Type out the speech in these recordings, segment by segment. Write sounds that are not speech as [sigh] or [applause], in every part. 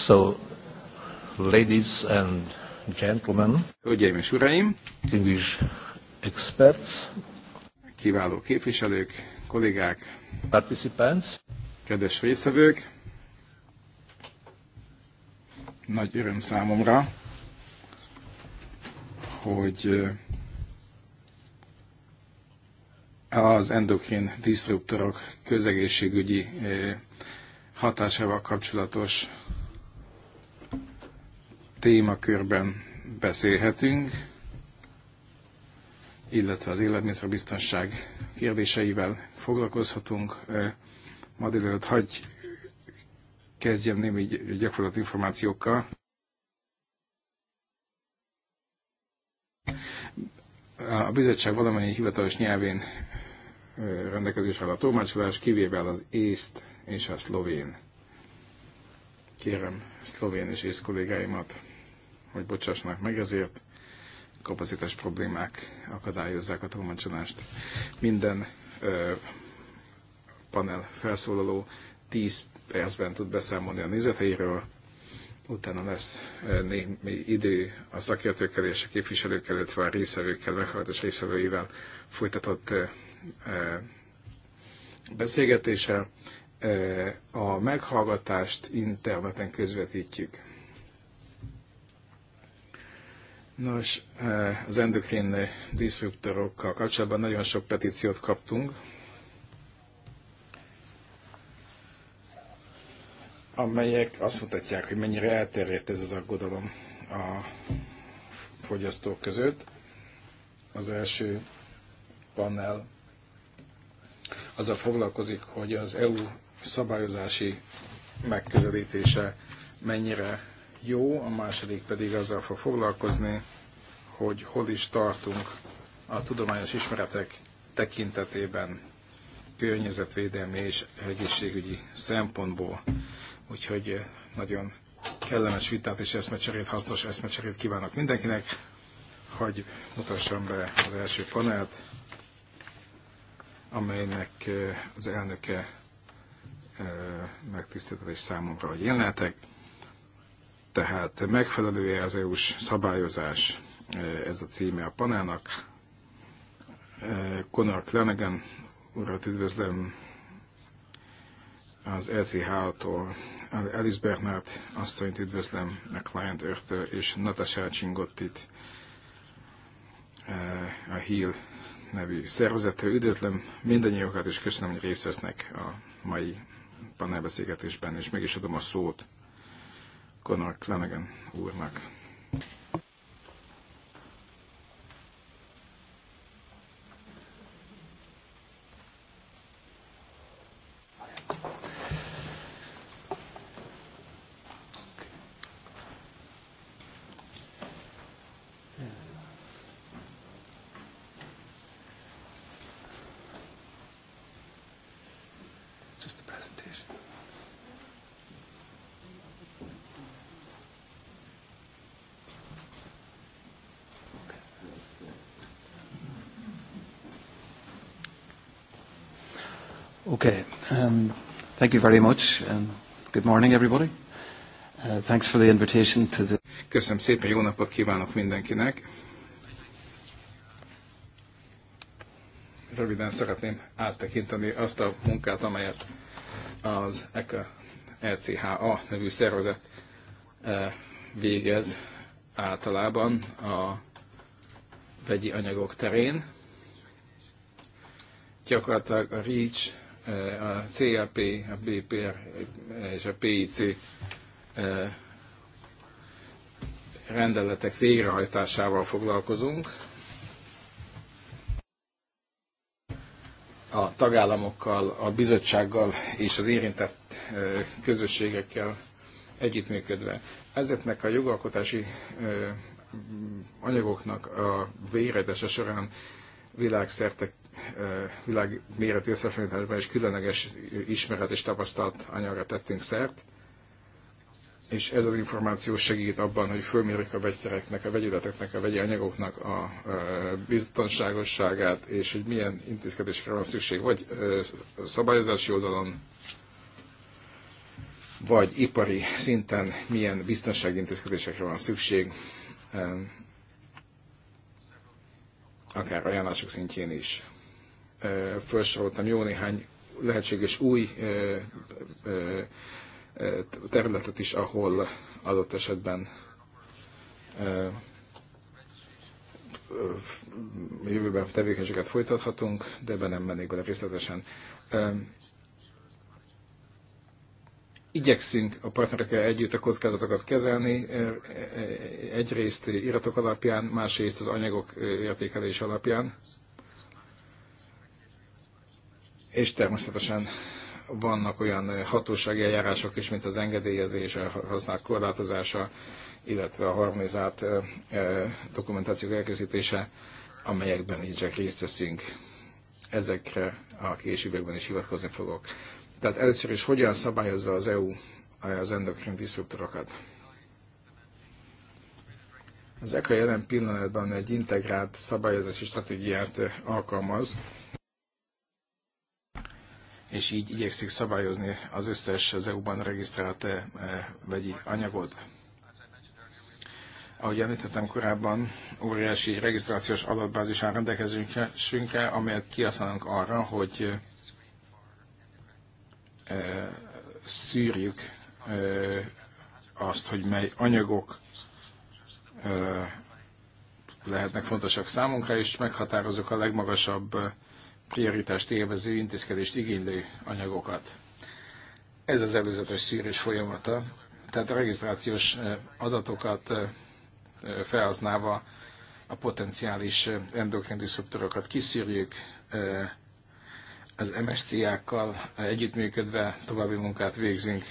So, ladies and gentlemen, Hölgyeim és uraim, English experts, kiváló képviselők, kollégák, participants, kedves résztvevők, nagy öröm számomra, hogy eh, az endokrin diszruptorok közegészségügyi eh, hatásával kapcsolatos témakörben beszélhetünk, illetve az élelmiszerbiztonság kérdéseivel foglalkozhatunk. Ma délelőtt hagy kezdjem némi gyakorlat információkkal. A bizottság valamennyi hivatalos nyelvén rendelkezés áll a tolmácsolás, kivéve az észt és a szlovén. Kérem szlovén és ész kollégáimat hogy bocsásnak meg ezért. Kapacitás problémák akadályozzák a tolmácsolást. Minden ö, panel felszólaló 10 percben tud beszámolni a nézeteiről, utána lesz némi idő a szakértőkkel és a képviselőkkel, illetve a részvevőkkel, meghallgatás részvevőivel folytatott beszélgetésre. A meghallgatást interneten közvetítjük. Nos, eh, az endokrin diszruptorokkal kapcsolatban nagyon sok petíciót kaptunk, amelyek azt mutatják, hogy mennyire elterjedt ez az aggodalom a fogyasztók között. Az első panel azzal foglalkozik, hogy az EU szabályozási megközelítése mennyire jó, a második pedig azzal fog foglalkozni, hogy hol is tartunk a tudományos ismeretek tekintetében környezetvédelmi és egészségügyi szempontból. Úgyhogy eh, nagyon kellemes vitát és eszmecserét, hasznos eszmecserét kívánok mindenkinek. Hogy mutassam be az első panelt, amelynek eh, az elnöke eh, megtiszteltetés számomra, hogy én lehetek. Tehát megfelelő az EU-s szabályozás ez a címe a panának. Conor Flanagan urat üdvözlöm az LCH-tól, Alice Bernard asszonyt üdvözlöm a Client earth és Natasha Csingottit a Hill nevű szervezettől. Üdvözlöm mindannyiukat, és köszönöm, hogy részt vesznek a mai panelbeszélgetésben, és meg is adom a szót Conor Flanagan úrnak. Thank you very much. Um, good morning, everybody. Uh, thanks for the invitation to the... Köszönöm szépen, jó napot kívánok mindenkinek. Röviden szeretném áttekinteni azt a munkát, amelyet az ECA LCHA e nevű szervezet eh, végez általában a vegyi anyagok terén. Gyakorlatilag a REACH a CAP, a BPR és a PIC rendeletek végrehajtásával foglalkozunk. A tagállamokkal, a bizottsággal és az érintett közösségekkel együttműködve. Ezeknek a jogalkotási anyagoknak a végrehajtása során világszerte világméretű összefonításban is különleges ismeret és tapasztalt anyagra tettünk szert, és ez az információ segít abban, hogy fölmérjük a vegyszereknek, a vegyületeknek, a vegyi anyagoknak a biztonságosságát, és hogy milyen intézkedésre van szükség, vagy szabályozási oldalon, vagy ipari szinten milyen biztonsági intézkedésekre van szükség akár ajánlások szintjén is. Felsoroltam jó néhány lehetséges új területet is, ahol adott esetben jövőben tevékenységet folytathatunk, de ebben nem mennék bele részletesen. Igyekszünk a partnerekkel együtt a kockázatokat kezelni, e, e, e, egyrészt iratok alapján, másrészt az anyagok értékelés alapján. És természetesen vannak olyan hatósági eljárások is, mint az engedélyezés, a használat korlátozása, illetve a harmonizált dokumentációk elkészítése, amelyekben így csak részt veszünk. Ezekre a későbbiekben is hivatkozni fogok. Tehát először is hogyan szabályozza az EU az endokrin diszruptorokat? Az ECA jelen pillanatban egy integrált szabályozási stratégiát eh, alkalmaz, és így igyekszik szabályozni az összes az EU-ban regisztrált eh, eh, vegyi anyagot. Ahogy említettem korábban, óriási regisztrációs adatbázisán rendelkezünk, amelyet kihasználunk arra, hogy szűrjük azt, hogy mely anyagok lehetnek fontosak számunkra, és meghatározok a legmagasabb prioritást élvező intézkedést igénylő anyagokat. Ez az előzetes szűrés folyamata, tehát a regisztrációs adatokat felhasználva a potenciális endokrin diszruptorokat kiszűrjük, az MSCI-kkal együttműködve további munkát végzünk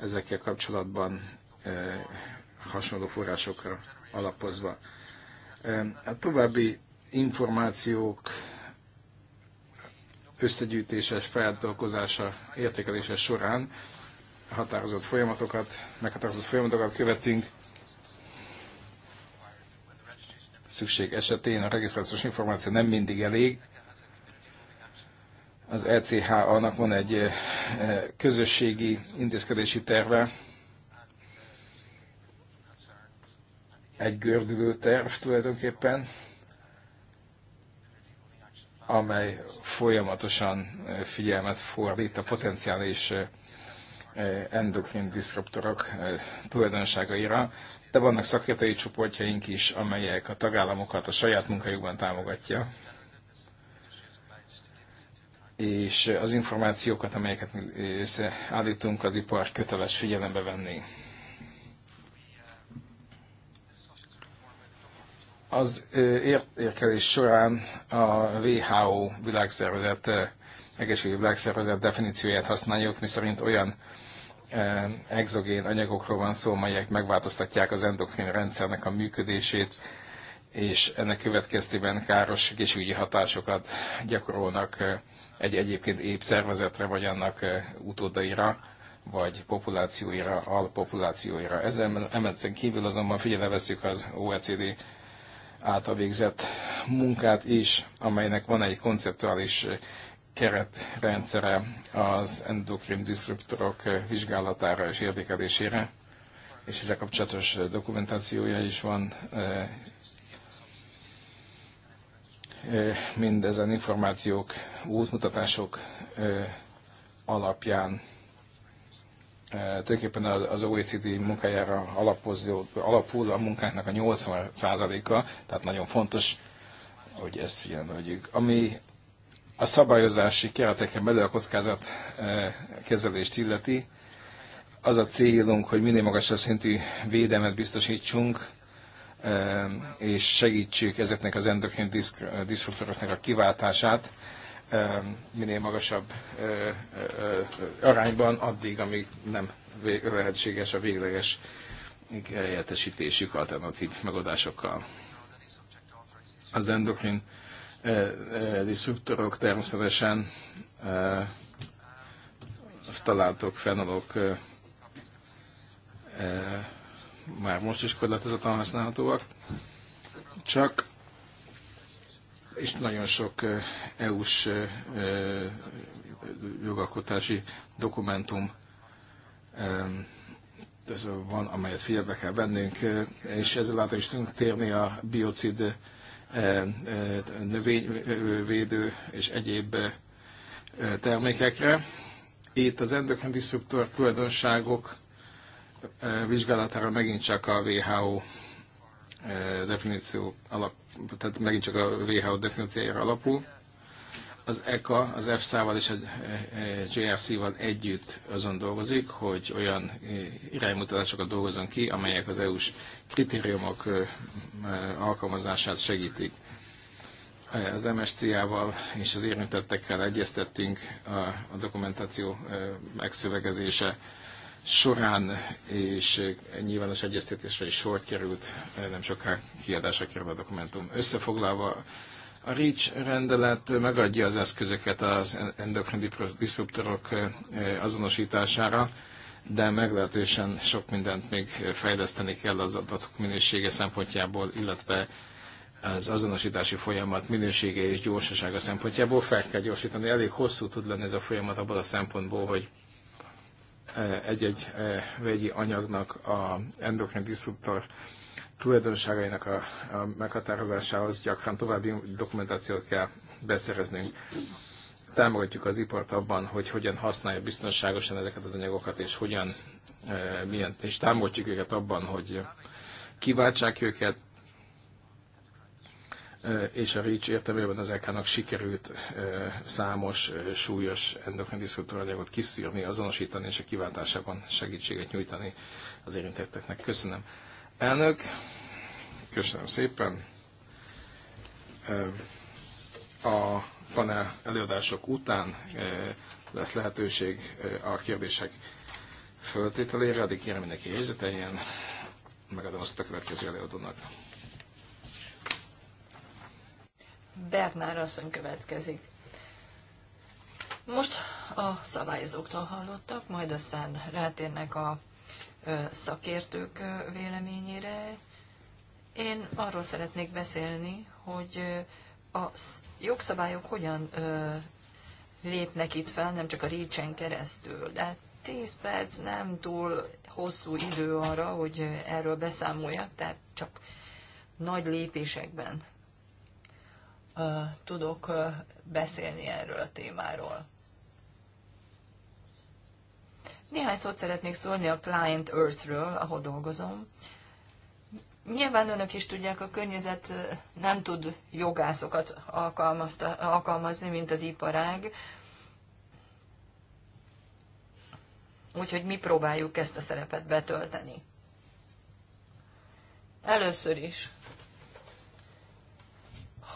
ezekkel kapcsolatban hasonló forrásokra alapozva. A további információk összegyűjtése, feltolkozása, értékelése során határozott folyamatokat, meghatározott folyamatokat követünk. Szükség esetén a regisztrációs információ nem mindig elég, az ECHA-nak van egy eh, eh, közösségi intézkedési terve, egy gördülő terv tulajdonképpen, amely folyamatosan eh, figyelmet fordít a potenciális endokrin diszruptorok tulajdonságaira, de vannak szakértői csoportjaink is, amelyek a tagállamokat a saját munkájukban támogatja és az információkat, amelyeket mi összeállítunk, az ipar köteles figyelembe venni. Az értékelés során a WHO világszervezet, egészségügyi világszervezet definícióját használjuk, miszerint olyan exogén anyagokról van szó, amelyek megváltoztatják az endokrin rendszernek a működését, és ennek következtében káros egészségügyi hatásokat gyakorolnak egy egyébként épp szervezetre, vagy annak eh, utódaira, vagy populációira, alpopulációira. Ezen emetszen kívül azonban figyeleveszük az OECD által végzett munkát is, amelynek van egy konceptuális eh, keretrendszere az endokrin diszruptorok eh, vizsgálatára és érdekelésére, és ezzel kapcsolatos dokumentációja is van, mindezen információk, útmutatások alapján tulajdonképpen az OECD munkájára alapul a munkánknak a 80%-a, tehát nagyon fontos, hogy ezt figyelme vegyük. Ami a szabályozási kereteken belül a kockázat kezelést illeti, az a célunk, hogy minél magasabb szintű védelmet biztosítsunk és segítsék ezeknek az endokrin diszruptoroknak a kiváltását minél magasabb arányban, addig, amíg nem lehetséges a végleges helyettesítésük alternatív megoldásokkal. Az endokrin diszruptorok természetesen találtok fenolok már most is korlátozottan használhatóak, csak és nagyon sok EU-s jogalkotási dokumentum ez van, amelyet figyelbe kell vennünk, és ezzel át is tudunk térni a biocid növényvédő és egyéb termékekre. Itt az endokrin disruptor tulajdonságok vizsgálatára megint csak a WHO definíció alap, tehát megint csak a WHO definíciójára alapul. Az ECA, az EFSA-val és a JRC-val együtt azon dolgozik, hogy olyan iránymutatásokat dolgozzon ki, amelyek az EU-s kritériumok alkalmazását segítik. Az MSCA-val és az érintettekkel egyeztettünk a, a dokumentáció megszövegezése során és eh, nyilvános egyeztetésre is sort került, eh, nem soká kiadásra kerül a dokumentum. Összefoglalva, a REACH rendelet megadja az eszközöket az endokrin diszruptorok eh, azonosítására, de meglehetősen sok mindent még fejleszteni kell az adatok minősége szempontjából, illetve az azonosítási folyamat minősége és gyorsasága szempontjából fel kell gyorsítani. Elég hosszú tud lenni ez a folyamat abban a szempontból, hogy E, egy-egy e, vegyi anyagnak a endokrin diszruptor tulajdonságainak a, a meghatározásához gyakran további dokumentációt kell beszereznünk. Támogatjuk az ipart abban, hogy hogyan használja biztonságosan ezeket az anyagokat, és hogyan, e, milyen, és támogatjuk őket abban, hogy kiváltsák őket, és a REACH értelmében az EK-nak sikerült számos súlyos endokrin anyagot kiszűrni, azonosítani és a kiváltásában segítséget nyújtani az érintetteknek. Köszönöm. Elnök, köszönöm szépen. A panel előadások után lesz lehetőség a kérdések föltételére, addig kérem mindenki helyzeteljen, megadom azt a következő előadónak. Bernár asszony következik. Most a szabályozóktól hallottak, majd aztán rátérnek a szakértők véleményére. Én arról szeretnék beszélni, hogy a jogszabályok hogyan lépnek itt fel, nem csak a récsen keresztül, de 10 hát perc nem túl hosszú idő arra, hogy erről beszámoljak, tehát csak nagy lépésekben tudok beszélni erről a témáról. Néhány szót szeretnék szólni a Client Earth-ről, ahol dolgozom. Nyilván önök is tudják, a környezet nem tud jogászokat alkalmazni, mint az iparág. Úgyhogy mi próbáljuk ezt a szerepet betölteni. Először is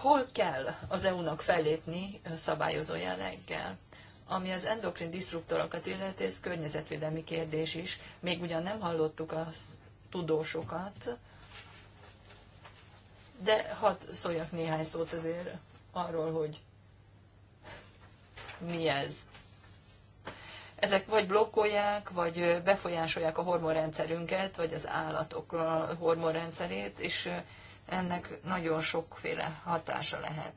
hol kell az EU-nak fellépni szabályozó jelleggel. Ami az endokrin diszruptorokat illeti, ez környezetvédelmi kérdés is. Még ugyan nem hallottuk a tudósokat, de hadd szóljak néhány szót azért arról, hogy mi ez. Ezek vagy blokkolják, vagy befolyásolják a hormonrendszerünket, vagy az állatok hormonrendszerét, és ennek nagyon sokféle hatása lehet.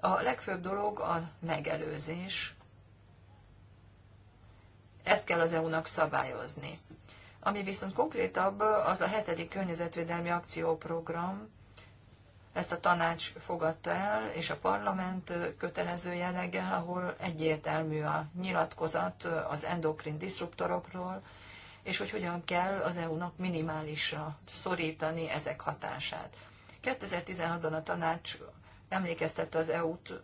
A legfőbb dolog a megelőzés. Ezt kell az EU-nak szabályozni. Ami viszont konkrétabb, az a hetedik környezetvédelmi akcióprogram. Ezt a tanács fogadta el, és a parlament kötelező jelleggel, ahol egyértelmű a nyilatkozat az endokrin diszruptorokról, és hogy hogyan kell az EU-nak minimálisra szorítani ezek hatását. 2016-ban a tanács emlékeztette az EU-t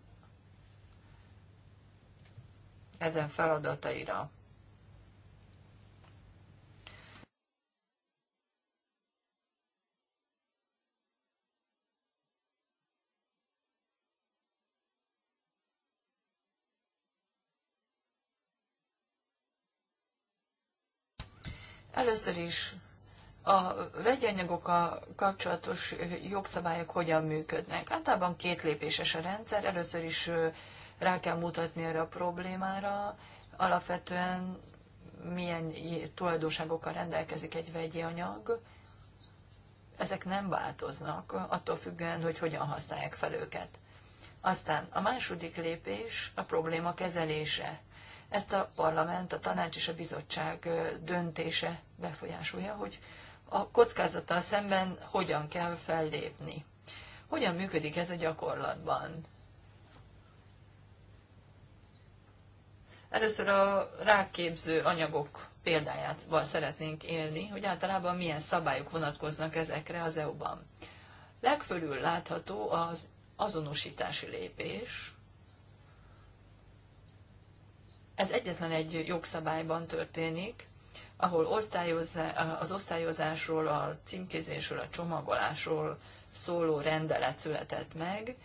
ezen feladataira. Először is a vegyi anyagokkal kapcsolatos jogszabályok hogyan működnek. Általában két lépéses a rendszer. Először is rá kell mutatni erre a problémára. Alapvetően milyen tulajdonságokkal rendelkezik egy vegyi anyag. Ezek nem változnak, attól függően, hogy hogyan használják fel őket. Aztán a második lépés a probléma kezelése. Ezt a parlament, a tanács és a bizottság döntése befolyásolja, hogy a kockázattal szemben hogyan kell fellépni. Hogyan működik ez a gyakorlatban? Először a ráképző anyagok példájával szeretnénk élni, hogy általában milyen szabályok vonatkoznak ezekre az EU-ban. Legfölül látható az azonosítási lépés. Ez egyetlen egy jogszabályban történik, ahol az osztályozásról, a címkézésről, a csomagolásról szóló rendelet született meg.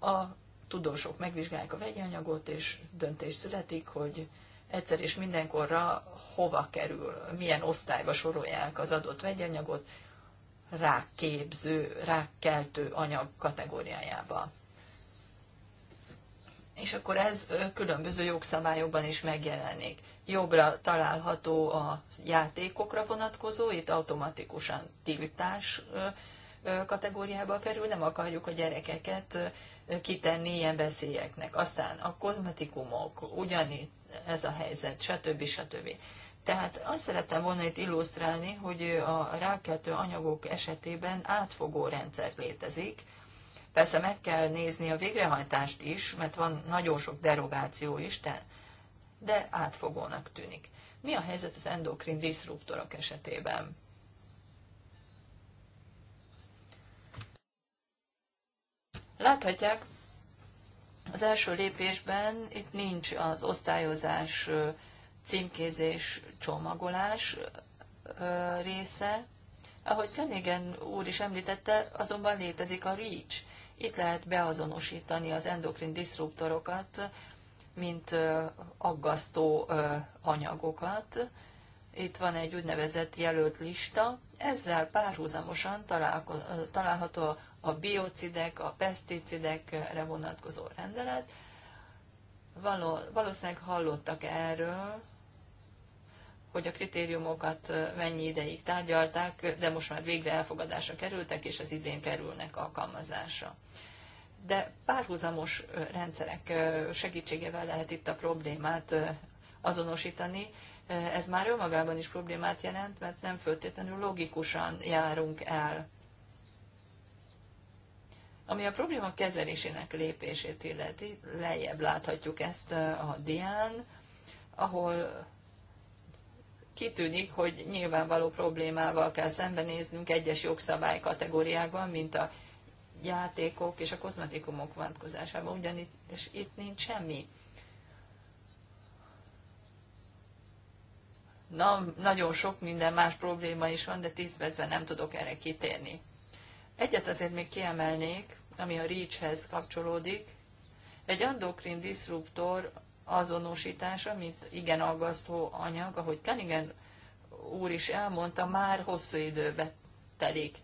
A tudósok megvizsgálják a vegyi anyagot, és döntés születik, hogy egyszer és mindenkorra hova kerül, milyen osztályba sorolják az adott vegyi anyagot, rákképző, rákkeltő anyag kategóriájába és akkor ez különböző jogszabályokban is megjelenik. Jobbra található a játékokra vonatkozó, itt automatikusan tiltás kategóriába kerül, nem akarjuk a gyerekeket kitenni ilyen veszélyeknek. Aztán a kozmetikumok, ugyanitt ez a helyzet, stb. stb. Tehát azt szerettem volna itt illusztrálni, hogy a rákeltő anyagok esetében átfogó rendszer létezik, Persze meg kell nézni a végrehajtást is, mert van nagyon sok derogáció is, de, de átfogónak tűnik. Mi a helyzet az endokrin diszruptorok esetében? Láthatják, az első lépésben itt nincs az osztályozás, címkézés, csomagolás része. Ahogy Kenigen úr is említette, azonban létezik a REACH, itt lehet beazonosítani az endokrin diszruptorokat, mint aggasztó anyagokat. Itt van egy úgynevezett jelölt lista, ezzel párhuzamosan található a biocidek, a peszticidekre vonatkozó rendelet. valószínűleg hallottak erről, hogy a kritériumokat mennyi ideig tárgyalták, de most már végre elfogadásra kerültek, és az idén kerülnek alkalmazásra. De párhuzamos rendszerek segítségével lehet itt a problémát azonosítani. Ez már önmagában is problémát jelent, mert nem föltétlenül logikusan járunk el. Ami a probléma kezelésének lépését illeti, lejjebb láthatjuk ezt a dián, ahol kitűnik, hogy nyilvánvaló problémával kell szembenéznünk egyes jogszabály kategóriákban, mint a játékok és a kozmetikumok vonatkozásában, ugyanis és itt nincs semmi. Na, nagyon sok minden más probléma is van, de 10 percben nem tudok erre kitérni. Egyet azért még kiemelnék, ami a reach kapcsolódik. Egy endokrin diszruptor azonosítása, mint igen aggasztó anyag, ahogy Kenigen úr is elmondta, már hosszú időbe telik.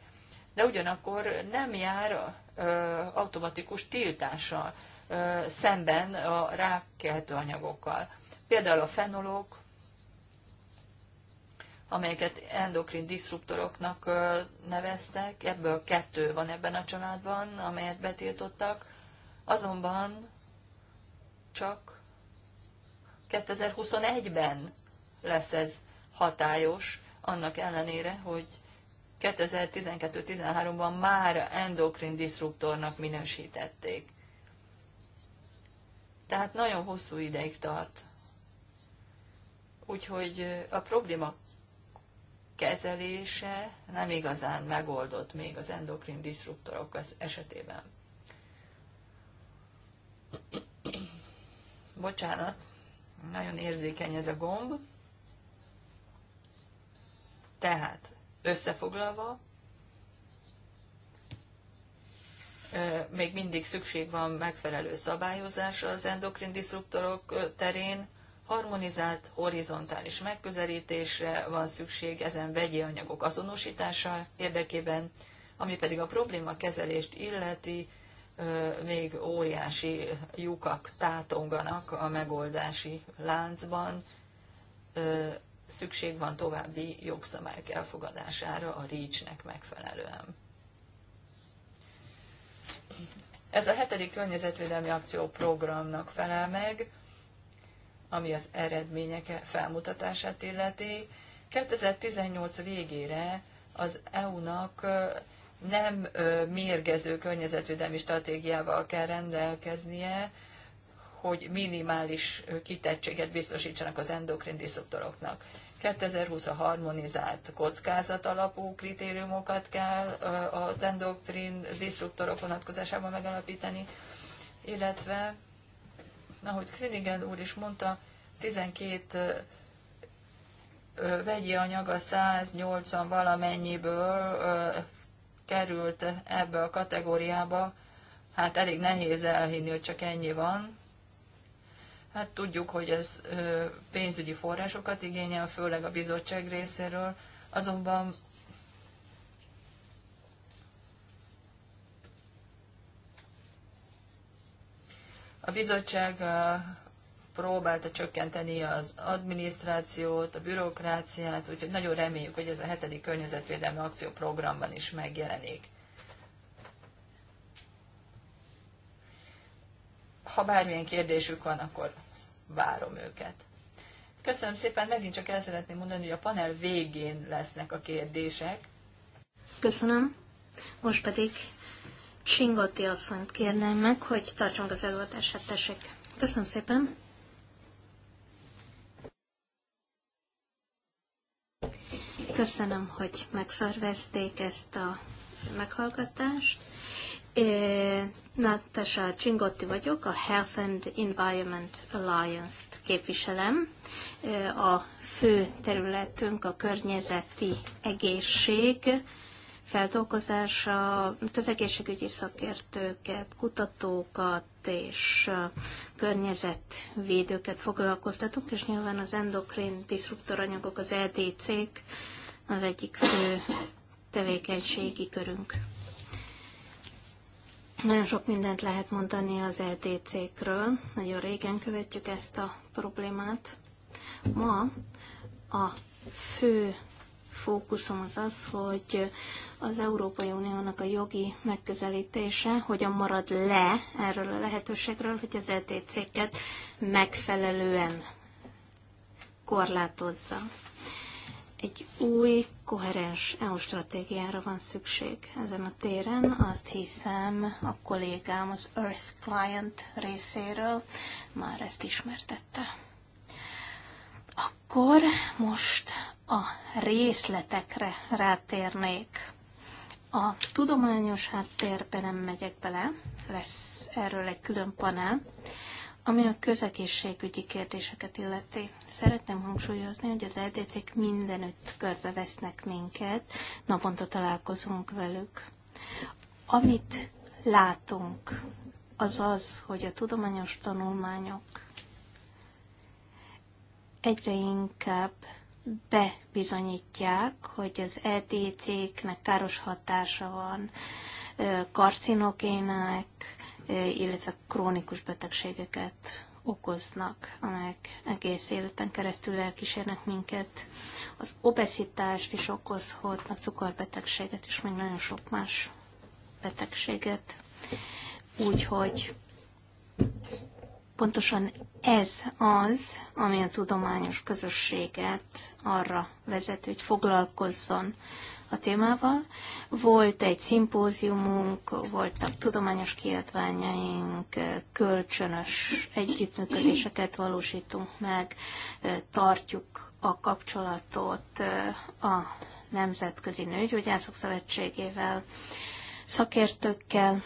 De ugyanakkor nem jár ö, automatikus tiltással ö, szemben a rákkeltő anyagokkal. Például a fenolok, amelyeket endokrin diszruptoroknak ö, neveztek, ebből kettő van ebben a családban, amelyet betiltottak, azonban csak 2021-ben lesz ez hatályos, annak ellenére, hogy 2012-13-ban már endokrin disruptornak minősítették. Tehát nagyon hosszú ideig tart. Úgyhogy a probléma kezelése nem igazán megoldott még az endokrin disruptorok az esetében. Bocsánat. Nagyon érzékeny ez a gomb. Tehát összefoglalva, még mindig szükség van megfelelő szabályozásra az endokrin diszruptorok terén, harmonizált, horizontális megközelítésre van szükség ezen vegyi anyagok azonosítása érdekében, ami pedig a probléma kezelést illeti, még óriási lyukak tátonganak a megoldási láncban. Szükség van további jogszabályok elfogadására a REACH-nek megfelelően. Ez a hetedik környezetvédelmi akcióprogramnak felel meg, ami az eredmények felmutatását illeti. 2018 végére az EU-nak nem mérgező környezetvédelmi stratégiával kell rendelkeznie, hogy minimális kitettséget biztosítsanak az endokrin diszruptoroknak. 2020 a harmonizált kockázat alapú kritériumokat kell az endokrin disruptorok vonatkozásában megalapítani, illetve, ahogy Klinigen úr is mondta, 12 vegyi anyag a 180 valamennyiből került ebbe a kategóriába, hát elég nehéz elhinni, hogy csak ennyi van. Hát tudjuk, hogy ez pénzügyi forrásokat igényel, főleg a bizottság részéről, azonban a bizottság próbálta csökkenteni az adminisztrációt, a bürokráciát, úgyhogy nagyon reméljük, hogy ez a hetedik környezetvédelmi akcióprogramban is megjelenik. Ha bármilyen kérdésük van, akkor várom őket. Köszönöm szépen, megint csak el szeretném mondani, hogy a panel végén lesznek a kérdések. Köszönöm. Most pedig Csingotti asszonyt kérném meg, hogy tartsunk az előadását, tessék. Köszönöm szépen. Köszönöm, hogy megszervezték ezt a meghallgatást. Natasha Csingotti vagyok, a Health and Environment Alliance-t képviselem. A fő területünk a környezeti egészség, feldolgozása, egészségügyi szakértőket, kutatókat és környezetvédőket foglalkoztatunk, és nyilván az endokrin diszruptoranyagok, az EDC-k az egyik fő tevékenységi körünk. Nagyon sok mindent lehet mondani az LTC-kről, e nagyon régen követjük ezt a problémát. Ma a fő fókuszom az az, hogy az Európai Uniónak a jogi megközelítése hogyan marad le erről a lehetőségről, hogy az LTC-ket e megfelelően korlátozza egy új, koherens EU stratégiára van szükség ezen a téren. Azt hiszem, a kollégám az Earth Client részéről már ezt ismertette. Akkor most a részletekre rátérnék. A tudományos háttérben nem megyek bele, lesz erről egy külön panel, ami a közegészségügyi kérdéseket illeti, szeretném hangsúlyozni, hogy az LDC-k mindenütt körbevesznek minket, naponta találkozunk velük. Amit látunk, az az, hogy a tudományos tanulmányok egyre inkább bebizonyítják, hogy az ldc knek káros hatása van, karcinogének, illetve krónikus betegségeket okoznak, amelyek egész életen keresztül elkísérnek minket. Az obeszitást is okozhatnak, cukorbetegséget és még nagyon sok más betegséget. Úgyhogy pontosan ez az, ami a tudományos közösséget arra vezet, hogy foglalkozzon a témával. Volt egy szimpóziumunk, voltak tudományos kiadványaink, kölcsönös együttműködéseket valósítunk meg, tartjuk a kapcsolatot a Nemzetközi Nőgyógyászok Szövetségével, szakértőkkel,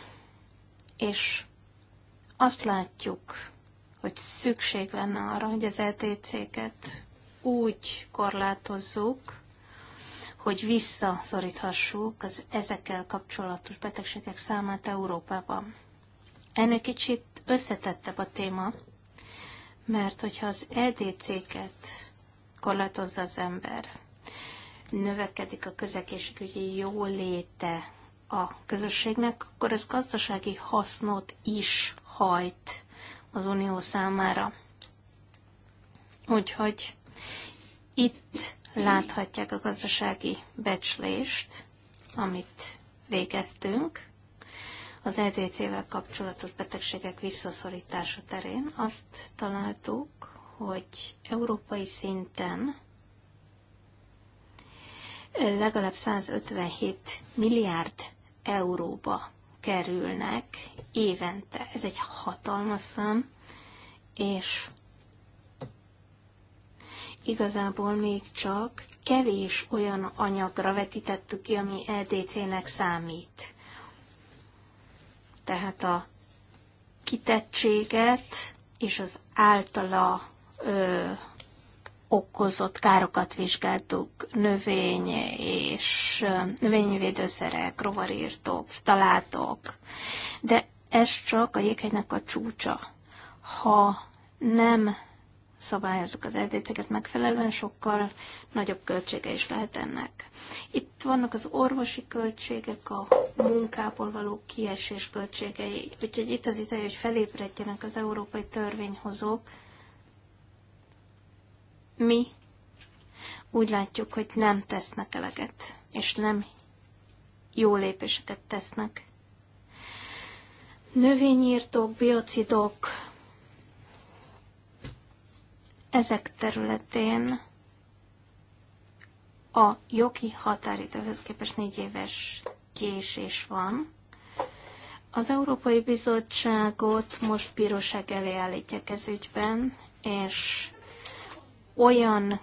és azt látjuk, hogy szükség lenne arra, hogy az ETC-ket úgy korlátozzuk, hogy visszaszoríthassuk az ezekkel kapcsolatos betegségek számát Európában. Ennél kicsit összetettebb a téma, mert hogyha az EDC-ket korlátozza az ember, növekedik a közegészségügyi jóléte a közösségnek, akkor ez gazdasági hasznot is hajt az unió számára. Úgyhogy itt Láthatják a gazdasági becslést, amit végeztünk az EDC-vel kapcsolatos betegségek visszaszorítása terén. Azt találtuk, hogy európai szinten legalább 157 milliárd euróba kerülnek évente. Ez egy hatalmas szám, és igazából még csak kevés olyan anyagra vetítettük ki, ami LDC-nek számít. Tehát a kitettséget és az általa ö, okozott károkat vizsgáltuk, növény és növényvédőszerek, rovarírtók, találtok, de ez csak a jéghegynek a csúcsa. Ha nem szabályozzuk az LDC-ket megfelelően, sokkal nagyobb költsége is lehet ennek. Itt vannak az orvosi költségek, a munkából való kiesés költségei, úgyhogy itt az ideje, hogy felébredjenek az európai törvényhozók. Mi úgy látjuk, hogy nem tesznek eleget, és nem jó lépéseket tesznek. Növényírtók, biocidok, ezek területén a jogi határidőhöz képest négy éves késés van. Az Európai Bizottságot most bíróság elé állítják ez ügyben, és olyan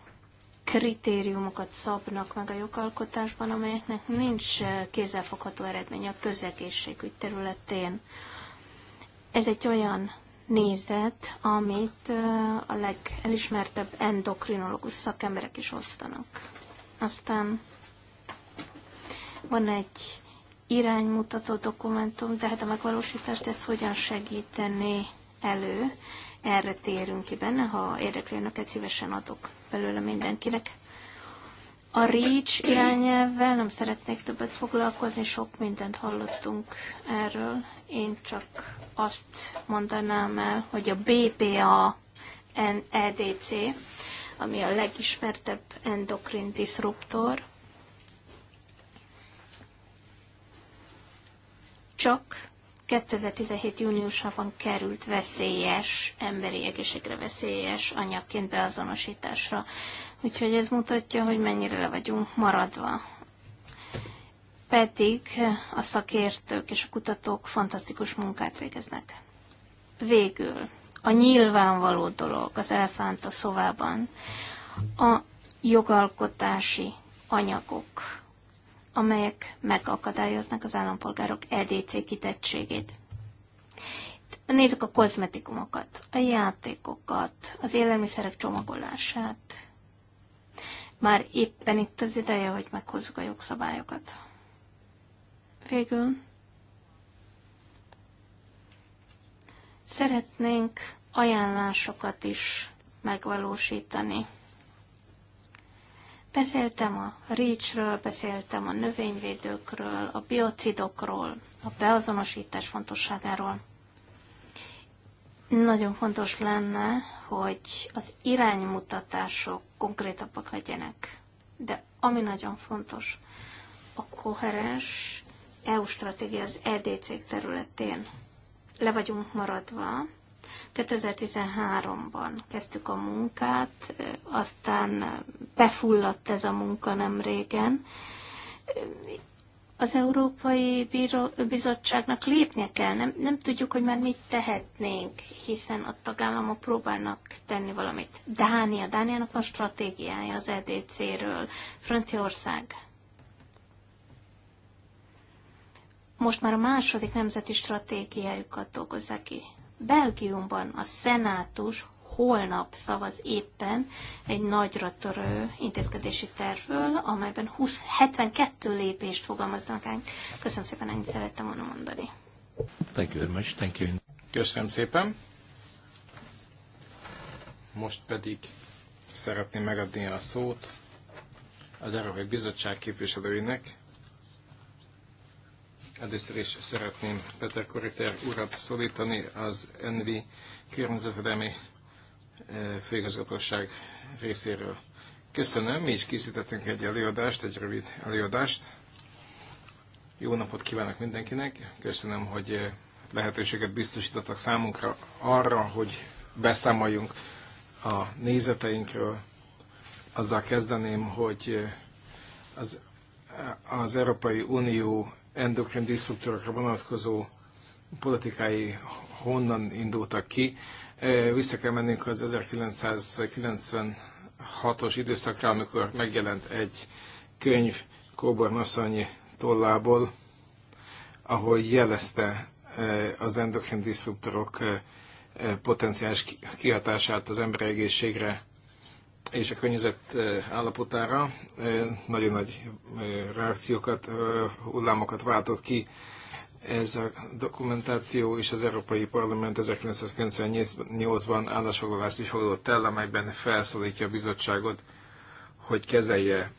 kritériumokat szabnak meg a jogalkotásban, amelyeknek nincs kézzelfogható eredmény a közegészségügy területén. Ez egy olyan nézet, amit a legelismertebb endokrinológus szakemberek is osztanak. Aztán van egy iránymutató dokumentum, tehát a megvalósítást ez hogyan segítené elő. Erre térünk ki benne, ha érdekli önöket, szívesen adok belőle mindenkinek. A REACH irányelvvel nem szeretnék többet foglalkozni, sok mindent hallottunk erről. Én csak azt mondanám el, hogy a BPA EDC, e ami a legismertebb endokrin disruptor, csak 2017. júniusában került veszélyes, emberi egészségre veszélyes anyagként beazonosításra. Úgyhogy ez mutatja, hogy mennyire le vagyunk maradva. Pedig a szakértők és a kutatók fantasztikus munkát végeznek. Végül a nyilvánvaló dolog az elefánt a szovában a jogalkotási anyagok, amelyek megakadályoznak az állampolgárok EDC kitettségét. Nézzük a kozmetikumokat, a játékokat, az élelmiszerek csomagolását, már éppen itt az ideje, hogy meghozzuk a jogszabályokat. Végül szeretnénk ajánlásokat is megvalósítani. Beszéltem a reach beszéltem a növényvédőkről, a biocidokról, a beazonosítás fontosságáról. Nagyon fontos lenne, hogy az iránymutatások konkrétabbak legyenek. De ami nagyon fontos, a koherens EU stratégia az EDC területén. Le vagyunk maradva. 2013-ban kezdtük a munkát, aztán befulladt ez a munka nem régen az Európai Bíró, Bizottságnak lépnie kell. Nem, nem tudjuk, hogy már mit tehetnénk, hiszen a tagállamok próbálnak tenni valamit. Dánia, Dániának van stratégiája az EDC-ről, Franciaország. Most már a második nemzeti stratégiájukat dolgozzák ki. Belgiumban a szenátus holnap szavaz éppen egy nagyra törő intézkedési tervről, amelyben 20, 72 lépést fogalmaznak el. Köszönöm szépen, ennyit szerettem volna mondani. Thank you very much. Thank you. Köszönöm szépen. Most pedig szeretném megadni a szót az Európai Bizottság képviselőinek. Először is szeretném Peter Koriter urat szólítani, az Envi környezetvédelmi Eh, főigazgatóság részéről. Köszönöm, mi is készítettünk egy előadást, egy rövid előadást. Jó napot kívánok mindenkinek, köszönöm, hogy eh, lehetőséget biztosítottak számunkra arra, hogy beszámoljunk a nézeteinkről. Azzal kezdeném, hogy eh, az, az Európai Unió endokrin disztruktúrakra vonatkozó politikái honnan indultak ki. Vissza kell mennünk az 1996-os időszakra, amikor megjelent egy könyv Kóbor Masszonyi tollából, ahol jelezte az endokrin diszruptorok potenciális kihatását az ember egészségre és a környezet állapotára. Nagyon nagy reakciókat, hullámokat váltott ki ez a dokumentáció és az Európai Parlament 1998-ban állásfoglalást is hozott el, amelyben felszólítja a bizottságot, hogy kezelje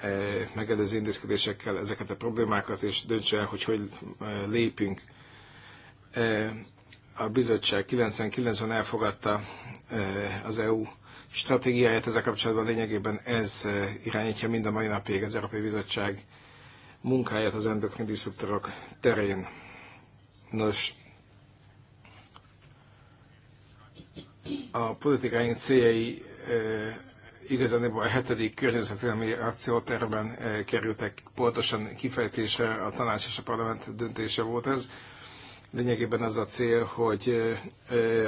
e, megelőző intézkedésekkel ezeket a problémákat, és döntse el, hogy hogy e, lépünk. E, a bizottság 99-ben elfogadta az EU stratégiáját ezzel kapcsolatban lényegében ez irányítja mind a mai napig az Európai Bizottság munkáját az endokrin diszruptorok terén. Nos, a politikáink céljai igazából a hetedik környezetvédelmi akcióterben kerültek pontosan kifejtésre, a tanács és a parlament döntése volt ez. Lényegében az a cél, hogy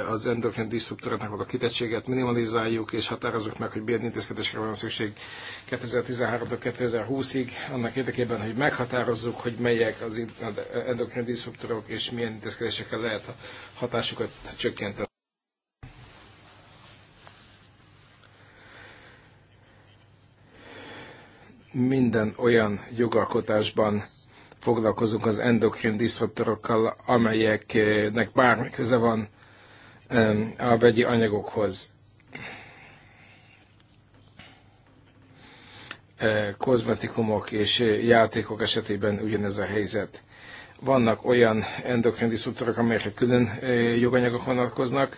az endokrin diszruptoroknak a kitettséget minimalizáljuk, és határozzuk meg, hogy milyen intézkedésre van szükség 2013-2020-ig, annak érdekében, hogy meghatározzuk, hogy melyek az endokrin diszruptorok, és milyen intézkedésekkel lehet hatásukat csökkenteni. minden olyan jogalkotásban foglalkozunk az endokrin diszoptorokkal, amelyeknek bármi köze van a vegyi anyagokhoz. E, kozmetikumok és játékok esetében ugyanez a helyzet. Vannak olyan endokrin diszoptorok, amelyekre külön e, joganyagok vonatkoznak,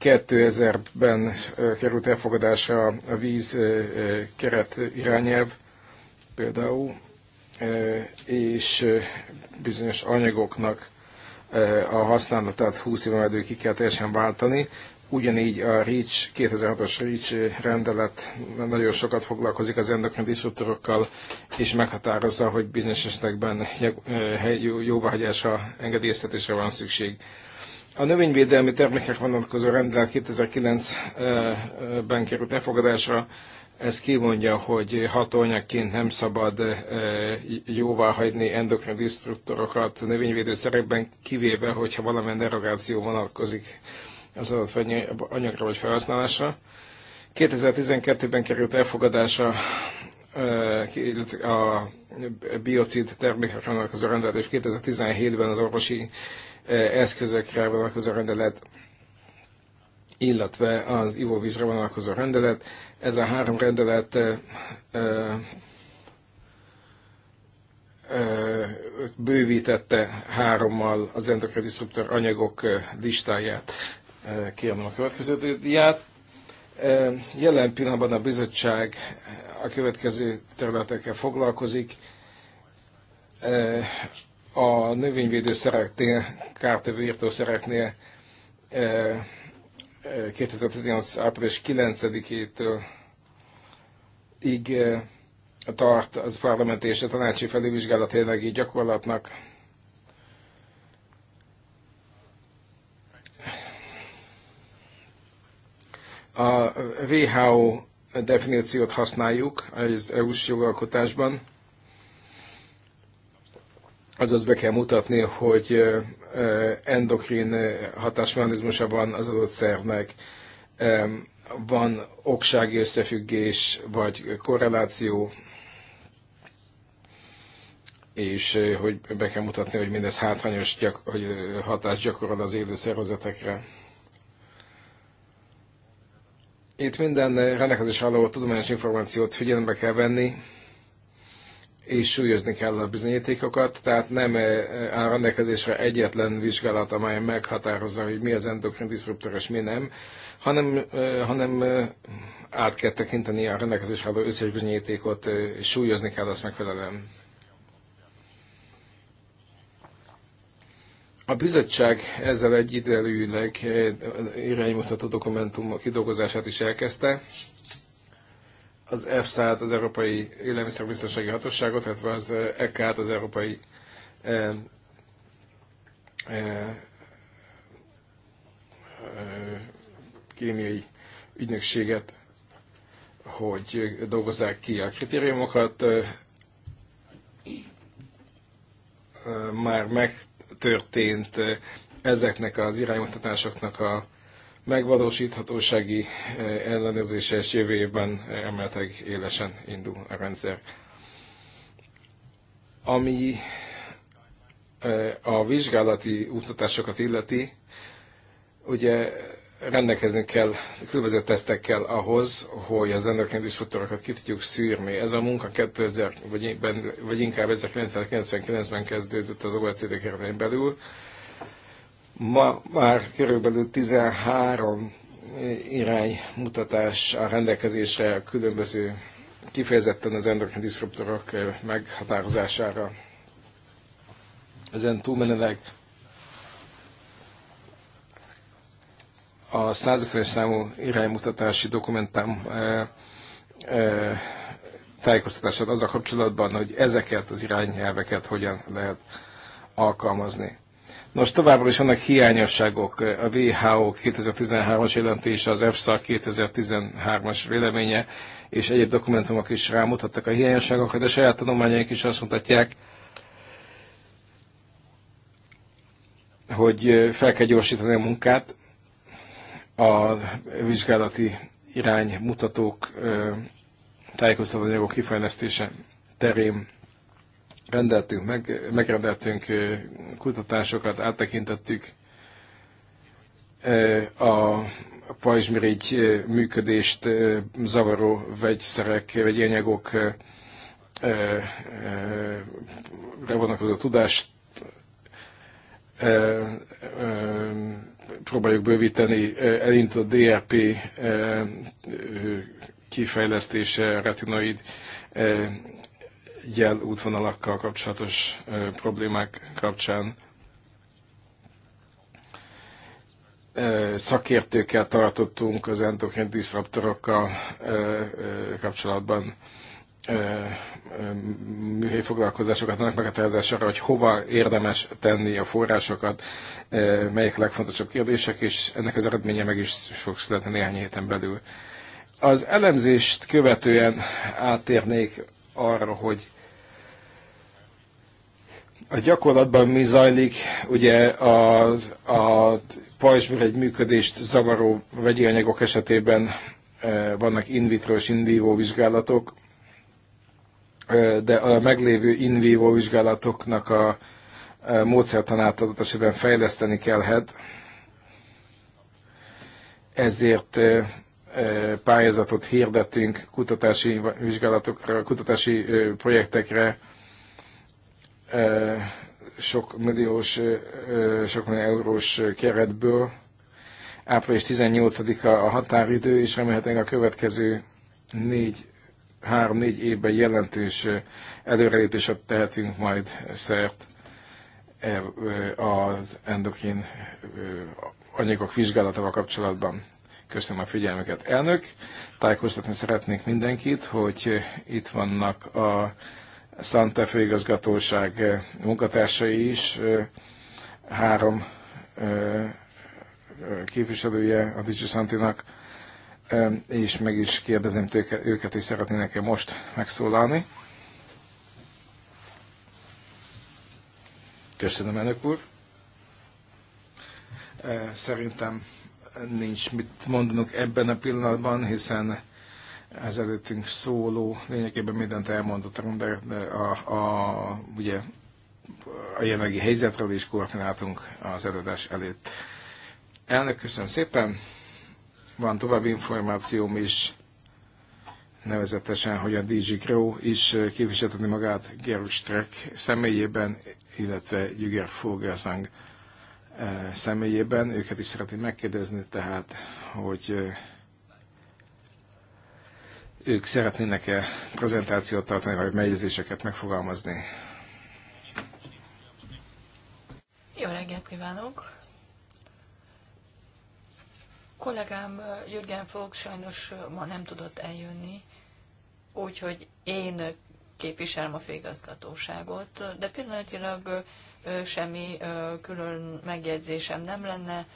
2000-ben e, került elfogadásra a víz keret irányelv például, és bizonyos anyagoknak a használatát 20 éven belül ki kell teljesen váltani. Ugyanígy a REACH, 2006-os REACH rendelet nagyon sokat foglalkozik az endokrin diszruptorokkal, és meghatározza, hogy bizonyos esetekben jóváhagyásra, engedélyeztetésre van szükség. A növényvédelmi termékek vonatkozó rendelet 2009-ben került elfogadásra, ez kimondja, hogy hatóanyagként nem szabad eh, jóvá hagyni endokrin disztruktorokat növényvédőszerekben, kivéve, hogyha valamilyen derogáció vonatkozik az adott anyagra vagy felhasználásra. 2012-ben került elfogadása eh, a biocid termékekre vonatkozó rendelet, és 2017-ben az orvosi eh, eszközökre vonatkozó rendelet, illetve az ivóvízre vonatkozó rendelet. Ez a három rendelet bővítette hárommal az endokridisztruktor anyagok listáját. Kérném a következő diát. Jelen pillanatban a bizottság a következő területekkel foglalkozik. A növényvédőszereknél, kártevő írtószereknél 2018. április 9-től így eh, tart az parlament és a tanácsi felülvizsgálat jelenlegi gyakorlatnak. A WHO definíciót használjuk az EU-s jogalkotásban azaz be kell mutatni, hogy endokrin hatásmechanizmusában az adott szervnek van oksági összefüggés vagy korreláció, és hogy be kell mutatni, hogy mindez hátrányos gyak, hogy hatást gyakorol az élő szervezetekre. Itt minden rendelkezés álló tudományos információt figyelembe kell venni, és súlyozni kell a bizonyítékokat, tehát nem eh, áll rendelkezésre egyetlen vizsgálat, amely meghatározza, hogy mi az endokrin diszruptor és mi nem, hanem, eh, hanem eh, át kell tekinteni a rendelkezésre álló összes bizonyítékot, és súlyozni kell azt megfelelően. A bizottság ezzel egy egyidejűleg iránymutató dokumentum kidolgozását is elkezdte az EFSA-t, az Európai Élelmiszerbiztonsági Hatóságot, illetve az ek eh, e t az Európai e, e, kémiai ügynökséget, hogy dolgozzák ki a kritériumokat. Már megtörtént ezeknek az iránymutatásoknak a megvalósíthatósági eh, ellenőrzése és jövő évben emeltek élesen indul a rendszer. Ami eh, a vizsgálati útmutatásokat illeti, ugye rendelkezni kell különböző tesztekkel ahhoz, hogy az endokrindisztruktorokat ki tudjuk szűrni. Ez a munka 2000, vagy, vagy inkább 1999-ben kezdődött az OECD keretein belül, Ma már körülbelül 13 eh, iránymutatás a rendelkezésre a különböző kifejezetten az endokrin diszruptorok eh, meghatározására. Ezen túlmenőleg a 150 számú iránymutatási dokumentum eh, tájékoztatását a kapcsolatban, hogy ezeket az irányelveket hogyan lehet alkalmazni. Nos, továbbra is vannak hiányosságok. A WHO 2013-as jelentése, az EFSA 2013-as véleménye és egyéb dokumentumok is rámutattak a hiányosságokra, de saját tanulmányaink is azt mutatják, hogy fel kell gyorsítani a munkát, a vizsgálati iránymutatók, tájékoztatóanyagok kifejlesztése terén rendeltünk, meg, megrendeltünk kutatásokat, áttekintettük a pajzsmirigy működést zavaró vegyszerek, vagy anyagok vonatkozó tudást próbáljuk bővíteni, elindult a DRP kifejlesztése, retinoid jel útvonalakkal kapcsolatos problémák kapcsán szakértőkkel tartottunk az endokrin diszruptorokkal kapcsolatban műhely foglalkozásokat, annak meghatározására, hogy hova érdemes tenni a forrásokat, melyek a legfontosabb kérdések, és ennek az eredménye meg is fog születni néhány héten belül. Az elemzést követően áttérnék arra, hogy a gyakorlatban mi zajlik, ugye a, a pajzsmirigy működést zavaró vegyi anyagok esetében e, vannak in vitro és in vivo vizsgálatok, e, de a meglévő in vivo vizsgálatoknak a e, módszertanát adott esetben fejleszteni kellhet, ezért pályázatot hirdettünk kutatási vizsgálatokra, kutatási projektekre, sok milliós, sok millió eurós keretből. Április 18-a a határidő, és remélhetően a következő négy, három-négy évben jelentős előrelépéset tehetünk majd szert e, az endokrin anyagok vizsgálatával kapcsolatban. Köszönöm a figyelmüket, elnök. Tájékoztatni szeretnék mindenkit, hogy itt vannak a Santa igazgatóság eh, munkatársai is, eh, három eh, képviselője a Digi Santinak, és meg is kérdezem tőke, őket, is szeretnének-e most megszólalni. Köszönöm, elnök úr. Szerintem nincs mit mondanunk ebben a pillanatban, hiszen az előttünk szóló lényegében mindent elmondott de a, a, ugye, a jelenlegi helyzetről is koordináltunk az előadás előtt. Elnök, köszönöm szépen. Van további információm is, nevezetesen, hogy a DG Grow is képviselteti magát Gerus Streck személyében, illetve Jüger Fogelszang eh, személyében. Őket is szeretném megkérdezni, tehát, hogy eh, ők szeretnének-e prezentációt tartani, vagy megjegyzéseket megfogalmazni? Jó reggelt kívánok! Kollégám Jürgen Fog sajnos ma nem tudott eljönni, úgyhogy én képviselem a főigazgatóságot, de pillanatilag semmi külön megjegyzésem nem lenne,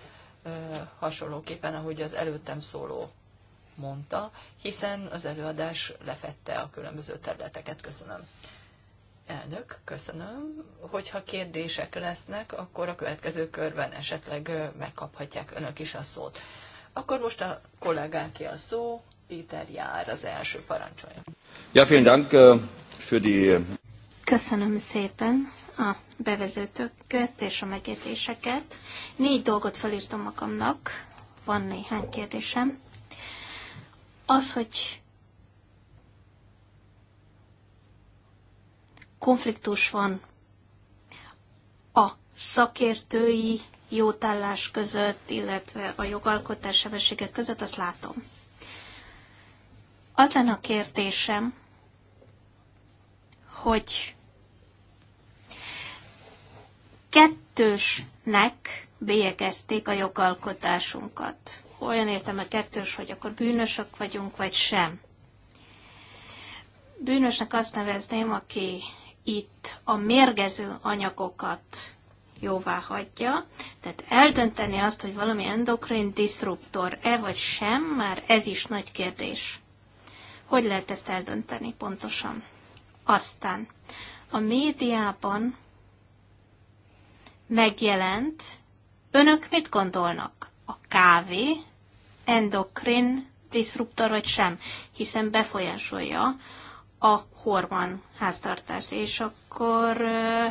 hasonlóképpen, ahogy az előttem szóló mondta, hiszen az előadás lefette a különböző területeket. Köszönöm. Elnök, köszönöm. Hogyha kérdések lesznek, akkor a következő körben esetleg megkaphatják önök is a szót. Akkor most a kollégáké a szó, Péter Jár az első parancsolja. Ja, vielen Dank für die... Köszönöm szépen a bevezetőket és a megértéseket. Négy dolgot felírtam magamnak, van néhány kérdésem. Az, hogy konfliktus van a szakértői jótállás között, illetve a jogalkotás sebessége között, azt látom. Az lenne a kérdésem, hogy kettősnek bélyegezték a jogalkotásunkat olyan értelme kettős, hogy akkor bűnösök vagyunk, vagy sem. Bűnösnek azt nevezném, aki itt a mérgező anyagokat jóvá hagyja. Tehát eldönteni azt, hogy valami endokrin disruptor-e vagy sem, már ez is nagy kérdés. Hogy lehet ezt eldönteni pontosan? Aztán a médiában megjelent, önök mit gondolnak? kávé endokrin diszruptor vagy sem, hiszen befolyásolja a hormon háztartást, és akkor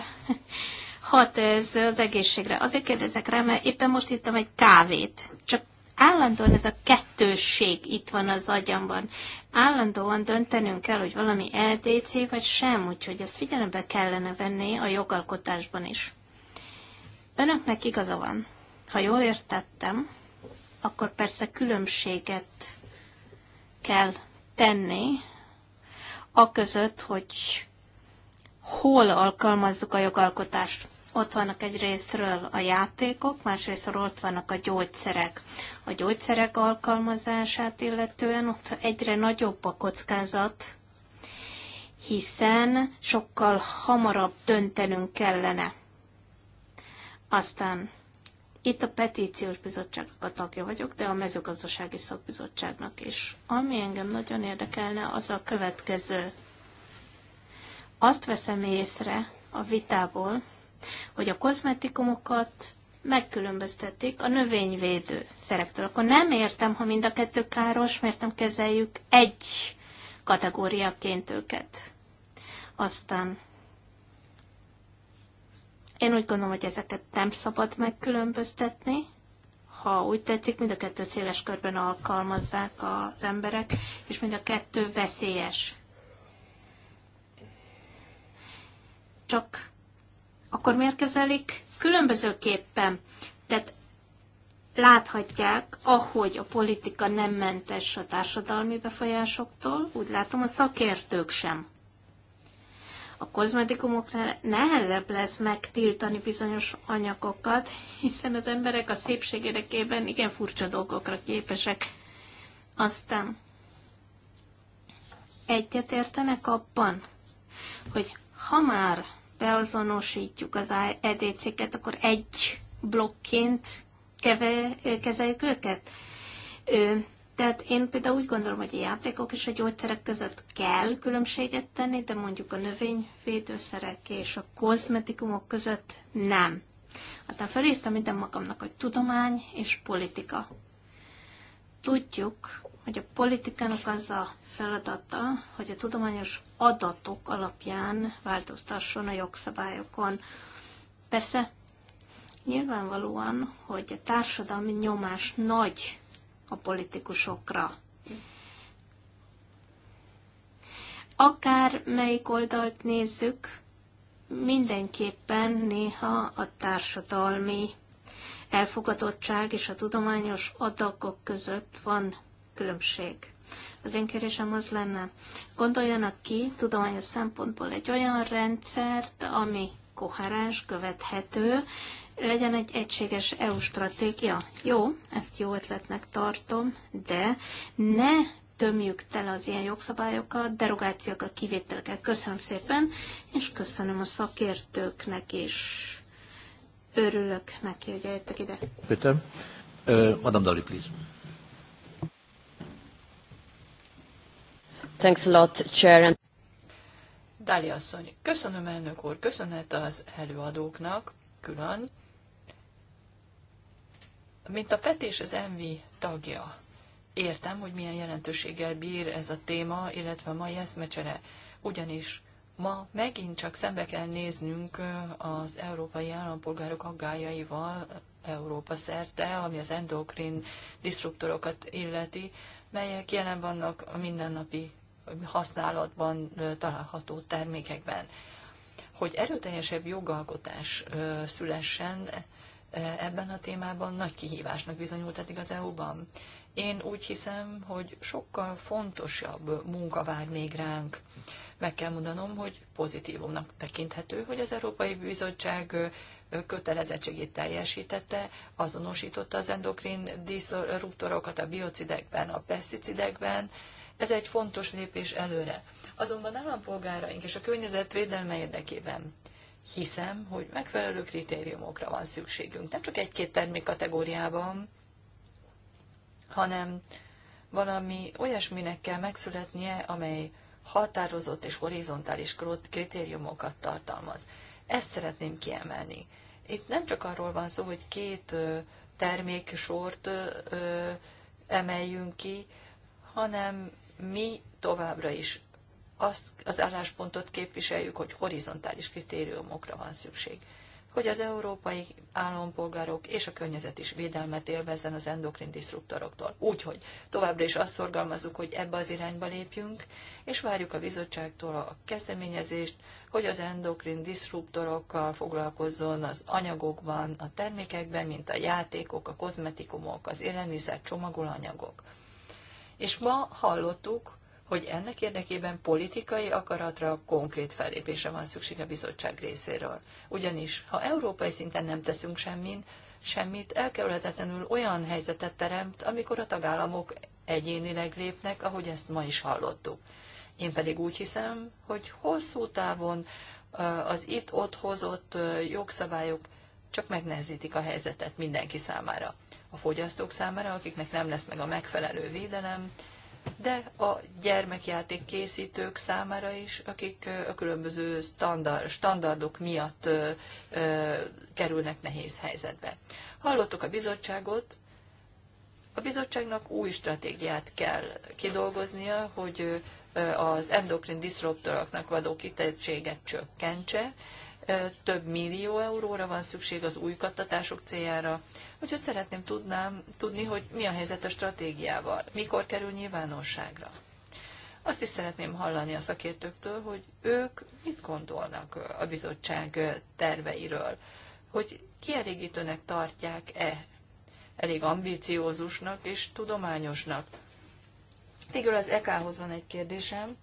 [laughs] hat ez az egészségre. Azért kérdezek rá, mert éppen most ittam egy kávét, csak állandóan ez a kettősség itt van az agyamban. Állandóan döntenünk kell, hogy valami LDC vagy sem, úgyhogy ezt figyelembe kellene venni a jogalkotásban is. Önöknek igaza van. Ha jól értettem, akkor persze különbséget kell tenni, a között, hogy hol alkalmazzuk a jogalkotást. Ott vannak egy részről a játékok, másrésztről ott vannak a gyógyszerek. A gyógyszerek alkalmazását illetően ott egyre nagyobb a kockázat, hiszen sokkal hamarabb döntenünk kellene. Aztán itt a petíciós bizottságnak a tagja vagyok, de a mezőgazdasági szakbizottságnak is. Ami engem nagyon érdekelne, az a következő. Azt veszem észre a vitából, hogy a kozmetikumokat megkülönböztették a növényvédő szerektől. Akkor nem értem, ha mind a kettő káros, miért nem kezeljük egy kategóriaként őket. Aztán én úgy gondolom, hogy ezeket nem szabad megkülönböztetni. Ha úgy tetszik, mind a kettő széles körben alkalmazzák az emberek, és mind a kettő veszélyes. Csak akkor miért kezelik különbözőképpen? Tehát láthatják, ahogy a politika nem mentes a társadalmi befolyásoktól, úgy látom a szakértők sem. A kozmetikumoknál nehezebb lesz megtiltani bizonyos anyagokat, hiszen az emberek a szépség érdekében igen furcsa dolgokra képesek. Aztán egyetértenek abban, hogy ha már beazonosítjuk az EDC-ket, akkor egy blokként kezeljük őket. Tehát én például úgy gondolom, hogy a játékok és a gyógyszerek között kell különbséget tenni, de mondjuk a növényvédőszerek és a kozmetikumok között nem. Aztán felírtam minden magamnak, hogy tudomány és politika. Tudjuk, hogy a politikának az a feladata, hogy a tudományos adatok alapján változtasson a jogszabályokon. Persze, nyilvánvalóan, hogy a társadalmi nyomás nagy a politikusokra. Akár melyik oldalt nézzük, mindenképpen néha a társadalmi elfogadottság és a tudományos adagok között van különbség. Az én kérésem az lenne, gondoljanak ki tudományos szempontból egy olyan rendszert, ami koherens, követhető, legyen egy egységes EU stratégia. Jó, ezt jó ötletnek tartom, de ne tömjük tele az ilyen jogszabályokat, derogációkat, kivételeket. Köszönöm szépen, és köszönöm a szakértőknek is. Örülök neki, hogy eljöttek ide. Peter, uh, Madame Dali, please. Thanks a lot, Chair. Dali asszony, köszönöm elnök úr, köszönhet az előadóknak külön, mint a PET és az MV tagja, értem, hogy milyen jelentőséggel bír ez a téma, illetve a mai eszmecsere, ugyanis ma megint csak szembe kell néznünk az európai állampolgárok aggájaival Európa szerte, ami az endokrin disruptorokat illeti, melyek jelen vannak a mindennapi használatban található termékekben. Hogy erőteljesebb jogalkotás szülessen, ebben a témában nagy kihívásnak bizonyult eddig az EU-ban. Én úgy hiszem, hogy sokkal fontosabb munka vár még ránk. Meg kell mondanom, hogy pozitívumnak tekinthető, hogy az Európai Bizottság kötelezettségét teljesítette, azonosította az endokrin diszruptorokat a biocidekben, a peszticidekben. Ez egy fontos lépés előre. Azonban állampolgáraink és a környezet védelme érdekében hiszem, hogy megfelelő kritériumokra van szükségünk. Nem csak egy-két termék kategóriában, hanem valami olyasminek kell megszületnie, amely határozott és horizontális kritériumokat tartalmaz. Ezt szeretném kiemelni. Itt nem csak arról van szó, hogy két termék sort emeljünk ki, hanem mi továbbra is azt az álláspontot képviseljük, hogy horizontális kritériumokra van szükség. Hogy az európai állampolgárok és a környezet is védelmet élvezzen az endokrin disruptoroktól. Úgyhogy továbbra is azt szorgalmazzuk, hogy ebbe az irányba lépjünk, és várjuk a bizottságtól a kezdeményezést, hogy az endokrin disruptorokkal foglalkozzon az anyagokban, a termékekben, mint a játékok, a kozmetikumok, az élelmiszer csomagolanyagok. És ma hallottuk, hogy ennek érdekében politikai akaratra, konkrét fellépése van szükség a bizottság részéről. Ugyanis, ha európai szinten nem teszünk semmin, semmit, elkerülhetetlenül olyan helyzetet teremt, amikor a tagállamok egyénileg lépnek, ahogy ezt ma is hallottuk. Én pedig úgy hiszem, hogy hosszú távon az itt-ott hozott jogszabályok csak megnehezítik a helyzetet mindenki számára. A fogyasztók számára, akiknek nem lesz meg a megfelelő védelem, de a gyermekjáték készítők számára is, akik a különböző standard, standardok miatt ö, ö, kerülnek nehéz helyzetbe. Hallottuk a bizottságot, a bizottságnak új stratégiát kell kidolgoznia, hogy az endokrin diszruptoroknak való kitettséget csökkentse, több millió euróra van szükség az új kattatások céljára. Úgyhogy szeretném tudnám, tudni, hogy mi a helyzet a stratégiával, mikor kerül nyilvánosságra. Azt is szeretném hallani a szakértőktől, hogy ők mit gondolnak a bizottság terveiről, hogy kielégítőnek tartják-e, elég ambiciózusnak és tudományosnak. Végül az EK-hoz van egy kérdésem.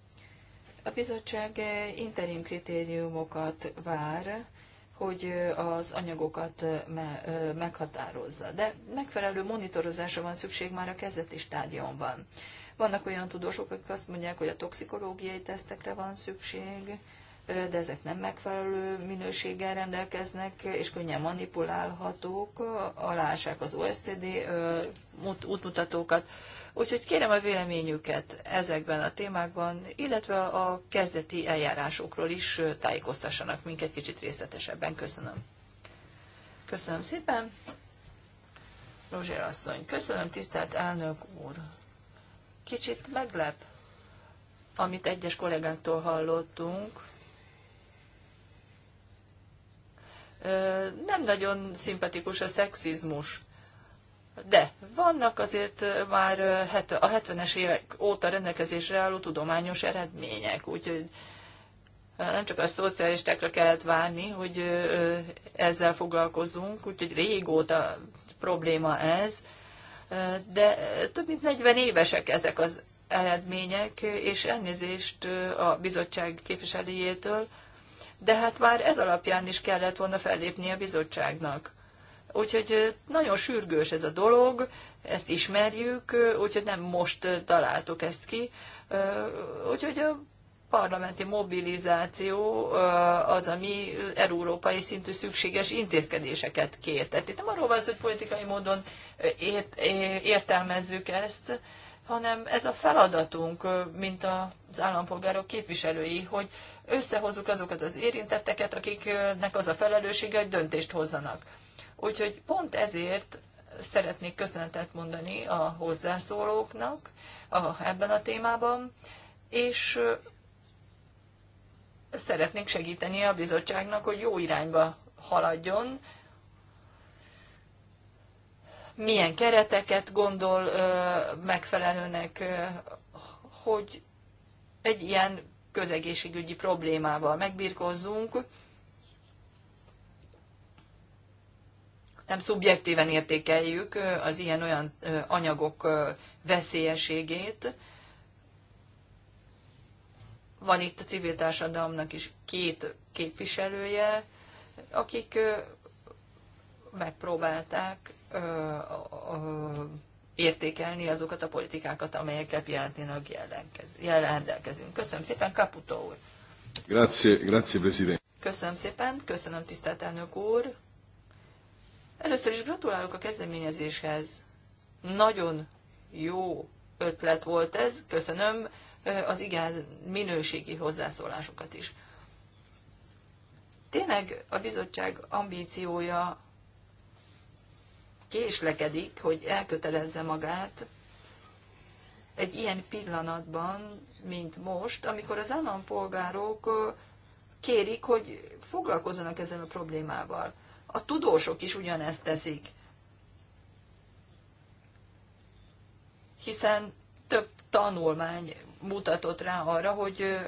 A bizottság eh, interim kritériumokat vár, hogy eh, az anyagokat eh, meghatározza. De megfelelő monitorozásra van szükség már a kezdeti stádiumban. Vannak olyan tudósok, akik azt mondják, hogy a toxikológiai tesztekre van szükség, de ezek nem megfelelő minőséggel rendelkeznek, és könnyen manipulálhatók, alássák az OSCD útmutatókat. Úgyhogy kérem a véleményüket ezekben a témákban, illetve a kezdeti eljárásokról is tájékoztassanak minket kicsit részletesebben. Köszönöm. Köszönöm szépen. Rózsér asszony, köszönöm tisztelt elnök úr. Kicsit meglep, amit egyes kollégáktól hallottunk. Nem nagyon szimpatikus a szexizmus de vannak azért már a 70-es évek óta rendelkezésre álló tudományos eredmények, úgyhogy nem csak a szocialistákra kellett várni, hogy ezzel foglalkozunk, úgyhogy régóta probléma ez, de több mint 40 évesek ezek az eredmények, és elnézést a bizottság képviselőjétől, de hát már ez alapján is kellett volna fellépni a bizottságnak. Úgyhogy nagyon sürgős ez a dolog, ezt ismerjük, úgyhogy nem most találtuk ezt ki. Úgyhogy a parlamenti mobilizáció az, ami európai szintű szükséges intézkedéseket kér. Tehát itt nem arról van hogy politikai módon értelmezzük ezt, hanem ez a feladatunk, mint az állampolgárok képviselői, hogy összehozzuk azokat az érintetteket, akiknek az a felelőssége, hogy döntést hozzanak. Úgyhogy pont ezért szeretnék köszönetet mondani a hozzászólóknak a, ebben a témában, és szeretnék segíteni a bizottságnak, hogy jó irányba haladjon, milyen kereteket gondol ö, megfelelőnek, ö, hogy egy ilyen közegészségügyi problémával megbirkozzunk, nem szubjektíven értékeljük az ilyen-olyan anyagok veszélyeségét. Van itt a civil társadalomnak is két képviselője, akik megpróbálták értékelni azokat a politikákat, amelyekkel pillanatnyilag rendelkezünk. Köszönöm szépen, Kaputo úr! Grazie, grazie, Presidente. Köszönöm szépen, köszönöm tisztelt elnök úr! Először is gratulálok a kezdeményezéshez. Nagyon jó ötlet volt ez. Köszönöm az igen minőségi hozzászólásokat is. Tényleg a bizottság ambíciója késlekedik, hogy elkötelezze magát egy ilyen pillanatban, mint most, amikor az állampolgárok kérik, hogy foglalkozzanak ezzel a problémával. A tudósok is ugyanezt teszik. Hiszen több tanulmány mutatott rá arra, hogy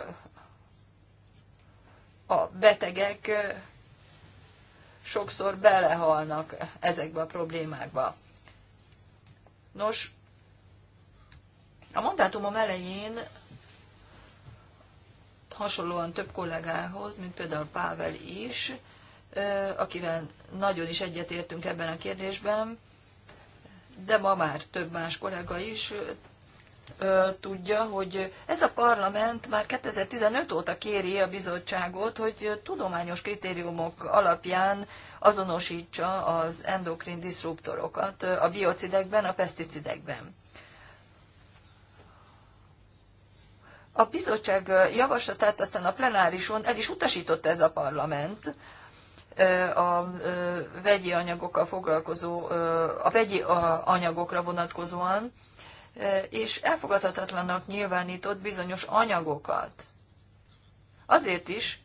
a betegek sokszor belehalnak ezekbe a problémákba. Nos, a mandátumom elején hasonlóan több kollégához, mint például Pável is, akivel nagyon is egyetértünk ebben a kérdésben, de ma már több más kollega is tudja, hogy ez a parlament már 2015 óta kéri a bizottságot, hogy tudományos kritériumok alapján azonosítsa az endokrin diszruptorokat a biocidekben, a peszticidekben. A bizottság javaslatát aztán a plenárison el is utasította ez a parlament, a vegyi anyagokkal foglalkozó, a vegyi anyagokra vonatkozóan, és elfogadhatatlannak nyilvánított bizonyos anyagokat. Azért is,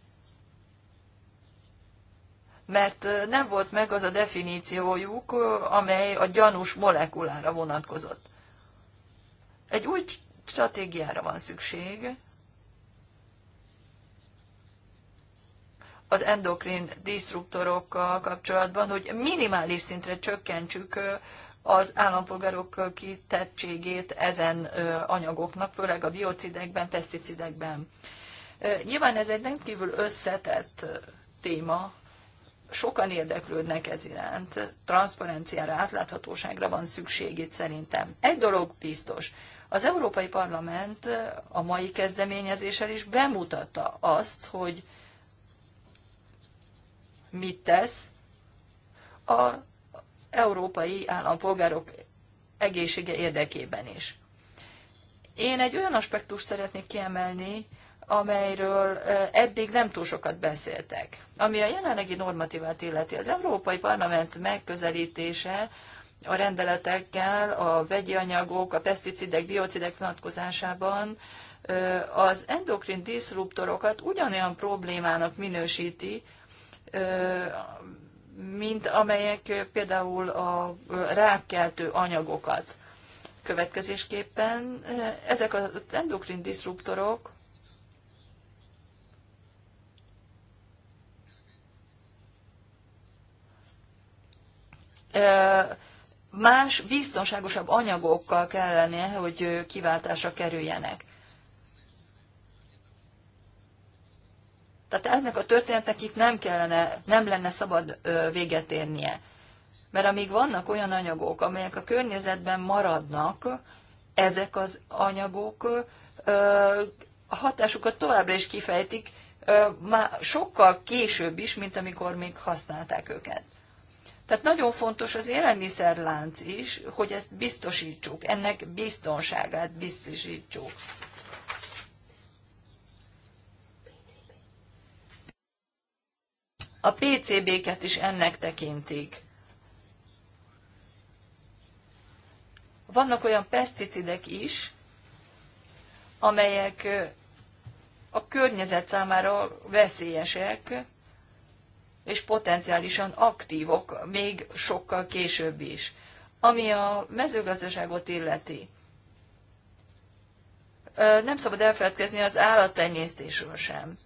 mert nem volt meg az a definíciójuk, amely a gyanús molekulára vonatkozott. Egy új stratégiára van szükség, az endokrin disruptorokkal kapcsolatban, hogy minimális szintre csökkentsük az állampolgárok kitettségét ezen anyagoknak, főleg a biocidekben, peszticidekben. Nyilván ez egy rendkívül összetett téma, sokan érdeklődnek ez iránt, transzparenciára, átláthatóságra van szükség itt szerintem. Egy dolog biztos, az Európai Parlament a mai kezdeményezéssel is bemutatta azt, hogy mit tesz az európai állampolgárok egészsége érdekében is. Én egy olyan aspektust szeretnék kiemelni, amelyről eddig nem túl sokat beszéltek. Ami a jelenlegi normatívát illeti, az Európai Parlament megközelítése a rendeletekkel, a vegyi anyagok, a peszticidek, biocidek vonatkozásában az endokrin diszruptorokat ugyanolyan problémának minősíti, mint amelyek például a rákkeltő anyagokat. Következésképpen ezek az endokrin diszruptorok más biztonságosabb anyagokkal kellene, hogy kiváltásra kerüljenek. Tehát ennek a történetnek itt nem kellene, nem lenne szabad véget érnie. Mert amíg vannak olyan anyagok, amelyek a környezetben maradnak, ezek az anyagok a hatásukat továbbra is kifejtik, már sokkal később is, mint amikor még használták őket. Tehát nagyon fontos az élelmiszerlánc is, hogy ezt biztosítsuk, ennek biztonságát biztosítsuk. a PCB-ket is ennek tekintik. Vannak olyan peszticidek is, amelyek a környezet számára veszélyesek, és potenciálisan aktívok még sokkal később is. Ami a mezőgazdaságot illeti, nem szabad elfeledkezni az állattenyésztésről sem,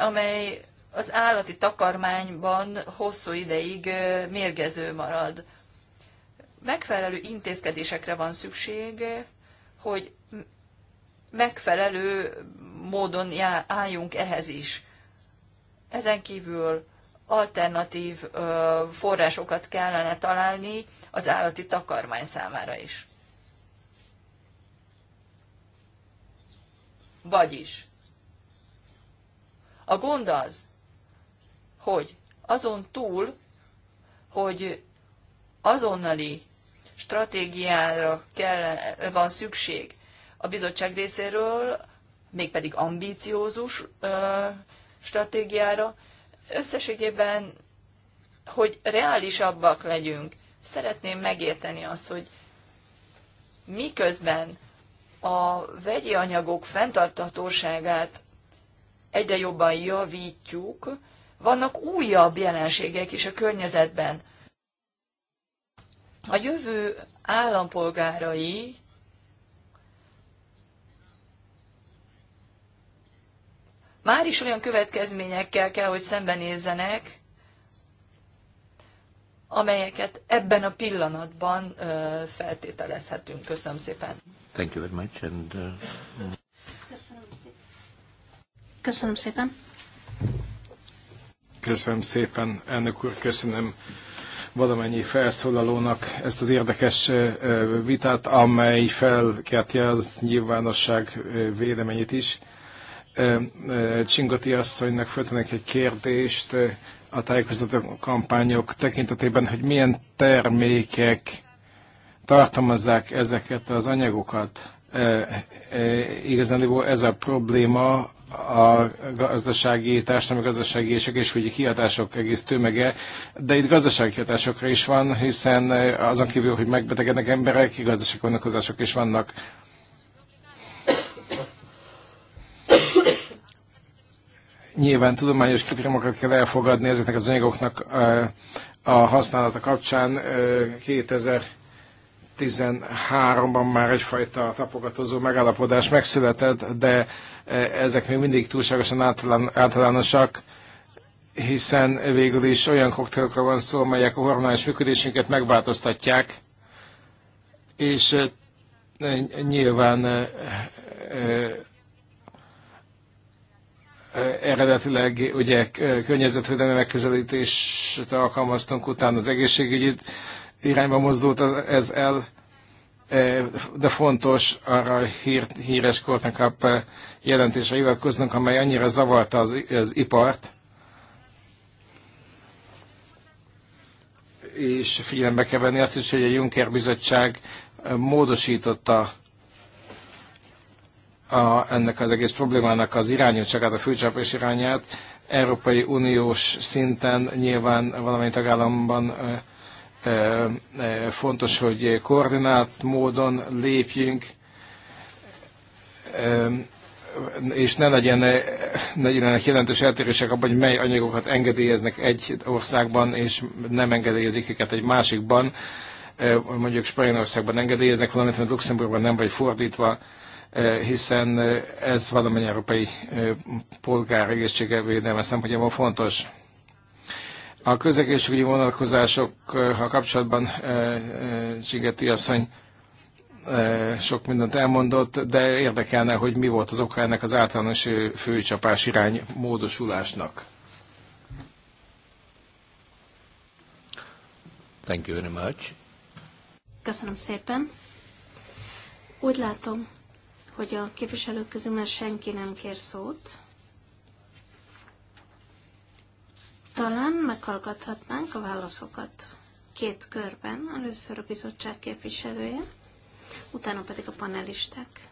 amely az állati takarmányban hosszú ideig mérgező marad. Megfelelő intézkedésekre van szükség, hogy megfelelő módon álljunk ehhez is. Ezen kívül alternatív forrásokat kellene találni az állati takarmány számára is. Vagyis a gond az, hogy azon túl, hogy azonnali stratégiára kell, van szükség a bizottság részéről, mégpedig ambíciózus ö, stratégiára, összességében, hogy reálisabbak legyünk. Szeretném megérteni azt, hogy miközben a vegyi anyagok fenntarthatóságát egyre jobban javítjuk, vannak újabb jelenségek is a környezetben. A jövő állampolgárai már is olyan következményekkel kell, hogy szembenézzenek, amelyeket ebben a pillanatban feltételezhetünk. Köszönöm szépen. Thank you very much. And, uh... Köszönöm szépen. Köszönöm szépen. Köszönöm szépen, elnök úr, köszönöm valamennyi felszólalónak ezt az érdekes vitát, amely felkelti az nyilvánosság véleményét is. Csingati asszonynak föltenek egy kérdést a tájékoztató kampányok tekintetében, hogy milyen termékek tartalmazzák ezeket az anyagokat. E, e, igazán ez a probléma, a gazdasági, társadalmi gazdasági és egészségügyi kihatások egész tömege, de itt gazdasági kihatásokra is van, hiszen eh, azon kívül, hogy megbetegednek emberek, gazdasági vonatkozások is vannak. Nyilván tudományos kritériumokat kell elfogadni ezeknek az anyagoknak eh, a használata kapcsán 2000 eh, 2013-ban már egyfajta tapogatózó megállapodás megszületett, de E, ezek még mindig túlságosan általán, általánosak, hiszen végül is olyan koktélokra van szó, melyek a hormonális működésünket megváltoztatják, és e, nyilván e, eredetileg ugye környezetvédelmi megközelítést alkalmaztunk, utána az egészségügyi irányba mozdult ez el. Eh, de fontos arra a hír, híres Kortnakap eh, jelentésre hivatkoznunk, amely annyira zavarta az, az ipart, és figyelembe kell venni azt is, hogy a Juncker bizottság eh, módosította a, ennek az egész problémának az irányultságát, a főcsapás irányát. Európai Uniós szinten nyilván valamennyi tagállamban Fontos, hogy koordinált módon lépjünk, és ne legyen, ne legyenek jelentős eltérések abban, hogy mely anyagokat engedélyeznek egy országban, és nem engedélyezik őket egy másikban. Mondjuk Spanyolországban engedélyeznek valamit, mert Luxemburgban nem, vagy fordítva hiszen ez valamennyi európai polgár egészségevédelme szempontjából fontos. A közlekedésügyi vonatkozásokkal kapcsolatban eh, eh, Zsigeti asszony eh, sok mindent elmondott, de érdekelne, hogy mi volt az oka ennek az általános főcsapás irány módosulásnak. Thank you very much. Köszönöm szépen. Úgy látom, hogy a képviselők közül már senki nem kér szót. Talán meghallgathatnánk a válaszokat két körben, először a bizottság képviselője, utána pedig a panelisták.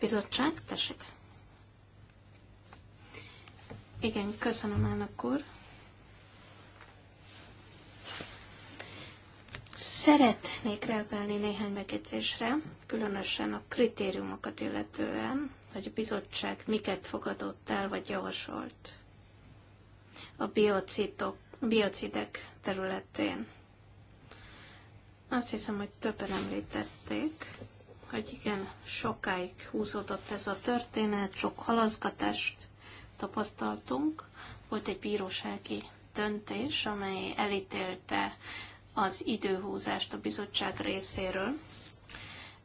Bizottság, tessék! Igen, köszönöm, elnök úr. Szeretnék reagálni néhány megjegyzésre, különösen a kritériumokat illetően, hogy a bizottság miket fogadott el, vagy javasolt a biocitok, biocidek területén. Azt hiszem, hogy többen említették, hogy igen, sokáig húzódott ez a történet, sok halaszgatást tapasztaltunk. Volt egy bírósági döntés, amely elítélte az időhúzást a bizottság részéről.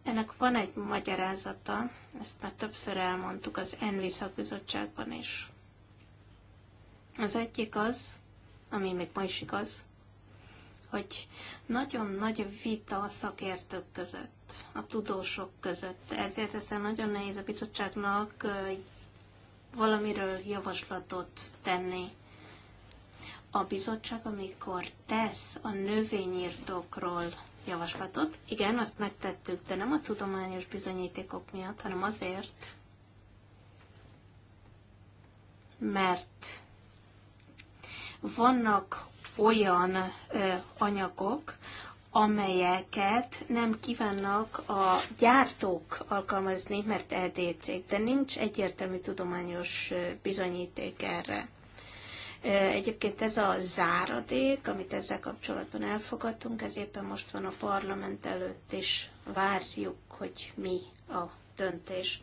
Ennek van egy magyarázata, ezt már többször elmondtuk az ENVI bizottságban is. Az egyik az, ami még ma is igaz, hogy nagyon nagy vita a szakértők között, a tudósok között. Ezért ezzel nagyon nehéz a bizottságnak valamiről javaslatot tenni. A bizottság, amikor tesz a növényírtókról javaslatot, igen, azt megtettük, de nem a tudományos bizonyítékok miatt, hanem azért, mert vannak olyan ö, anyagok, amelyeket nem kívánnak a gyártók alkalmazni, mert ldc de nincs egyértelmű tudományos bizonyíték erre. Egyébként ez a záradék, amit ezzel kapcsolatban elfogadtunk, ez éppen most van a parlament előtt, és várjuk, hogy mi a döntés.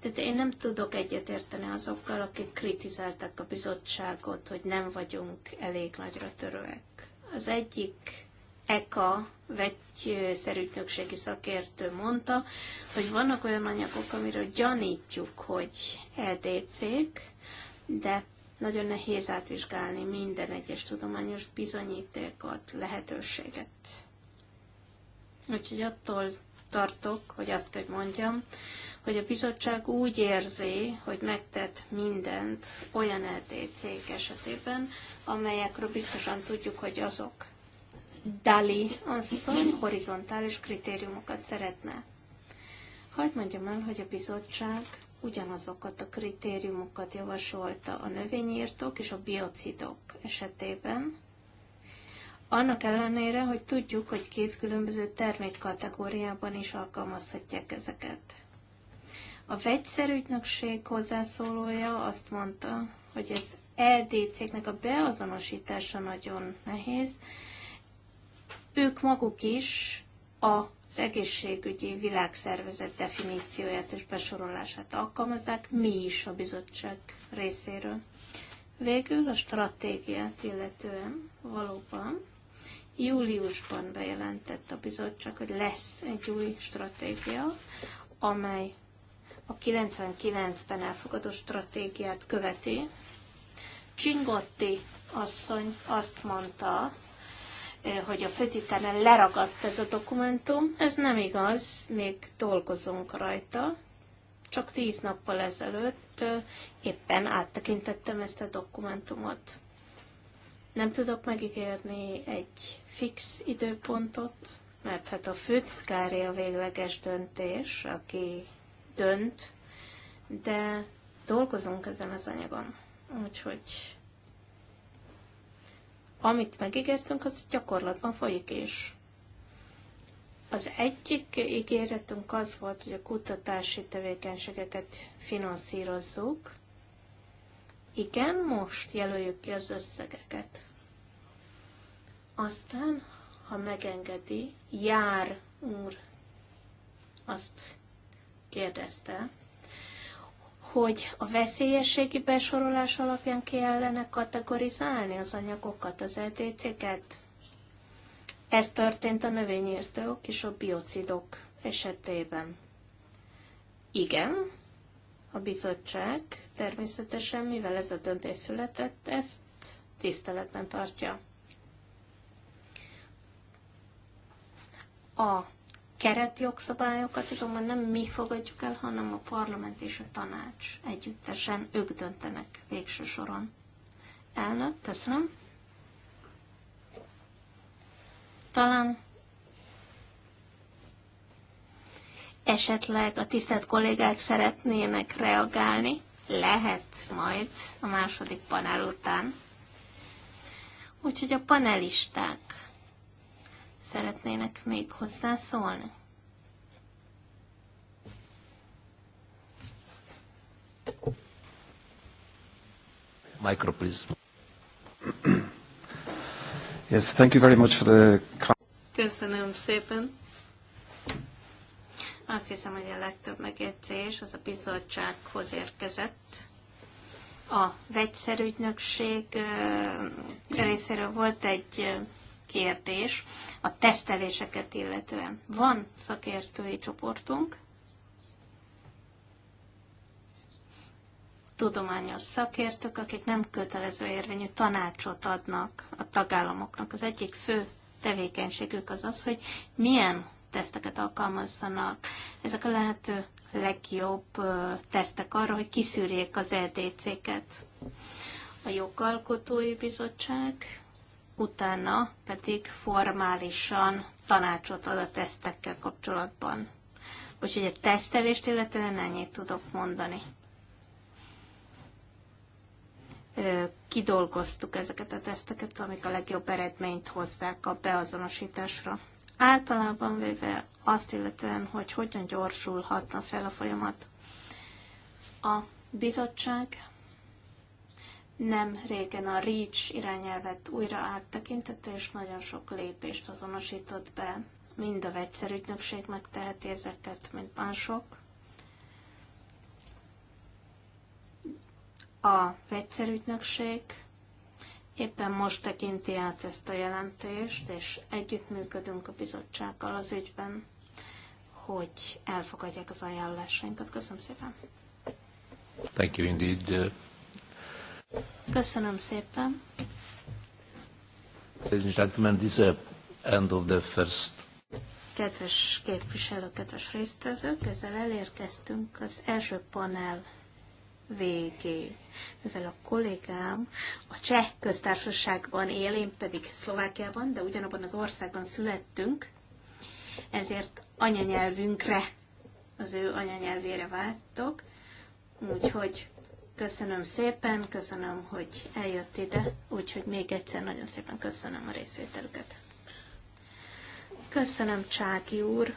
Tehát én nem tudok egyetérteni azokkal, akik kritizálták a bizottságot, hogy nem vagyunk elég nagyra törőek. Az egyik ECA vegyszerűtnökségi szakértő mondta, hogy vannak olyan anyagok, amiről gyanítjuk, hogy EDC-k, de nagyon nehéz átvizsgálni minden egyes tudományos bizonyítékot, lehetőséget. Úgyhogy attól tartok, hogy azt hogy mondjam, hogy a bizottság úgy érzi, hogy megtett mindent olyan LT esetében, amelyekről biztosan tudjuk, hogy azok. Dali asszony horizontális kritériumokat szeretne. Hagy mondjam el, hogy a bizottság ugyanazokat a kritériumokat javasolta a növényírtók és a biocidok esetében, annak ellenére, hogy tudjuk, hogy két különböző termékkategóriában is alkalmazhatják ezeket. A vegyszerügynökség hozzászólója azt mondta, hogy ez LDC-nek e a beazonosítása nagyon nehéz. Ők maguk is az egészségügyi világszervezet definícióját és besorolását alkalmazzák, mi is a bizottság részéről. Végül a stratégiát illetően valóban Júliusban bejelentett a bizottság, hogy lesz egy új stratégia, amely a 99-ben elfogadott stratégiát követi. Csingotti asszony azt mondta, eh, hogy a főtitáren leragadt ez a dokumentum. Ez nem igaz, még dolgozunk rajta. Csak tíz nappal ezelőtt eh, éppen áttekintettem ezt a dokumentumot. Nem tudok megígérni egy fix időpontot, mert hát a főtitkári a végleges döntés, aki dönt, de dolgozunk ezen az anyagon. Úgyhogy amit megígértünk, az gyakorlatban folyik is. Az egyik ígéretünk az volt, hogy a kutatási tevékenységeket finanszírozzuk. Igen, most jelöljük ki az összegeket. Aztán, ha megengedi, jár úr azt kérdezte, hogy a veszélyességi besorolás alapján kellene kategorizálni az anyagokat, az EDC-ket. Ez történt a növényírtók és a biocidok esetében. Igen, a bizottság természetesen, mivel ez a döntés született, ezt tiszteletben tartja. A keretjogszabályokat azonban nem mi fogadjuk el, hanem a parlament és a tanács együttesen, ők döntenek végső soron. Elnök, köszönöm. Talán esetleg a tisztelt kollégák szeretnének reagálni. Lehet majd a második panel után. Úgyhogy a panelisták szeretnének még hozzászólni? Micro, please. [clears throat] Yes, thank you very much for the... Köszönöm szépen. Azt hiszem, hogy a legtöbb megjegyzés az a bizottsághoz érkezett. A vegyszerügynökség részéről volt egy kérdés a teszteléseket illetően. Van szakértői csoportunk, tudományos szakértők, akik nem kötelező érvényű tanácsot adnak a tagállamoknak. Az egyik fő tevékenységük az az, hogy milyen teszteket alkalmazzanak. Ezek a lehető legjobb tesztek arra, hogy kiszűrjék az LDC-ket. A Jogalkotói Bizottság utána pedig formálisan tanácsot ad a tesztekkel kapcsolatban. Úgyhogy a tesztelést illetően ennyit tudok mondani. Kidolgoztuk ezeket a teszteket, amik a legjobb eredményt hozzák a beazonosításra. Általában véve azt illetően, hogy hogyan gyorsulhatna fel a folyamat. A bizottság nem régen a REACH irányelvet újra áttekintette, és nagyon sok lépést azonosított be. Mind a vegyszerügynökség megteheti ezeket, mint mások. A vegyszerügynökség éppen most tekinti át ezt a jelentést, és együttműködünk a bizottsággal az ügyben, hogy elfogadják az ajánlásainkat. Köszönöm szépen! Thank you indeed. Uh, Köszönöm szépen. Ladies and gentlemen, this is end of the first kedves képviselő, kedves résztvevők, ezzel elérkeztünk az első panel végé, Mivel a kollégám a cseh köztársaságban él, én pedig Szlovákiában, de ugyanabban az országban születtünk, ezért anyanyelvünkre, az ő anyanyelvére váltok, úgyhogy Köszönöm szépen, köszönöm, hogy eljött ide, úgyhogy még egyszer nagyon szépen köszönöm a részvételüket. Köszönöm, Csáki úr.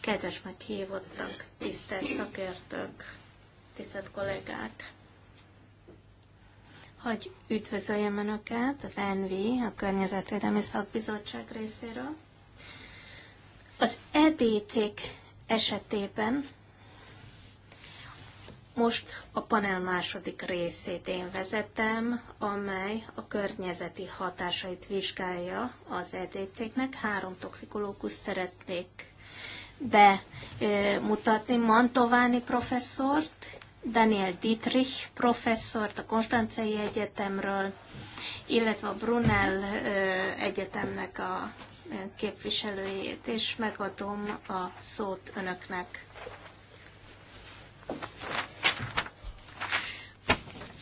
Kedves meghívottak, tisztelt szakértők, tisztelt kollégák. Hogy üdvözöljem Önöket az NV, a Környezetvédelmi Szakbizottság részéről. Az EDC-k esetében most a panel második részét én vezetem, amely a környezeti hatásait vizsgálja az EDC-knek. Három toxikológus szeretnék bemutatni. Mantováni professzort, Daniel Dietrich professzort a Konstancei Egyetemről, illetve a Brunel Egyetemnek a képviselőjét, és megadom a szót önöknek.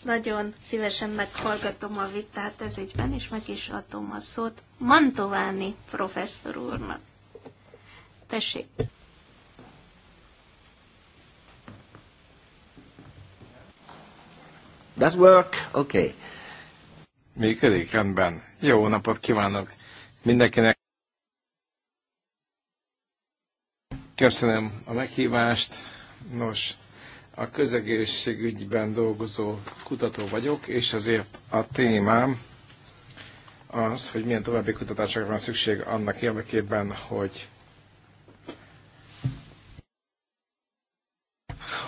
Nagyon szívesen meghallgatom a vitát ez ügyben, és meg is adom a szót Mantováni professzor úrnak. Tessék! Does work? Okay. Működik? Rendben. Jó napot kívánok mindenkinek! Köszönöm a meghívást. Nos, a közegészségügyben dolgozó kutató vagyok, és azért a témám az, hogy milyen további kutatásokra van szükség annak érdekében, hogy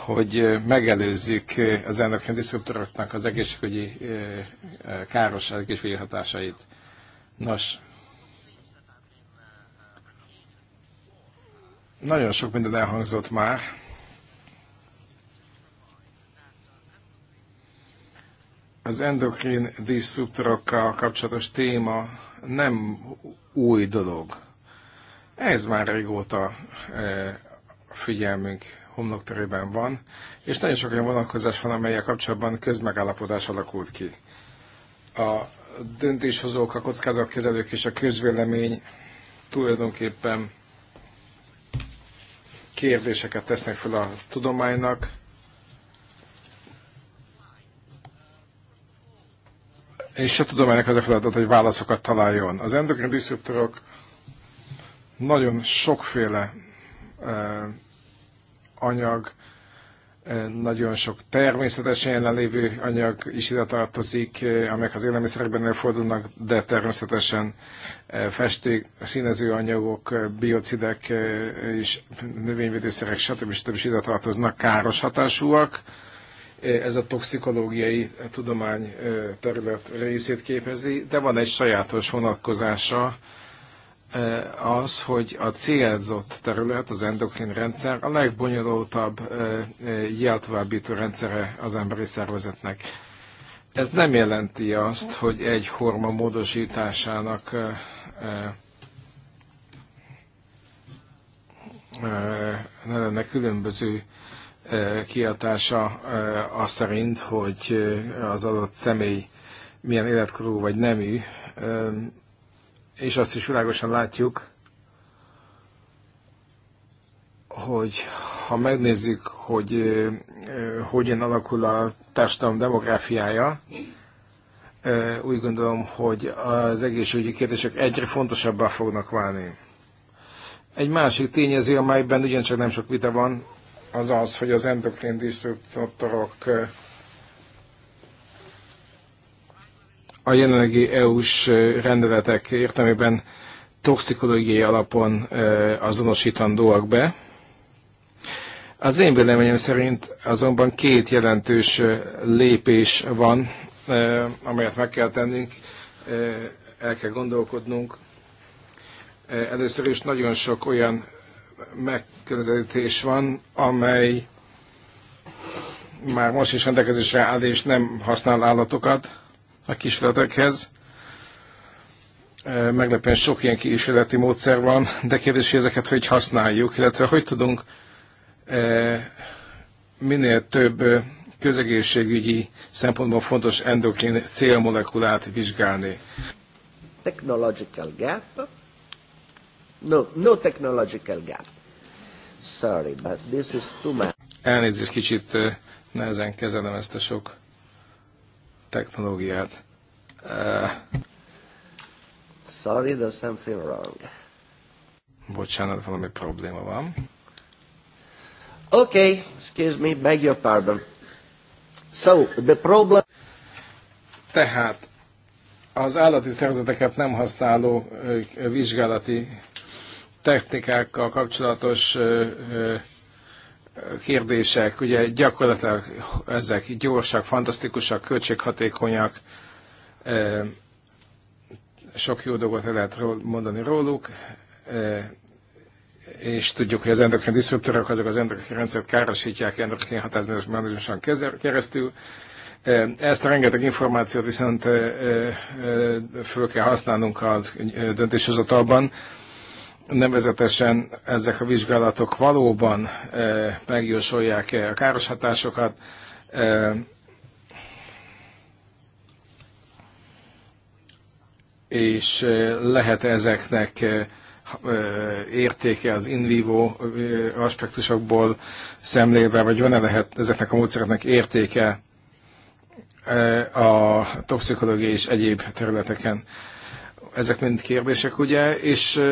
hogy megelőzzük az endokrin diszruptoroknak az egészségügyi eh, eh, káros egészségügyi hatásait. Nos, Nagyon sok minden elhangzott már. Az endokrin diszruptorokkal kapcsolatos téma nem új dolog. Ez már régóta e, figyelmünk homlokterében van, és nagyon sok olyan vonatkozás van, amelyek kapcsolatban közmegállapodás alakult ki. A döntéshozók, a kockázatkezelők és a közvélemény tulajdonképpen kérdéseket tesznek fel a tudománynak. És a tudománynak az a feladat, hogy válaszokat találjon. Az endokrin diszruptorok nagyon sokféle eh, anyag nagyon sok természetesen jelenlévő anyag is ide tartozik, eh, amelyek az élelmiszerekben előfordulnak, de természetesen eh, festék, színező anyagok, eh, biocidek és növényvédőszerek, stb. stb. is ide tartoznak, káros hatásúak. Ez a toxikológiai tudomány terület részét képezi, de van egy sajátos vonatkozása, Eh, az, hogy a célzott terület, az endokrin rendszer a legbonyolultabb eh, eh, jeltovábbító rendszere az emberi szervezetnek. Ez nem jelenti azt, hogy egy horma módosításának ne lenne különböző kiadása az szerint, hogy az adott személy milyen életkorú vagy nemű és azt is világosan látjuk, hogy ha megnézzük, hogy hogyan alakul a társadalom demográfiája, úgy gondolom, hogy az egészségügyi kérdések egyre fontosabbá fognak válni. Egy másik tényező, amelyben ugyancsak nem sok vita van, az az, hogy az endokrin diszruptorok a jelenlegi EU-s rendeletek értelmében toxikológiai alapon azonosítandóak be. Az én véleményem szerint azonban két jelentős lépés van, amelyet meg kell tennünk, el kell gondolkodnunk. Először is nagyon sok olyan megközelítés van, amely már most is rendelkezésre áll és nem használ állatokat a kísérletekhez. Meglepően sok ilyen kísérleti módszer van, de kérdés, hogy ezeket hogy használjuk, illetve hogy tudunk minél több közegészségügyi szempontból fontos endokrin célmolekulát vizsgálni. Technological gap. No, no technological gap. Sorry, but this is too much. Elnézést, kicsit nehezen kezelem ezt a sok technológiát. Sorry, there's something wrong. Bocsánat, valami probléma van. Okay, excuse me, beg your pardon. So, the problem... Tehát az állati szervezeteket nem használó vizsgálati technikákkal kapcsolatos kérdések, ugye gyakorlatilag ezek gyorsak, fantasztikusak, költséghatékonyak, sok jó dolgot lehet mondani róluk, és tudjuk, hogy az endokrin diszruptorok azok az endokrin rendszert károsítják endokrin hatásmentes mechanizmuson keresztül. Ezt a rengeteg információt viszont föl kell használnunk a döntéshozatalban nevezetesen ezek a vizsgálatok valóban e, megjósolják-e a káros hatásokat, e, és e, lehet ezeknek értéke az in vivo aspektusokból szemlélve, vagy van-e lehet ezeknek a módszereknek értéke a toxikológiai és egyéb területeken. Ezek mind kérdések, ugye, és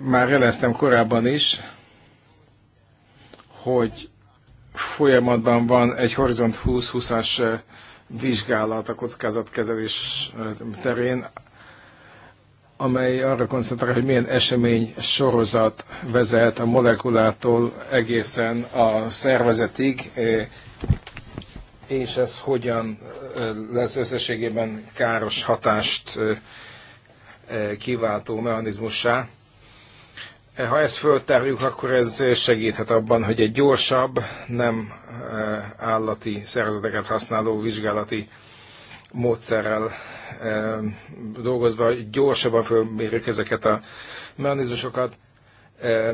Már jeleztem korábban is, hogy folyamatban van egy Horizont 2020-as eh, vizsgálat a kockázatkezelés eh, terén, amely arra koncentrál, hogy milyen esemény sorozat vezet a molekulától egészen a szervezetig, eh, és ez hogyan lesz összességében káros hatást kiváltó mechanizmussá. Ha ezt föltárjuk, akkor ez segíthet abban, hogy egy gyorsabb, nem eh, állati szervezeteket használó vizsgálati módszerrel eh, dolgozva gyorsabban fölmérjük ezeket a mechanizmusokat, eh,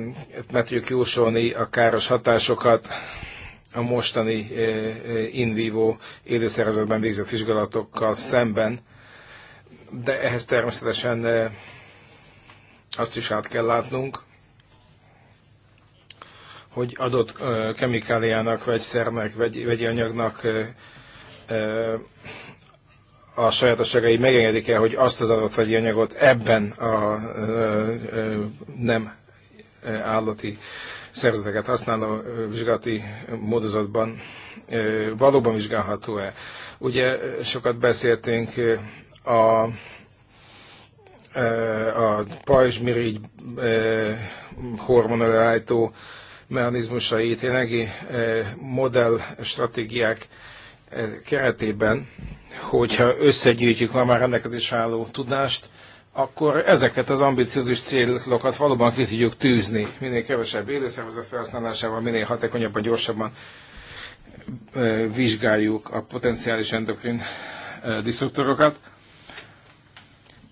mert tudjuk jósolni a káros hatásokat a mostani in vivo élőszervezetben végzett vizsgálatokkal szemben, de ehhez természetesen azt is át kell látnunk, hogy adott kemikáliának, szernek, vagy vegyi anyagnak a sajátosságai megengedik-e, hogy azt az adott vegyi anyagot ebben a nem állati szerzeteket használó vizsgálati módozatban valóban vizsgálható-e. Ugye sokat beszéltünk a a pajzsmirigy hormonellájtó mechanizmusait jelenlegi e, modell stratégiák e, keretében, hogyha összegyűjtjük a már rendelkezés álló tudást, akkor ezeket az ambiciózus célokat valóban ki tudjuk tűzni, minél kevesebb élőszervezet felhasználásával, minél hatékonyabban, gyorsabban e, vizsgáljuk a potenciális endokrin diszruktorokat.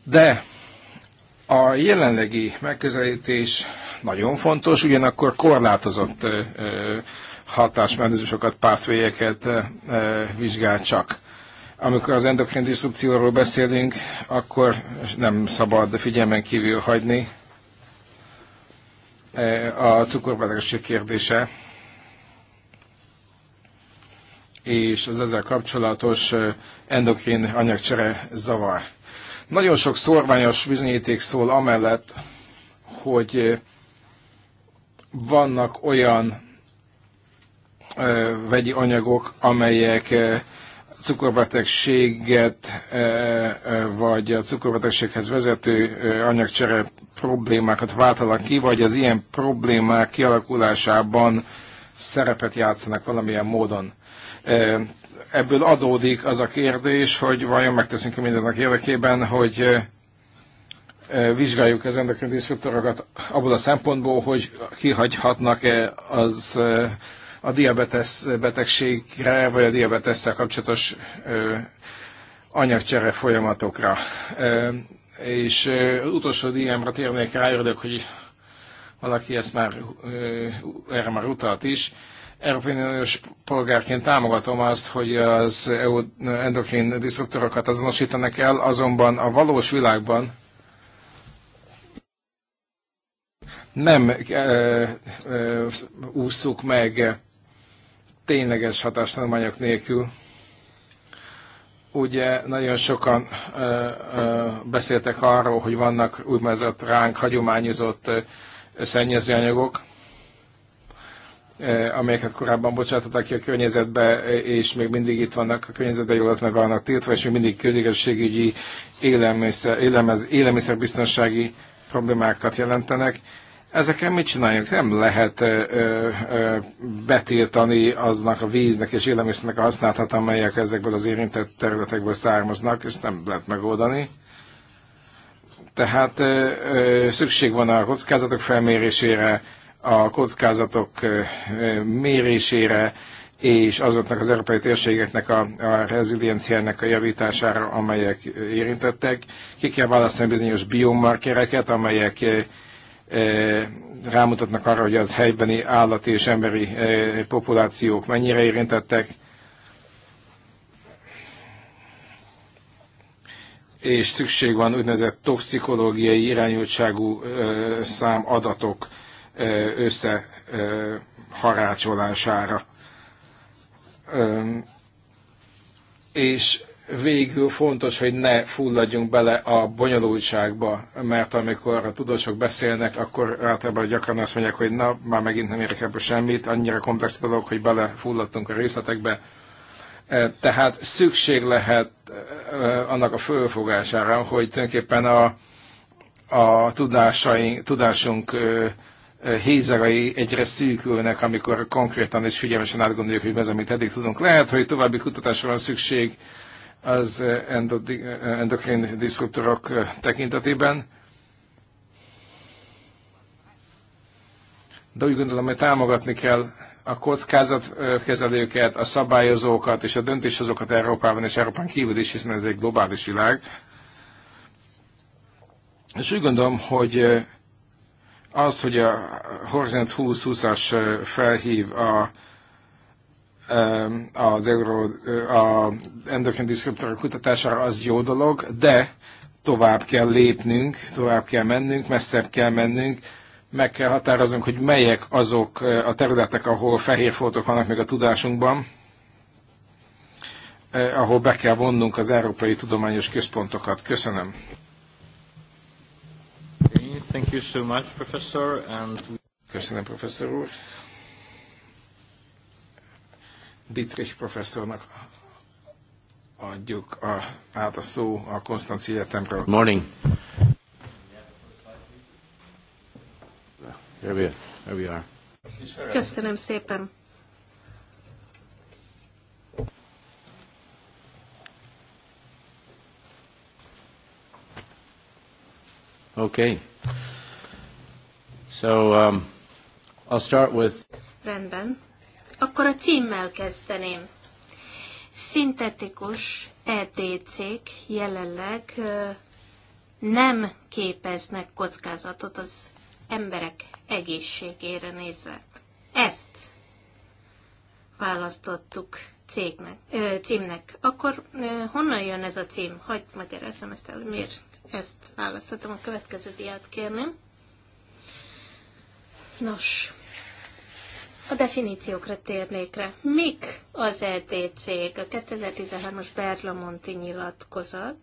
De a jelenlegi megközelítés nagyon fontos, ugyanakkor korlátozott hatásmechanizmusokat, pártvélyeket vizsgál csak. Amikor az endokrin diszrupcióról beszélünk, akkor nem szabad figyelmen kívül hagyni a cukorbetegség kérdése és az ezzel kapcsolatos endokrin anyagcsere zavar. Nagyon sok szorványos bizonyíték szól amellett, hogy vannak olyan ö, vegyi anyagok, amelyek ö, cukorbetegséget vagy a cukorbetegséghez vezető anyagcsere problémákat váltanak ki, vagy az ilyen problémák kialakulásában szerepet játszanak valamilyen módon. Ebből adódik az a kérdés, hogy vajon megteszünk -e mindennek érdekében, hogy vizsgáljuk az endokrindiszruptorokat abból a szempontból, hogy kihagyhatnak-e az eh, a diabetes betegségre, vagy a diabetesszel kapcsolatos eh, anyagcsere folyamatokra. Eh, és utolsó diámra térnék rá, örülök, hogy valaki ezt már, erre már utalt is. Európai Uniós polgárként támogatom azt, hogy az EU endokrin diszruptorokat azonosítanak el, azonban a valós világban nem ö, ússzuk meg tényleges hatástanulmányok nélkül. Ugye nagyon sokan ö, ö, beszéltek arról, hogy vannak úgynevezett ránk hagyományozott szennyezőanyagok, amelyeket korábban bocsátottak ki a környezetbe, és még mindig itt vannak a környezetbe, jól meg vannak tiltva, és még mindig közigazségügyi, élelmiszer, élelmez, élelmiszerbiztonsági problémákat jelentenek. Ezeken mit csináljunk? Nem lehet ö, ö, betiltani aznak a víznek és élelmiszernek a használatát, amelyek ezekből az érintett területekből származnak, ezt nem lehet megoldani. Tehát ö, ö, szükség van a kockázatok felmérésére, a kockázatok ö, mérésére, és azoknak az európai térségeknek a, a rezilienciának a javítására, amelyek érintettek. Ki kell választani bizonyos biomarkereket, amelyek rámutatnak arra, hogy az helybeni állati és emberi populációk mennyire érintettek, és szükség van úgynevezett toxikológiai irányultságú szám adatok összeharácsolására. És végül fontos, hogy ne fulladjunk bele a bonyolultságba, mert amikor a tudósok beszélnek, akkor általában gyakran azt mondják, hogy na, már megint nem érek ebből semmit, annyira komplex dolog, hogy belefulladtunk a részletekbe. E, tehát szükség lehet e, annak a fölfogására, hogy tulajdonképpen a, a tudásaink, tudásunk e, hézagai egyre szűkülnek, amikor konkrétan és figyelmesen átgondoljuk, hogy mi az, amit eddig tudunk. Lehet, hogy további kutatásra van szükség, az eh, eh, endokrin diszruptorok eh, tekintetében. De úgy gondolom, hogy támogatni kell a kockázatkezelőket, a szabályozókat és a döntéshozókat Európában és Európán kívül is, hiszen ez egy globális világ. És úgy gondolom, hogy az, hogy a Horizon 2020-as felhív a az euro, a endokrin diszkriptorok kutatására az jó dolog, de tovább kell lépnünk, tovább kell mennünk, messzebb kell mennünk, meg kell határoznunk, hogy melyek azok a területek, ahol fehér foltok vannak még a tudásunkban, ahol be kell vonnunk az európai tudományos központokat. Köszönöm. Thank you so much, professor, and... Köszönöm, professzor úr. Dietrich professzornak adjuk a, át a szó a Konstanz Egyetemről. Morning. Here we, here we are. Köszönöm szépen. Okay. So um, I'll start with. Rendben akkor a címmel kezdeném. Szintetikus ETC-k jelenleg nem képeznek kockázatot az emberek egészségére nézve. Ezt választottuk cégnek, ö, címnek. Akkor ö, honnan jön ez a cím? Hogy magyarázzam ezt el, miért ezt választottam. A következő diát kérném. Nos, a definíciókra térnék rá. Mik az EDC-k? A 2013-as Berlamonti nyilatkozat,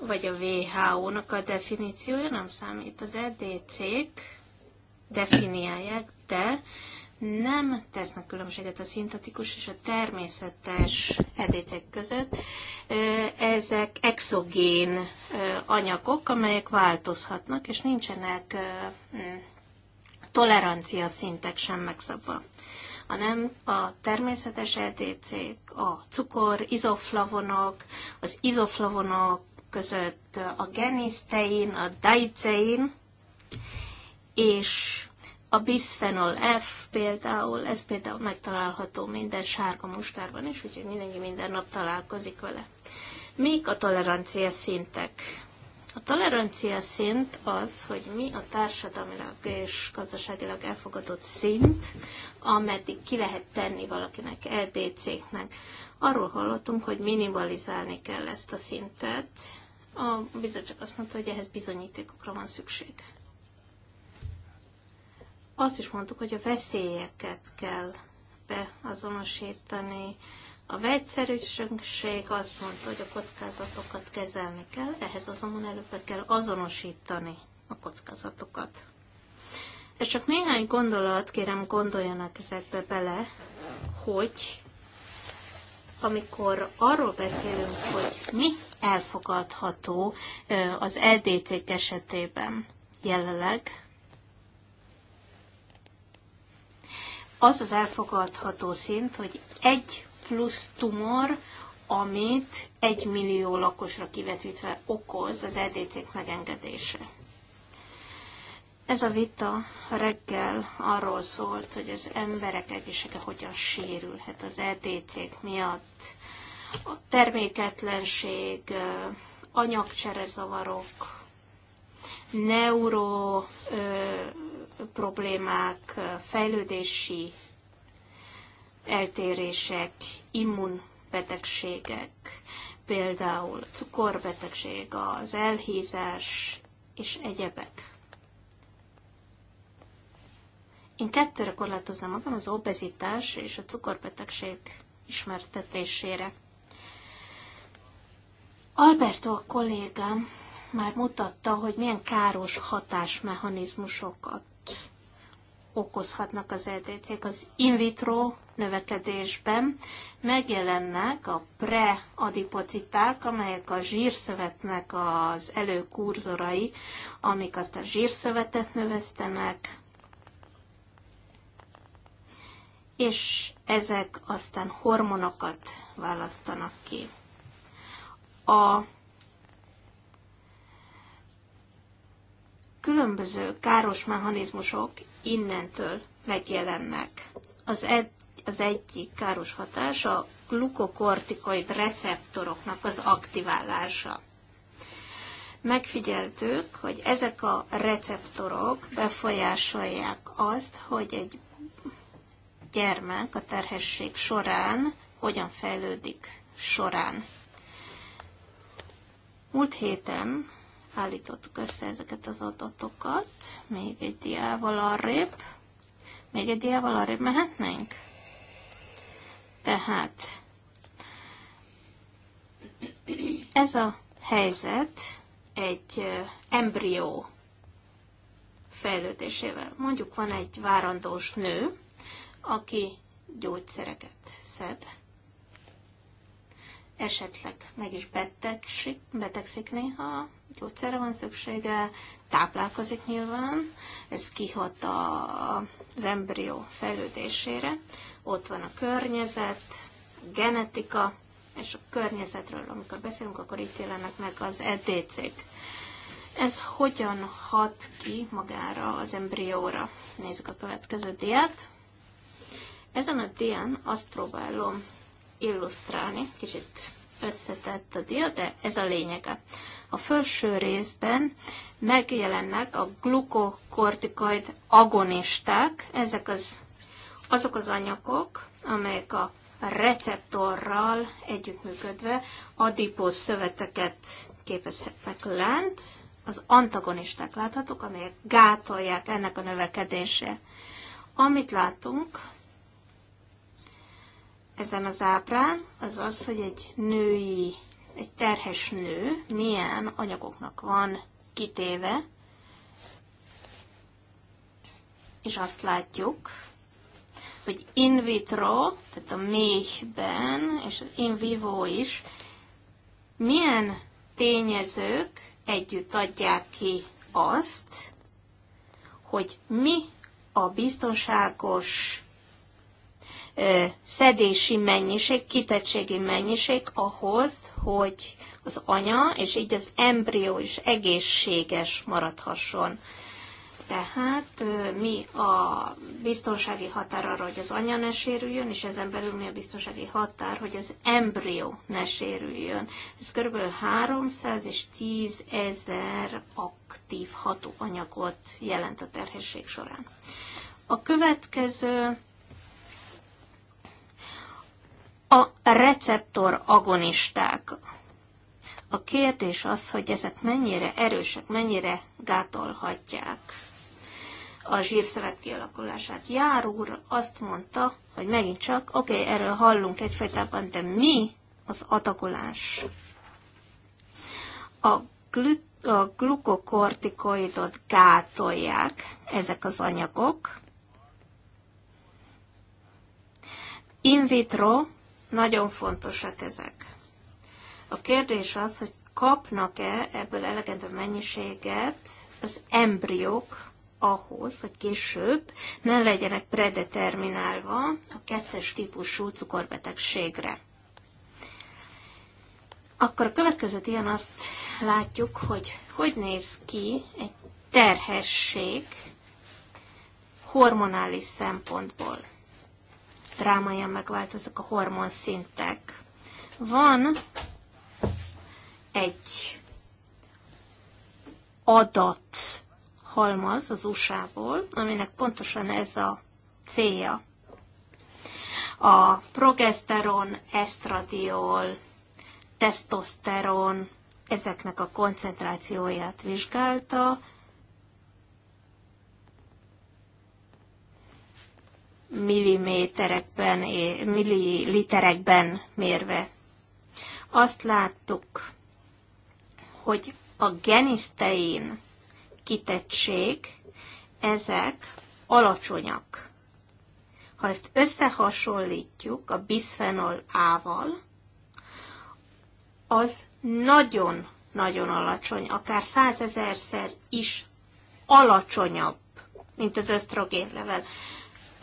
vagy a WHO-nak a definíciója nem számít. Az EDC-k definiálják, de nem tesznek különbséget a szintetikus és a természetes edécek között. Ezek exogén anyagok, amelyek változhatnak, és nincsenek tolerancia szintek sem megszabva, hanem a természetes EDC-k, a cukor, izoflavonok, az izoflavonok között a genisztein, a daicein, és a bisphenol F például, ez például megtalálható minden sárga mustárban is, úgyhogy mindenki minden nap találkozik vele. Mik a tolerancia szintek? A tolerancia szint az, hogy mi a társadalmilag és gazdaságilag elfogadott szint, ameddig ki lehet tenni valakinek, LDC-nek. E Arról hallottunk, hogy minimalizálni kell ezt a szintet. A bizottság azt mondta, hogy ehhez bizonyítékokra van szükség. Azt is mondtuk, hogy a veszélyeket kell beazonosítani, a vegyszerűség azt mondta, hogy a kockázatokat kezelni kell, ehhez azonban előbb kell azonosítani a kockázatokat. És csak néhány gondolat, kérem, gondoljanak ezekbe bele, hogy amikor arról beszélünk, hogy mi elfogadható az LDC esetében jelenleg, az az elfogadható szint, hogy egy plusz tumor, amit egy millió lakosra kivetítve okoz az EDC-k megengedése. Ez a vita reggel arról szólt, hogy az emberek egészsége hogyan sérülhet az EDC-k miatt. A terméketlenség, anyagcserezavarok, neuro problémák, fejlődési eltérések, immunbetegségek, például cukorbetegség, az elhízás és egyebek. Én kettőre korlátozom magam, az obezitás és a cukorbetegség ismertetésére. Alberto kollégám már mutatta, hogy milyen káros hatásmechanizmusokat okozhatnak az LDC-k e az in vitro növekedésben. Megjelennek a preadipociták, amelyek a zsírszövetnek az előkurzorai, amik azt a zsírszövetet növesztenek, és ezek aztán hormonokat választanak ki. A különböző káros mechanizmusok innentől megjelennek. Az, ed, az egyik káros hatás a glukokortikoid receptoroknak az aktiválása. Megfigyeltük, hogy ezek a receptorok befolyásolják azt, hogy egy gyermek a terhesség során hogyan fejlődik során. Múlt héten állítottuk össze ezeket az adatokat. Még egy diával arrébb. Még egy diával arrébb mehetnénk? Tehát ez a helyzet egy embrió fejlődésével. Mondjuk van egy várandós nő, aki gyógyszereket szed, esetleg meg is betegsik, betegszik néha, gyógyszerre van szüksége, táplálkozik nyilván, ez kihat a, az embrió fejlődésére, ott van a környezet, a genetika, és a környezetről, amikor beszélünk, akkor itt jelennek meg az EDC-k. Ez hogyan hat ki magára az embrióra? Nézzük a következő diát. Ezen a dián azt próbálom illusztrálni. Kicsit összetett a dia, de ez a lényege. A felső részben megjelennek a glukokortikoid agonisták, ezek az, azok az anyagok, amelyek a receptorral együttműködve adipós szöveteket képezhetnek lent, az antagonisták láthatók, amelyek gátolják ennek a növekedése. Amit látunk, ezen az ábrán, az az, hogy egy női, egy terhes nő milyen anyagoknak van kitéve, és azt látjuk, hogy in vitro, tehát a méhben, és az in vivo is, milyen tényezők együtt adják ki azt, hogy mi a biztonságos szedési mennyiség, kitettségi mennyiség ahhoz, hogy az anya, és így az embrió is egészséges maradhasson. Tehát mi a biztonsági határ arra, hogy az anya ne sérüljön, és ezen belül mi a biztonsági határ, hogy az embrió ne sérüljön. Ez kb. 300 és 10 ezer aktív hatóanyagot jelent a terhesség során. A következő a receptor agonisták. A kérdés az, hogy ezek mennyire erősek, mennyire gátolhatják a zsírszövet kialakulását. Jár úr azt mondta, hogy megint csak, oké, okay, erről hallunk egyfajtában, de mi az atakulás? A, glü- a glukokortikoidot gátolják ezek az anyagok. In vitro nagyon fontosak ezek. A kérdés az, hogy kapnak-e ebből elegendő mennyiséget az embriók ahhoz, hogy később ne legyenek predeterminálva a kettes típusú cukorbetegségre. Akkor a következő ilyen azt látjuk, hogy hogy néz ki egy terhesség hormonális szempontból drámaian megváltoznak a hormonszintek. Van egy adat halmaz az USA-ból, aminek pontosan ez a célja. A progeszteron, estradiol, tesztoszteron, ezeknek a koncentrációját vizsgálta, milliméterekben, milliliterekben mérve. Azt láttuk, hogy a genisztein kitettség, ezek alacsonyak. Ha ezt összehasonlítjuk a bisphenol A-val, az nagyon-nagyon alacsony, akár százezerszer is alacsonyabb, mint az ösztrogénlevel. level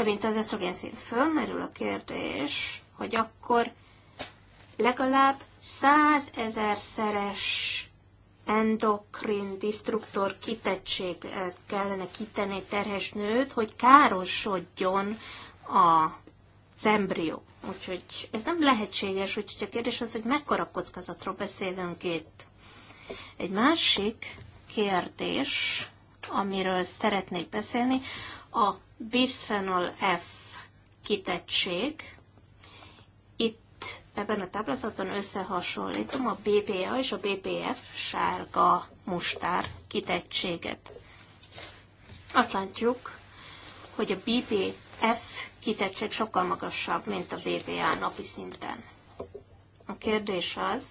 mint az esztrogén szint. Fölmerül a kérdés, hogy akkor legalább százezerszeres endokrin disztruktor kitettség eh, kellene kitenni egy terhes nőt, hogy károsodjon a embrió. Úgyhogy ez nem lehetséges, úgyhogy a kérdés az, hogy mekkora kockázatról beszélünk itt. Egy másik kérdés, amiről szeretnék beszélni, a bisphenol F kitettség, itt ebben a táblázatban összehasonlítom a BPA és a BPF sárga mustár kitettséget. Azt látjuk, hogy a BPF kitettség sokkal magasabb, mint a BPA napi szinten. A kérdés az,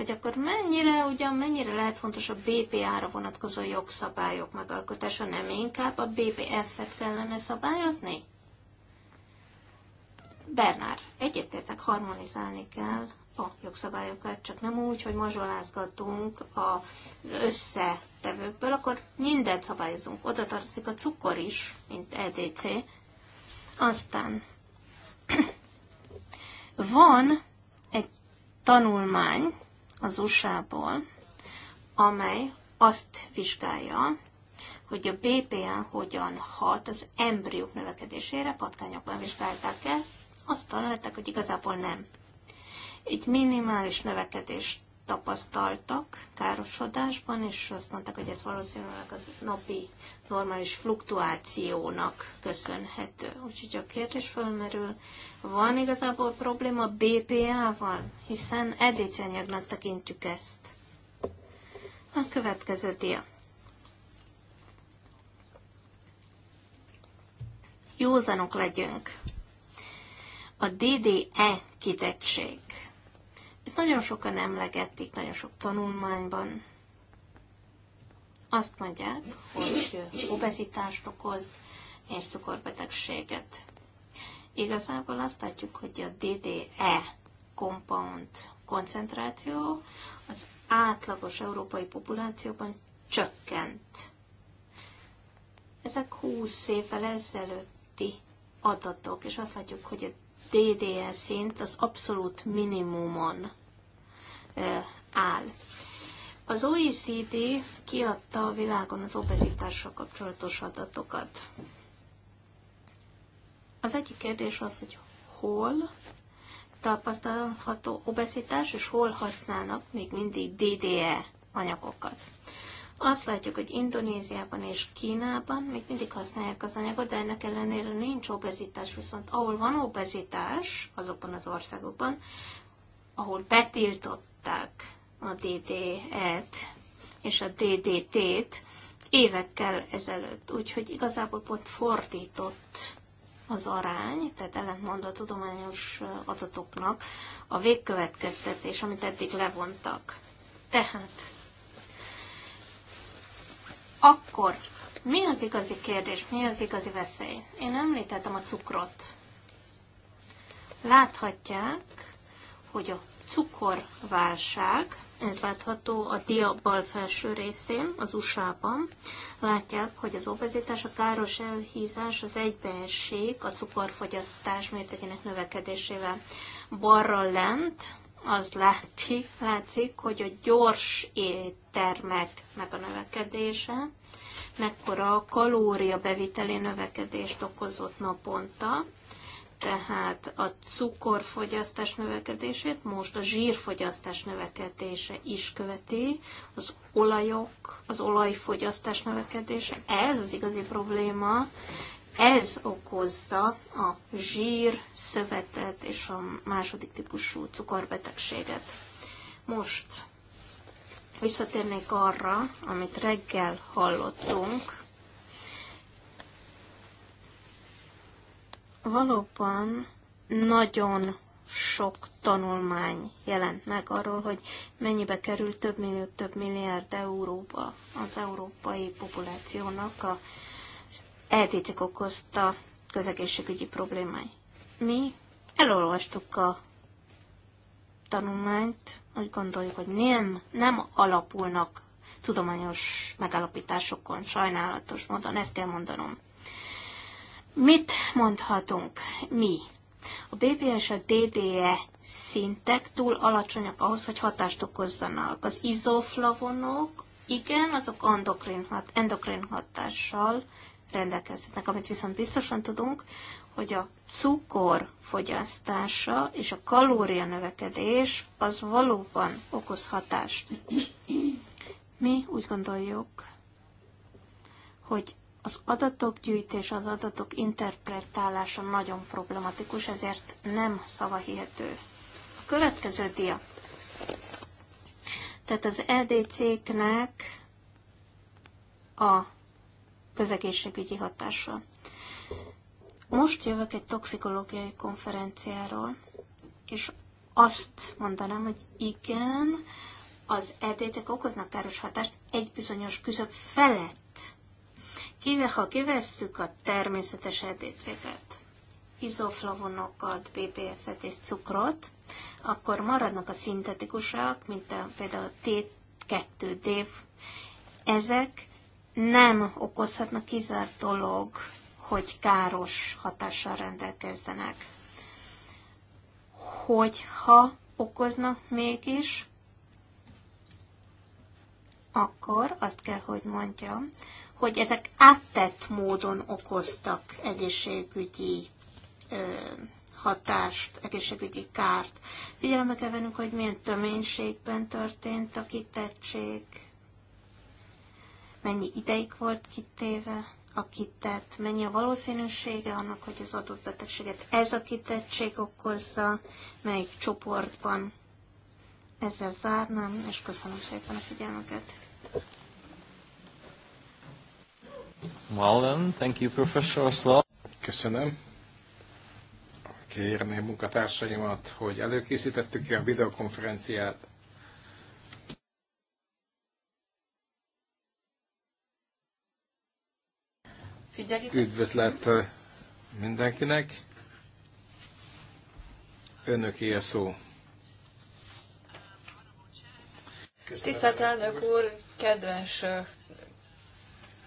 hogy akkor mennyire, ugyan mennyire lehet fontos a BPA-ra vonatkozó jogszabályok megalkotása, nem inkább a BPF-et kellene szabályozni? Bernár, egyetértek, harmonizálni kell a jogszabályokat, csak nem úgy, hogy mazsolázgatunk az összetevőkből, akkor mindent szabályozunk. Oda tartozik a cukor is, mint EDC. Aztán [clears throat] van egy tanulmány, az USA-ból, amely azt vizsgálja, hogy a BPN hogyan hat az embriók növekedésére, patkányokban vizsgálták el, azt találták, hogy igazából nem. Egy minimális növekedést tapasztaltak károsodásban, és azt mondták, hogy ez valószínűleg az napi normális fluktuációnak köszönhető. Úgyhogy a kérdés felmerül, van igazából probléma BPA-val, hiszen edéci tekintjük ezt. A következő dia. Józanok legyünk. A DDE kitettség ezt nagyon sokan emlegették, nagyon sok tanulmányban. Azt mondják, hogy obezitást okoz és cukorbetegséget. Igazából azt látjuk, hogy a DDE compound koncentráció az átlagos európai populációban csökkent. Ezek 20 évvel ezelőtti adatok, és azt látjuk, hogy a DDL szint az abszolút minimumon áll. Az OECD kiadta a világon az obezitással kapcsolatos adatokat. Az egyik kérdés az, hogy hol tapasztalható obezitás, és hol használnak még mindig DDE anyagokat. Azt látjuk, hogy Indonéziában és Kínában még mindig használják az anyagot, de ennek ellenére nincs obezitás, viszont ahol van obezitás, azokban az országokban, ahol betiltották a DDE-t és a DDT-t évekkel ezelőtt. Úgyhogy igazából pont fordított az arány, tehát ellentmond a tudományos adatoknak a végkövetkeztetés, amit eddig levontak. Tehát akkor mi az igazi kérdés, mi az igazi veszély? Én említettem a cukrot. Láthatják, hogy a cukorválság, ez látható a dia bal felső részén, az USA-ban. Látják, hogy az obezitás, a káros elhízás az egybeesik a cukorfogyasztás mértékének növekedésével. Balra lent az látszik, látszik, hogy a gyors éttermek meg a növekedése, mekkora a kalória beviteli növekedést okozott naponta, tehát a cukorfogyasztás növekedését, most a zsírfogyasztás növekedése is követi, az olajok, az olajfogyasztás növekedése, ez az igazi probléma, ez okozza a zsír, szövetet és a második típusú cukorbetegséget. Most visszatérnék arra, amit reggel hallottunk. Valóban nagyon sok tanulmány jelent meg arról, hogy mennyibe kerül több millió, több milliárd euróba az európai populációnak a eltétek okozta közegészségügyi problémái. Mi elolvastuk a tanulmányt, úgy gondoljuk, hogy nem, nem alapulnak tudományos megállapításokon, sajnálatos módon, ezt kell mondanom. Mit mondhatunk mi? A BB és a DDE szintek túl alacsonyak ahhoz, hogy hatást okozzanak. Az izoflavonok, igen, azok endokrin, hat, endokrin hatással rendelkezhetnek. Amit viszont biztosan tudunk, hogy a cukor fogyasztása és a kalória növekedés az valóban okoz hatást. Mi úgy gondoljuk, hogy az adatok gyűjtés, az adatok interpretálása nagyon problematikus, ezért nem szavahihető. A következő dia. Tehát az EDC-knek a közegészségügyi hatással. Most jövök egy toxikológiai konferenciáról, és azt mondanám, hogy igen, az edécek okoznak káros hatást egy bizonyos küszöb felett. Kive, ha kivesszük a természetes edéceket, izoflavonokat, BPF-et és cukrot, akkor maradnak a szintetikusak, mint a, például a T2-D. Ezek nem okozhatnak dolog, hogy káros hatással rendelkezdenek. Hogyha okoznak mégis, akkor azt kell, hogy mondjam, hogy ezek áttett módon okoztak egészségügyi ö, hatást, egészségügyi kárt. Figyelembe kell vennünk, hogy milyen töménységben történt a kitettség, mennyi ideig volt kitéve a kitett, mennyi a valószínűsége annak, hogy az adott betegséget ez a kitettség okozza, melyik csoportban. Ezzel zárnám, és köszönöm szépen a figyelmüket. Well then, thank you, Professor Slav. Köszönöm. Kérném munkatársaimat, hogy előkészítettük ki a videokonferenciát, Figyeljük. Üdvözlet mindenkinek. önök a szó. Tisztelt elnök úr, kedves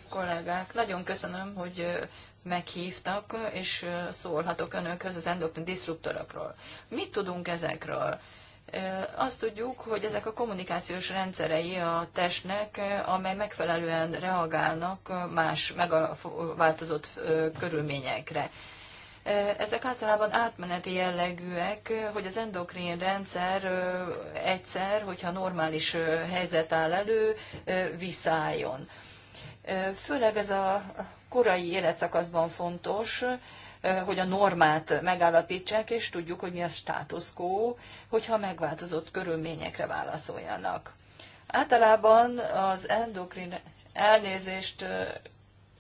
kollégák, nagyon köszönöm, hogy meghívtak, és szólhatok önökhöz az endokrin diszruptorokról. Mit tudunk ezekről? Azt tudjuk, hogy ezek a kommunikációs rendszerei a testnek, amely megfelelően reagálnak más megváltozott körülményekre. Ezek általában átmeneti jellegűek, hogy az endokrin rendszer egyszer, hogyha normális helyzet áll elő, visszálljon. Főleg ez a korai életszakaszban fontos, hogy a normát megállapítsák, és tudjuk, hogy mi a status quo, hogyha megváltozott körülményekre válaszoljanak. Általában az endokrin elnézést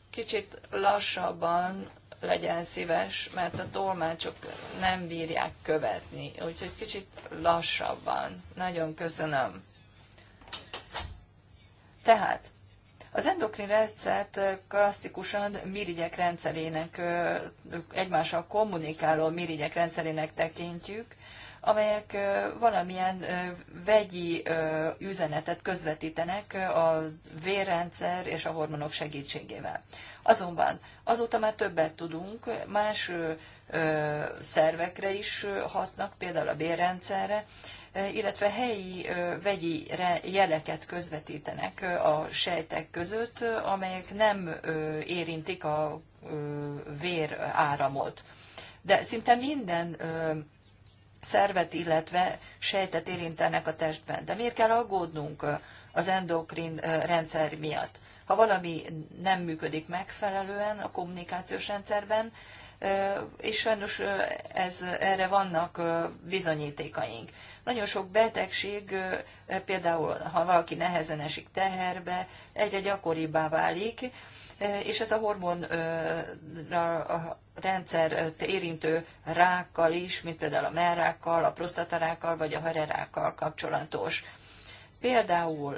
kicsit lassabban legyen szíves, mert a tolmácsok nem bírják követni, úgyhogy kicsit lassabban. Nagyon köszönöm. Tehát az endokrin rendszert klasszikusan mirigyek rendszerének, egymással kommunikáló mirigyek rendszerének tekintjük, amelyek valamilyen vegyi üzenetet közvetítenek a vérrendszer és a hormonok segítségével. Azonban azóta már többet tudunk, más szervekre is hatnak, például a bérrendszerre, illetve helyi vegyi jeleket közvetítenek a sejtek között, amelyek nem érintik a vér áramot. De szinte minden szervet, illetve sejtet érintenek a testben. De miért kell aggódnunk az endokrin rendszer miatt? Ha valami nem működik megfelelően a kommunikációs rendszerben, és sajnos ez, erre vannak bizonyítékaink. Nagyon sok betegség, például ha valaki nehezen esik teherbe, egyre gyakoribbá válik, és ez a hormon rendszer érintő rákkal is, mint például a merrákkal, a prostatarákkal vagy a harerákkal kapcsolatos. Például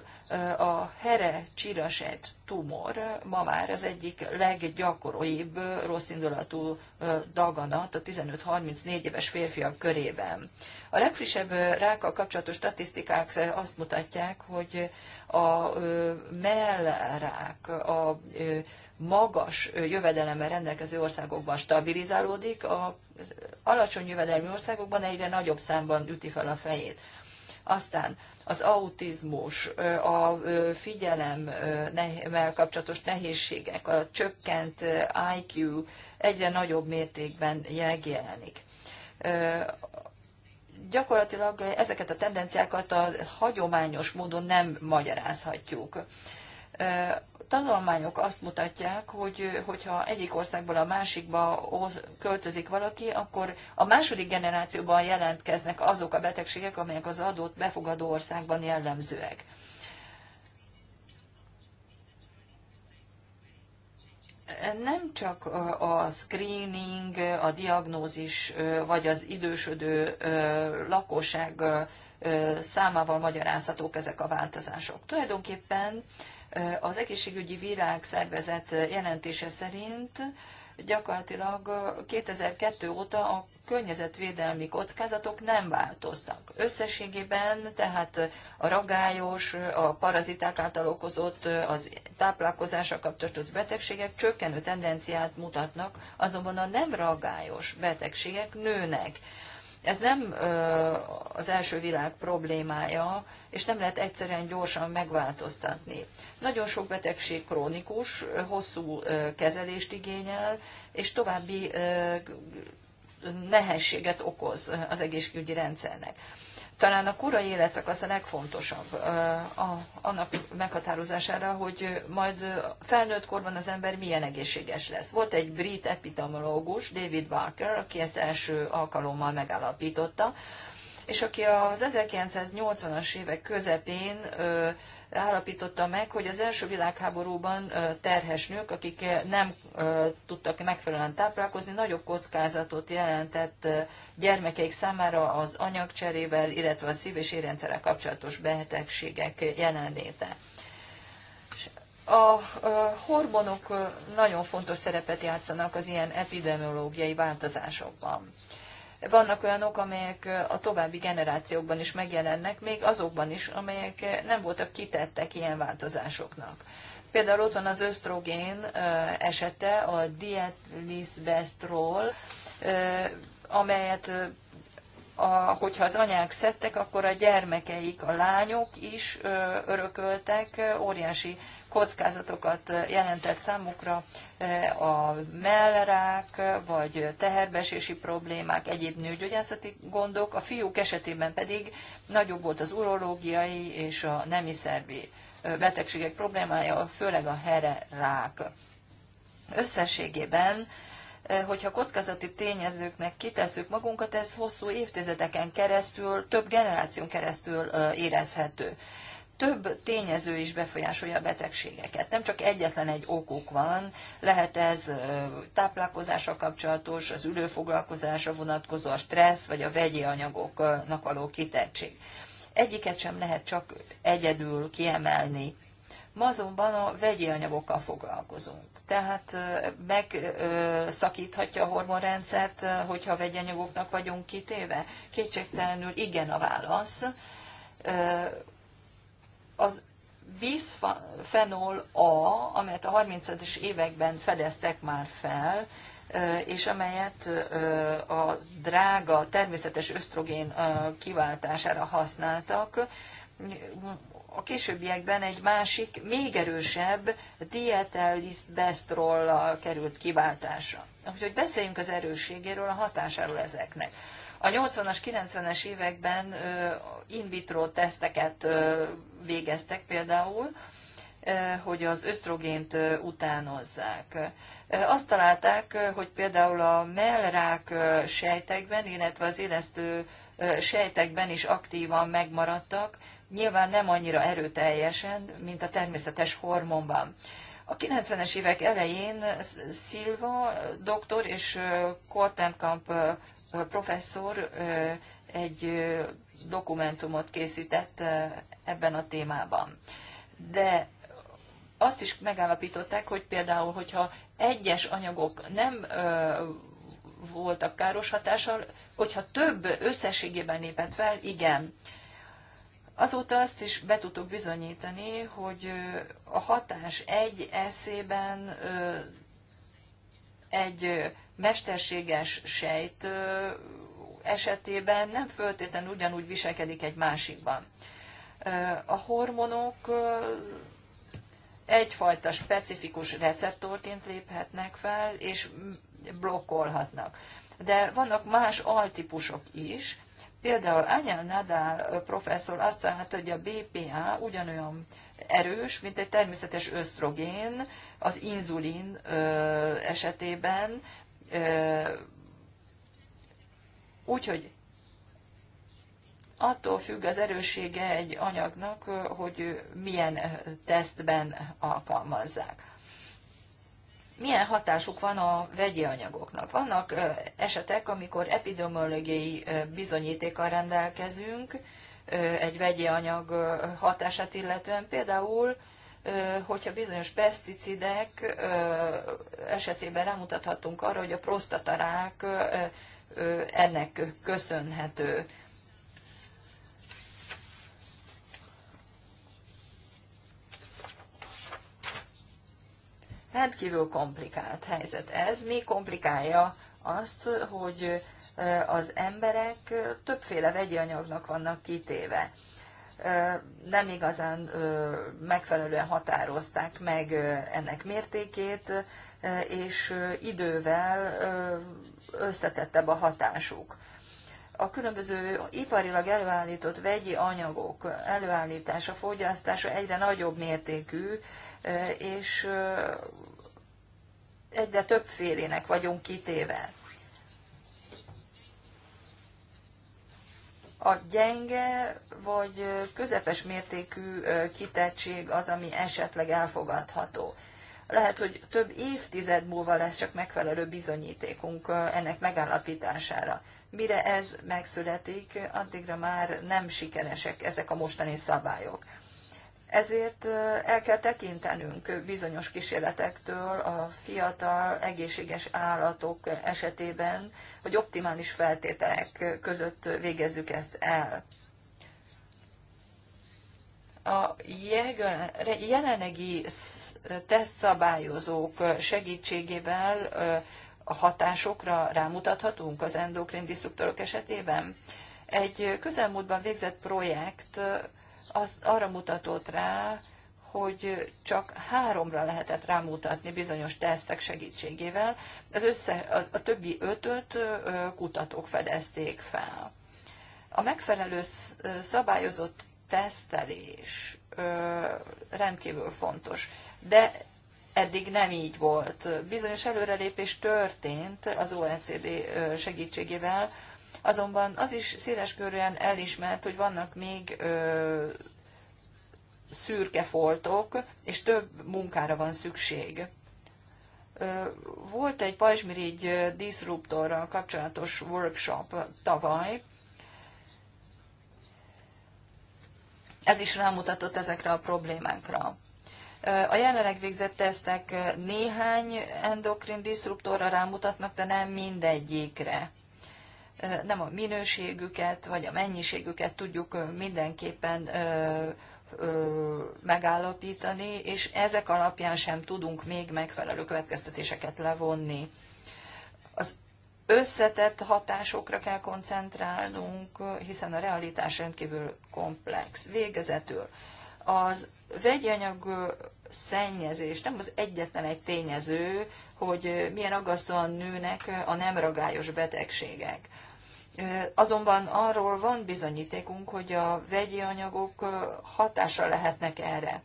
a here csiraset tumor ma már az egyik leggyakoribb rosszindulatú daganat a 15-34 éves férfiak körében. A legfrissebb rákkal kapcsolatos statisztikák azt mutatják, hogy a mellrák, a magas jövedelemmel rendelkező országokban stabilizálódik, az alacsony jövedelmi országokban egyre nagyobb számban üti fel a fejét. Aztán az autizmus, a figyelemmel kapcsolatos nehézségek, a csökkent IQ egyre nagyobb mértékben megjelenik gyakorlatilag ezeket a tendenciákat a hagyományos módon nem magyarázhatjuk tanulmányok azt mutatják, hogy hogyha egyik országból a másikba költözik valaki, akkor a második generációban jelentkeznek azok a betegségek, amelyek az adott befogadó országban jellemzőek. Nem csak a screening, a diagnózis vagy az idősödő lakosság számával magyarázhatók ezek a változások. Tulajdonképpen az egészségügyi világszervezet jelentése szerint gyakorlatilag 2002 óta a környezetvédelmi kockázatok nem változtak Összességében tehát a ragályos, a paraziták által okozott, az táplálkozással kapcsolatos betegségek csökkenő tendenciát mutatnak, azonban a nem ragályos betegségek nőnek. Ez nem az első világ problémája, és nem lehet egyszerűen gyorsan megváltoztatni. Nagyon sok betegség krónikus, hosszú kezelést igényel, és további nehézséget okoz az egészségügyi rendszernek. Talán a korai életszakasz a legfontosabb a, annak meghatározására, hogy majd felnőtt korban az ember milyen egészséges lesz. Volt egy brit epidemiológus, David Barker, aki ezt első alkalommal megállapította, és aki az 1980-as évek közepén állapította meg, hogy az első világháborúban terhes nők, akik nem tudtak megfelelően táplálkozni, nagyobb kockázatot jelentett gyermekeik számára az anyagcserével, illetve a szív- és érrendszerrel kapcsolatos betegségek jelenléte. A hormonok nagyon fontos szerepet játszanak az ilyen epidemiológiai változásokban vannak olyanok, amelyek a további generációkban is megjelennek, még azokban is, amelyek nem voltak kitettek ilyen változásoknak. Például ott van az ösztrogén esete, a dietlisbestrol, amelyet a, hogyha az anyák szedtek, akkor a gyermekeik, a lányok is örököltek óriási kockázatokat jelentett számukra a mellrák, vagy teherbesési problémák, egyéb nőgyógyászati gondok, a fiúk esetében pedig nagyobb volt az urológiai és a nemi szervi betegségek problémája, főleg a here rák. Összességében hogyha kockázati tényezőknek kitesszük magunkat, ez hosszú évtizedeken keresztül, több generáción keresztül érezhető több tényező is befolyásolja a betegségeket. Nem csak egyetlen egy okuk van, lehet ez táplálkozásra kapcsolatos, az ülőfoglalkozásra vonatkozó, a stressz vagy a vegyi anyagoknak való kitettség. Egyiket sem lehet csak egyedül kiemelni. Ma azonban a vegyi anyagokkal foglalkozunk. Tehát megszakíthatja a hormonrendszert, hogyha a vegyi anyagoknak vagyunk kitéve? Kétségtelenül igen a válasz az bisfenol A, amelyet a 30-es években fedeztek már fel, és amelyet a drága természetes ösztrogén kiváltására használtak, a későbbiekben egy másik, még erősebb dietelisztbestrollal került kiváltásra. Úgyhogy beszéljünk az erősségéről, a hatásáról ezeknek. A 80-as, 90-es években in vitro teszteket végeztek például, hogy az ösztrogént utánozzák. Azt találták, hogy például a mellrák sejtekben, illetve az élesztő sejtekben is aktívan megmaradtak, nyilván nem annyira erőteljesen, mint a természetes hormonban. A 90-es évek elején Silva doktor és Kortenkamp professzor egy dokumentumot készített ebben a témában. De azt is megállapították, hogy például, hogyha egyes anyagok nem voltak káros hatással, hogyha több összességében lépett fel, igen. Azóta azt is be tudtuk bizonyítani, hogy a hatás egy eszében egy mesterséges sejt esetében nem föltétlenül ugyanúgy viselkedik egy másikban. A hormonok egyfajta specifikus receptorként léphetnek fel, és blokkolhatnak. De vannak más altípusok is, Például Anya Nadal professzor azt állította, hogy a BPA ugyanolyan erős, mint egy természetes ösztrogén az inzulin esetében, Úgyhogy attól függ az erőssége egy anyagnak, hogy milyen tesztben alkalmazzák. Milyen hatásuk van a vegyi anyagoknak? Vannak esetek, amikor epidemiológiai bizonyítékkal rendelkezünk egy vegyi anyag hatását illetően, például hogyha bizonyos peszticidek esetében rámutathatunk arra, hogy a prostatarák ennek köszönhető. Rendkívül komplikált helyzet ez, mi komplikálja azt, hogy az emberek többféle vegyi anyagnak vannak kitéve nem igazán megfelelően határozták meg ennek mértékét, és idővel összetettebb a hatásuk. A különböző iparilag előállított vegyi anyagok előállítása, fogyasztása egyre nagyobb mértékű, és egyre többfélének vagyunk kitéve. a gyenge vagy közepes mértékű kitettség az, ami esetleg elfogadható. Lehet, hogy több évtized múlva lesz csak megfelelő bizonyítékunk ennek megállapítására. Mire ez megszületik, addigra már nem sikeresek ezek a mostani szabályok. Ezért el kell tekintenünk bizonyos kísérletektől a fiatal, egészséges állatok esetében, hogy optimális feltételek között végezzük ezt el. A jelenlegi tesztszabályozók segítségével a hatásokra rámutathatunk az endokrin diszruptorok esetében. Egy közelmúltban végzett projekt azt arra mutatott rá, hogy csak háromra lehetett rámutatni bizonyos tesztek segítségével, az össze, a, a többi ötöt kutatók fedezték fel. A megfelelő szabályozott tesztelés rendkívül fontos, de eddig nem így volt. Bizonyos előrelépés történt az OECD segítségével, Azonban az is széleskörűen elismert, hogy vannak még ö, szürke foltok, és több munkára van szükség. Volt egy pajzsmirigy disruptorral kapcsolatos workshop tavaly. Ez is rámutatott ezekre a problémákra. A jelenleg végzett tesztek néhány endokrin diszruptorra rámutatnak, de nem mindegyikre nem a minőségüket vagy a mennyiségüket tudjuk mindenképpen megállapítani, és ezek alapján sem tudunk még megfelelő következtetéseket levonni. Az összetett hatásokra kell koncentrálnunk, hiszen a realitás rendkívül komplex. Végezetül az vegyi anyag szennyezés nem az egyetlen egy tényező, hogy milyen aggasztóan nőnek a nem ragályos betegségek. Azonban arról van bizonyítékunk, hogy a vegyi anyagok hatása lehetnek erre.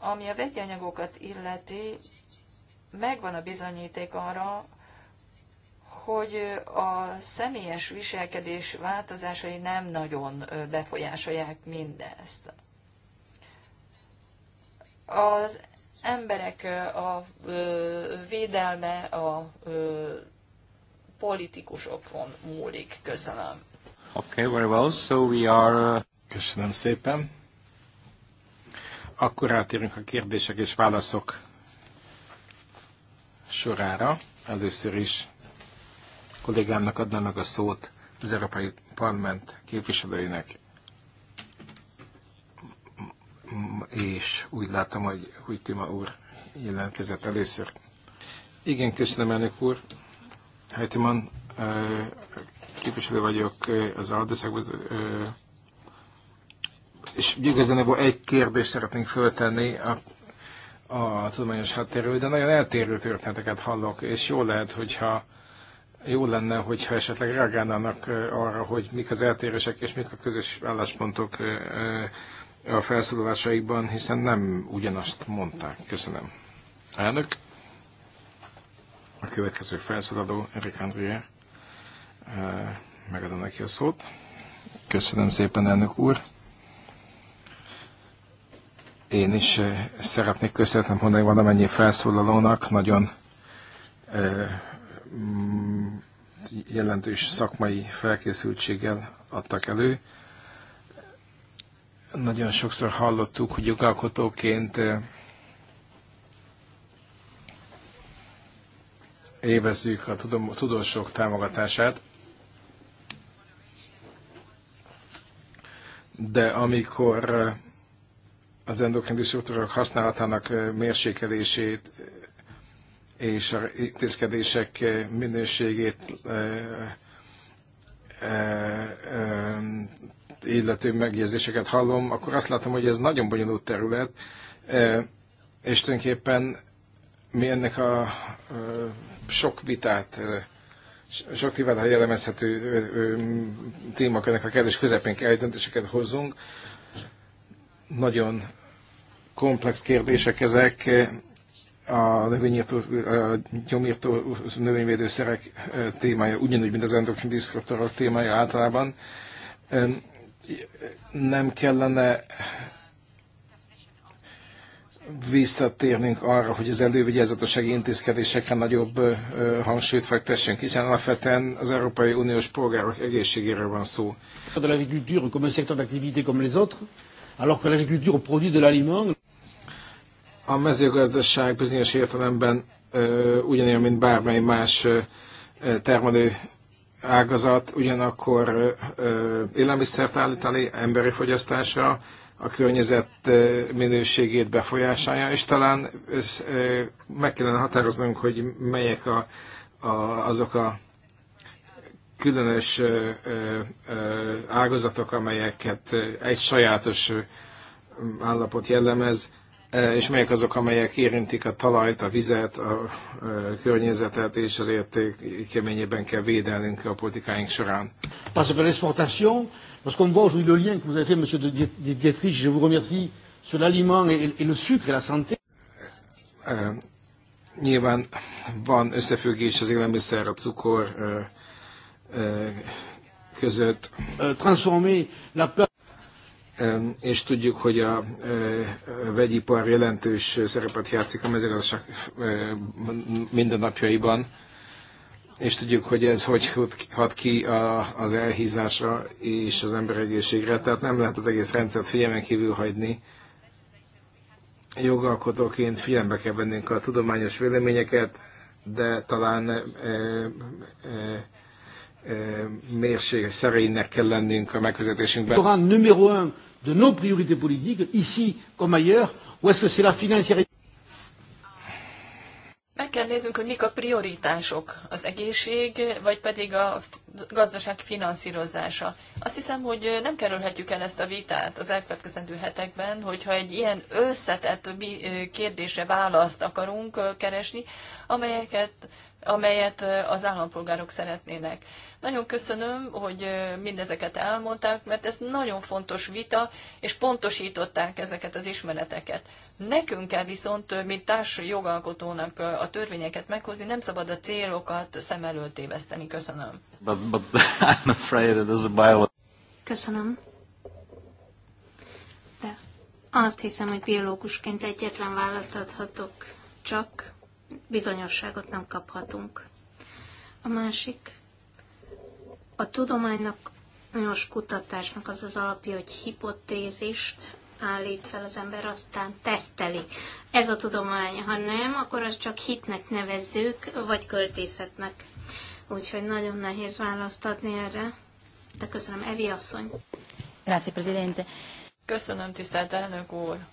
Ami a vegyi anyagokat illeti, megvan a bizonyíték arra, hogy a személyes viselkedés változásai nem nagyon befolyásolják mindezt. Az emberek a védelme a politikusokon múlik. Köszönöm. Okay, very well. So we are... Uh, köszönöm szépen. Akkor átérünk a kérdések és válaszok sorára. Először is kollégámnak adnám meg a szót az Európai Parlament képviselőinek. És úgy látom, hogy Hújtima úr jelentkezett először. Igen, köszönöm, elnök úr. Hetiman, képviselő vagyok az Aldeszakhoz, és igazából egy kérdést szeretnénk föltenni a, a tudományos háttérről, de nagyon eltérő történeteket hallok, és jó lehet, hogyha jó lenne, hogyha esetleg reagálnának arra, hogy mik az eltérések és mik a közös álláspontok a felszólalásaikban, hiszen nem ugyanazt mondták. Köszönöm. Elnök? A következő felszadadó, Erik André, megadom neki a szót. Köszönöm szépen, elnök úr. Én is szeretnék köszönetem mondani valamennyi felszólalónak, nagyon mm, jelentős szakmai felkészültséggel adtak elő. Nagyon sokszor hallottuk, hogy jogalkotóként évezzük a tudósok támogatását, de amikor eh, az endokrin diszruptorok használatának eh, mérsékelését eh, és a intézkedések minőségét illető megjegyzéseket hallom, akkor azt látom, hogy ez nagyon bonyolult terület, és tulajdonképpen mi ennek a sok vitát, sok vitát jellemezhető témakörnek a kérdés közepén kell, hogy döntéseket hozzunk. Nagyon komplex kérdések ezek, a növényírtó, a gyomírtó növényvédőszerek témája, ugyanúgy, mint az endokrin diszkriptorok témája általában. Nem kellene visszatérnünk arra, hogy az elővigyázatossági intézkedésekre nagyobb hangsúlyt fektessünk, hiszen alapvetően az Európai Uniós polgárok egészségéről van szó. un secteur d'activité comme les autres, alors que l'agriculture produit de l'aliment. A mezőgazdaság bizonyos értelemben ugyanilyen, mint bármely más termelő ágazat, ugyanakkor élelmiszert állítani emberi fogyasztásra, a környezet minőségét befolyásolja, és talán meg kellene határoznunk, hogy melyek a, a, azok a különös ágazatok, amelyeket egy sajátos állapot jellemez, E, és melyek azok, amelyek érintik a talajt, a vizet, a e, környezetet, és azért keményebben kell védelnünk a politikáink során. Parce que l'exportation, lorsqu'on voit aujourd'hui le lien que vous avez fait, monsieur de Dietrich, je vous remercie, sur l'aliment et, et le sucre et la santé. E, nyilván van összefüggés az élelmiszer, a cukor között. Euh, transformer la és tudjuk, hogy e, a vegyipar jelentős szerepet játszik a mezőgazdaság e, mindennapjaiban, és tudjuk, hogy ez hogy hat ki az elhízásra és az emberegészségre, tehát nem lehet az egész rendszert figyelmen kívül hagyni. Jogalkotóként figyelembe kell vennünk a tudományos véleményeket, de talán e, mérséges szerénynek kell lennünk a megközelítésünkben. Aura numéro un de nos priorités politiques, ici comme ailleurs, ou est-ce que c'est la financiarité? Meg kell néznünk, hogy mik a prioritások, az egészség, vagy pedig a gazdaság finanszírozása. Azt hiszem, hogy nem kerülhetjük el ezt a vitát az elkövetkezendő hetekben, hogyha egy ilyen összetett kérdésre választ akarunk keresni, amelyeket amelyet az állampolgárok szeretnének. Nagyon köszönöm, hogy mindezeket elmondták, mert ez nagyon fontos vita, és pontosították ezeket az ismereteket. Nekünk kell viszont, mint társ jogalkotónak a törvényeket meghozni, nem szabad a célokat szem előtt téveszteni. Köszönöm. But, but [laughs] I'm afraid it is a bio... Köszönöm. De azt hiszem, hogy biológusként egyetlen választ adhatok csak bizonyosságot nem kaphatunk. A másik, a tudománynak, nagyon kutatásnak az az alapja, hogy hipotézist állít fel az ember, aztán teszteli. Ez a tudomány, ha nem, akkor az csak hitnek nevezzük, vagy költészetnek. Úgyhogy nagyon nehéz választ adni erre. De köszönöm, Evi asszony. Grazie, Presidente. Köszönöm, tisztelt elnök úr.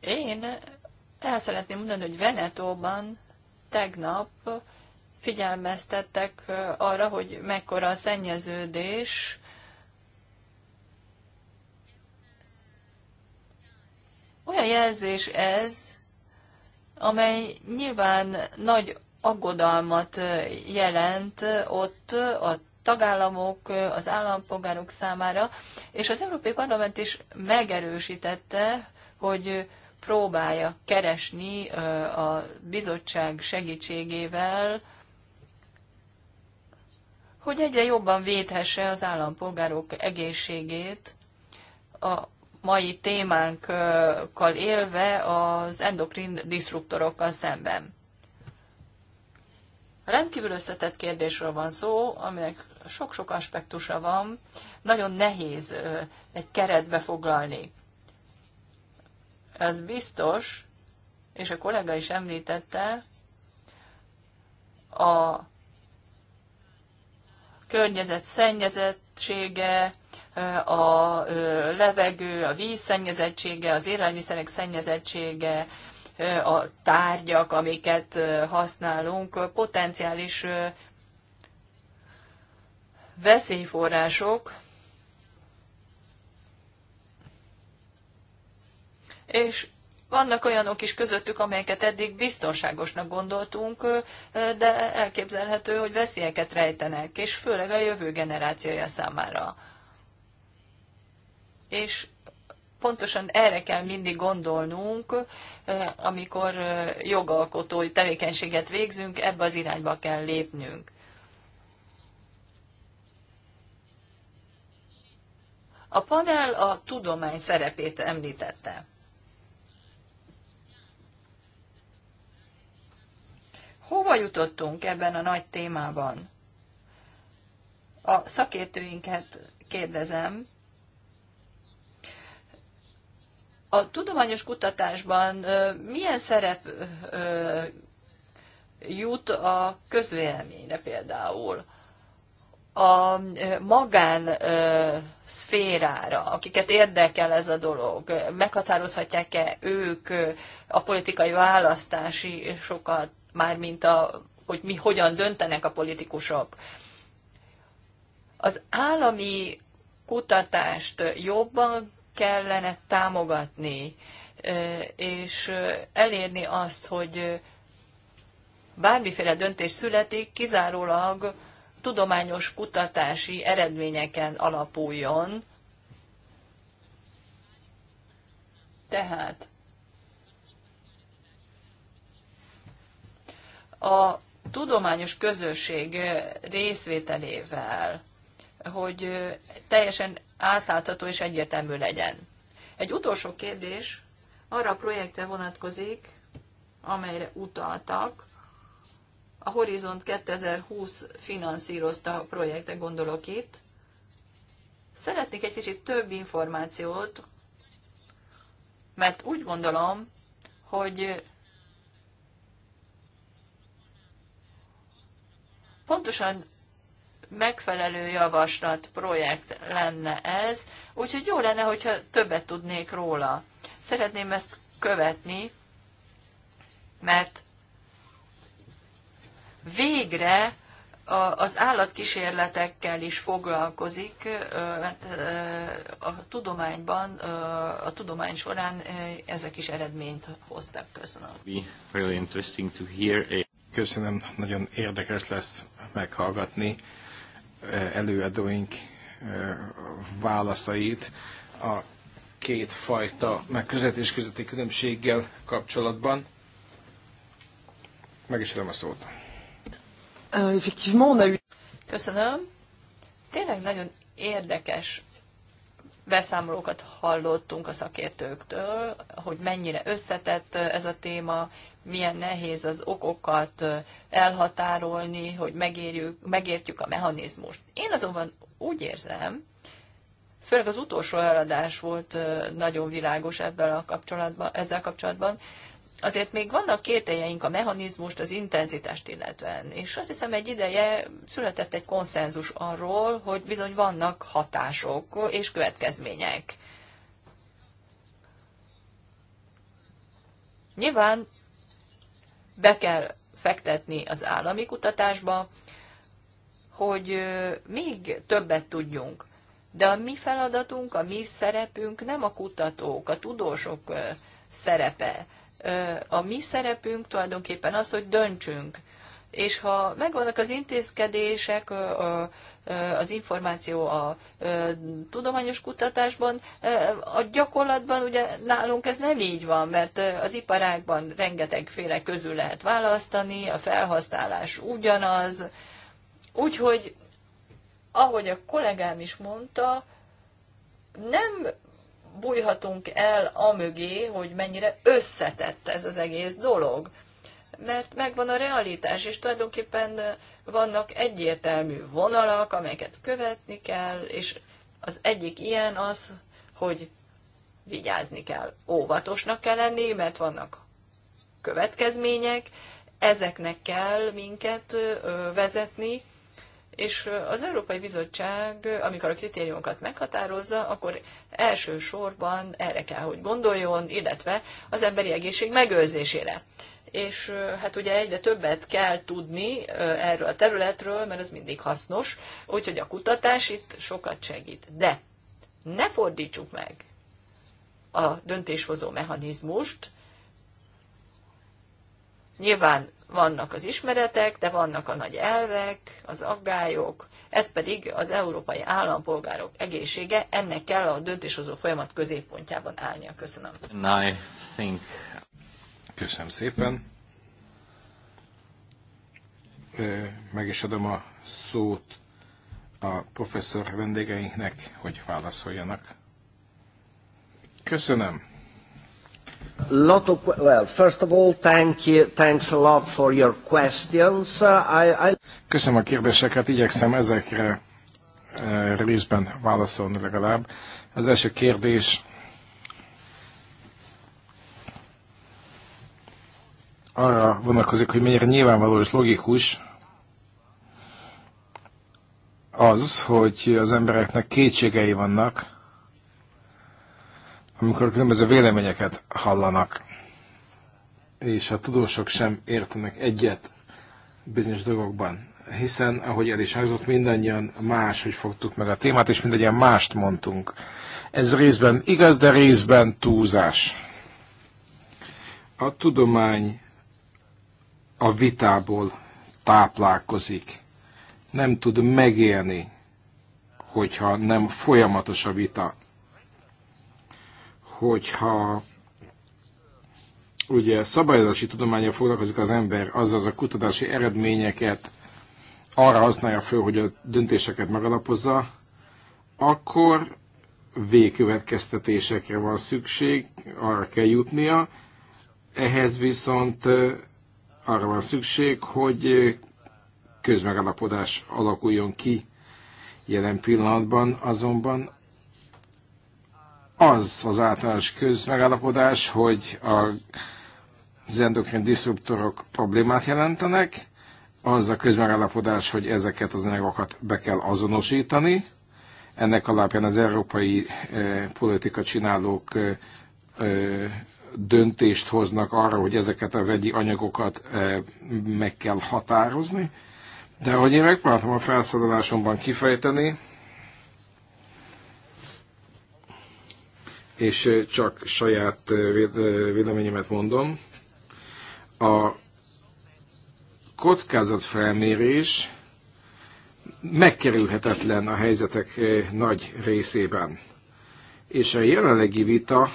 Én tehát szeretném mondani, hogy Venetóban tegnap figyelmeztettek arra, hogy mekkora a szennyeződés, Olyan jelzés ez, amely nyilván nagy aggodalmat jelent ott a tagállamok, az állampolgárok számára, és az Európai Parlament is megerősítette, hogy próbálja keresni a bizottság segítségével, hogy egyre jobban védhesse az állampolgárok egészségét a mai témánkkal élve az endokrin diszruptorokkal szemben. Rendkívül összetett kérdésről van szó, aminek sok-sok aspektusa van, nagyon nehéz egy keretbe foglalni az biztos, és a kollega is említette, a környezet szennyezettsége, a levegő, a víz szennyezettsége, az élelmiszerek szennyezettsége, a tárgyak, amiket használunk, potenciális veszélyforrások, és vannak olyanok is közöttük, amelyeket eddig biztonságosnak gondoltunk, de elképzelhető, hogy veszélyeket rejtenek, és főleg a jövő generációja számára. És pontosan erre kell mindig gondolnunk, amikor jogalkotói tevékenységet végzünk, ebbe az irányba kell lépnünk. A panel a tudomány szerepét említette. hova jutottunk ebben a nagy témában? A szakértőinket kérdezem. A tudományos kutatásban milyen szerep jut a közvéleményre például? a magán szférára, akiket érdekel ez a dolog, meghatározhatják-e ők a politikai választási sokat mármint a, hogy mi hogyan döntenek a politikusok. Az állami kutatást jobban kellene támogatni, és elérni azt, hogy bármiféle döntés születik, kizárólag tudományos kutatási eredményeken alapuljon. Tehát a tudományos közösség részvételével, hogy teljesen átlátható és egyértelmű legyen. Egy utolsó kérdés arra a projektre vonatkozik, amelyre utaltak. A Horizont 2020 finanszírozta a projektet, gondolok itt. Szeretnék egy kicsit több információt, mert úgy gondolom, hogy pontosan megfelelő javaslat, projekt lenne ez, úgyhogy jó lenne, hogyha többet tudnék róla. Szeretném ezt követni, mert végre az állatkísérletekkel is foglalkozik, mert a tudományban, a tudomány során ezek is eredményt hoztak. Köszönöm. Köszönöm, nagyon érdekes lesz meghallgatni előadóink válaszait a két fajta megközelítés közötti különbséggel kapcsolatban. Meg is a szót. Köszönöm. Tényleg nagyon érdekes beszámolókat hallottunk a szakértőktől, hogy mennyire összetett ez a téma, milyen nehéz az okokat elhatárolni, hogy megérjük, megértjük a mechanizmust. Én azonban úgy érzem, főleg az utolsó eladás volt nagyon világos ebben a kapcsolatban, ezzel kapcsolatban, azért még vannak kételjeink a mechanizmust, az intenzitást illetően, és azt hiszem egy ideje született egy konszenzus arról, hogy bizony vannak hatások és következmények. Nyilván be kell fektetni az állami kutatásba, hogy még többet tudjunk. De a mi feladatunk, a mi szerepünk nem a kutatók, a tudósok szerepe. A mi szerepünk tulajdonképpen az, hogy döntsünk. És ha megvannak az intézkedések, az információ a tudományos kutatásban. A gyakorlatban ugye nálunk ez nem így van, mert az iparágban rengetegféle közül lehet választani, a felhasználás ugyanaz, úgyhogy ahogy a kollégám is mondta, nem bújhatunk el amögé, hogy mennyire összetett ez az egész dolog mert megvan a realitás, és tulajdonképpen vannak egyértelmű vonalak, amelyeket követni kell, és az egyik ilyen az, hogy vigyázni kell, óvatosnak kell lenni, mert vannak következmények, ezeknek kell minket vezetni, és az Európai Bizottság, amikor a kritériumokat meghatározza, akkor elsősorban erre kell, hogy gondoljon, illetve az emberi egészség megőrzésére és hát ugye egyre többet kell tudni erről a területről, mert ez mindig hasznos, úgyhogy a kutatás itt sokat segít. De ne fordítsuk meg a döntéshozó mechanizmust. Nyilván vannak az ismeretek, de vannak a nagy elvek, az aggályok, ez pedig az európai állampolgárok egészsége, ennek kell a döntéshozó folyamat középpontjában állnia. Köszönöm. And I think Köszönöm szépen. Meg is adom a szót a professzor vendégeinknek, hogy válaszoljanak. Köszönöm. Lot of, well, first of all, thank you, thanks a lot for your questions. Uh, I, I... Köszönöm a kérdéseket, igyekszem ezekre részben válaszolni legalább. Az első kérdés arra vonatkozik, hogy mennyire nyilvánvaló és logikus az, hogy az embereknek kétségei vannak, amikor különböző véleményeket hallanak, és a tudósok sem értenek egyet bizonyos dolgokban. Hiszen, ahogy el is hangzott, mindannyian hogy fogtuk meg a témát, és mindannyian mást mondtunk. Ez részben igaz, de részben túlzás. A tudomány a vitából táplálkozik. Nem tud megélni, hogyha nem folyamatos a vita. Hogyha ugye szabályozási tudománya foglalkozik az ember, azaz a kutatási eredményeket arra használja föl, hogy a döntéseket megalapozza, akkor végkövetkeztetésekre van szükség, arra kell jutnia, ehhez viszont arra van szükség, hogy közmegalapodás alakuljon ki jelen pillanatban, azonban az az általános közmegalapodás, hogy a, az endokrin diszruptorok problémát jelentenek, az a közmegállapodás, hogy ezeket az anyagokat be kell azonosítani. Ennek alapján az európai eh, politika csinálók eh, döntést hoznak arra, hogy ezeket a vegyi anyagokat e, meg kell határozni. De ahogy én megpróbáltam a felszólalásomban kifejteni, és e, csak saját e, véleményemet mondom, a kockázatfelmérés megkerülhetetlen a helyzetek nagy részében. És a jelenlegi vita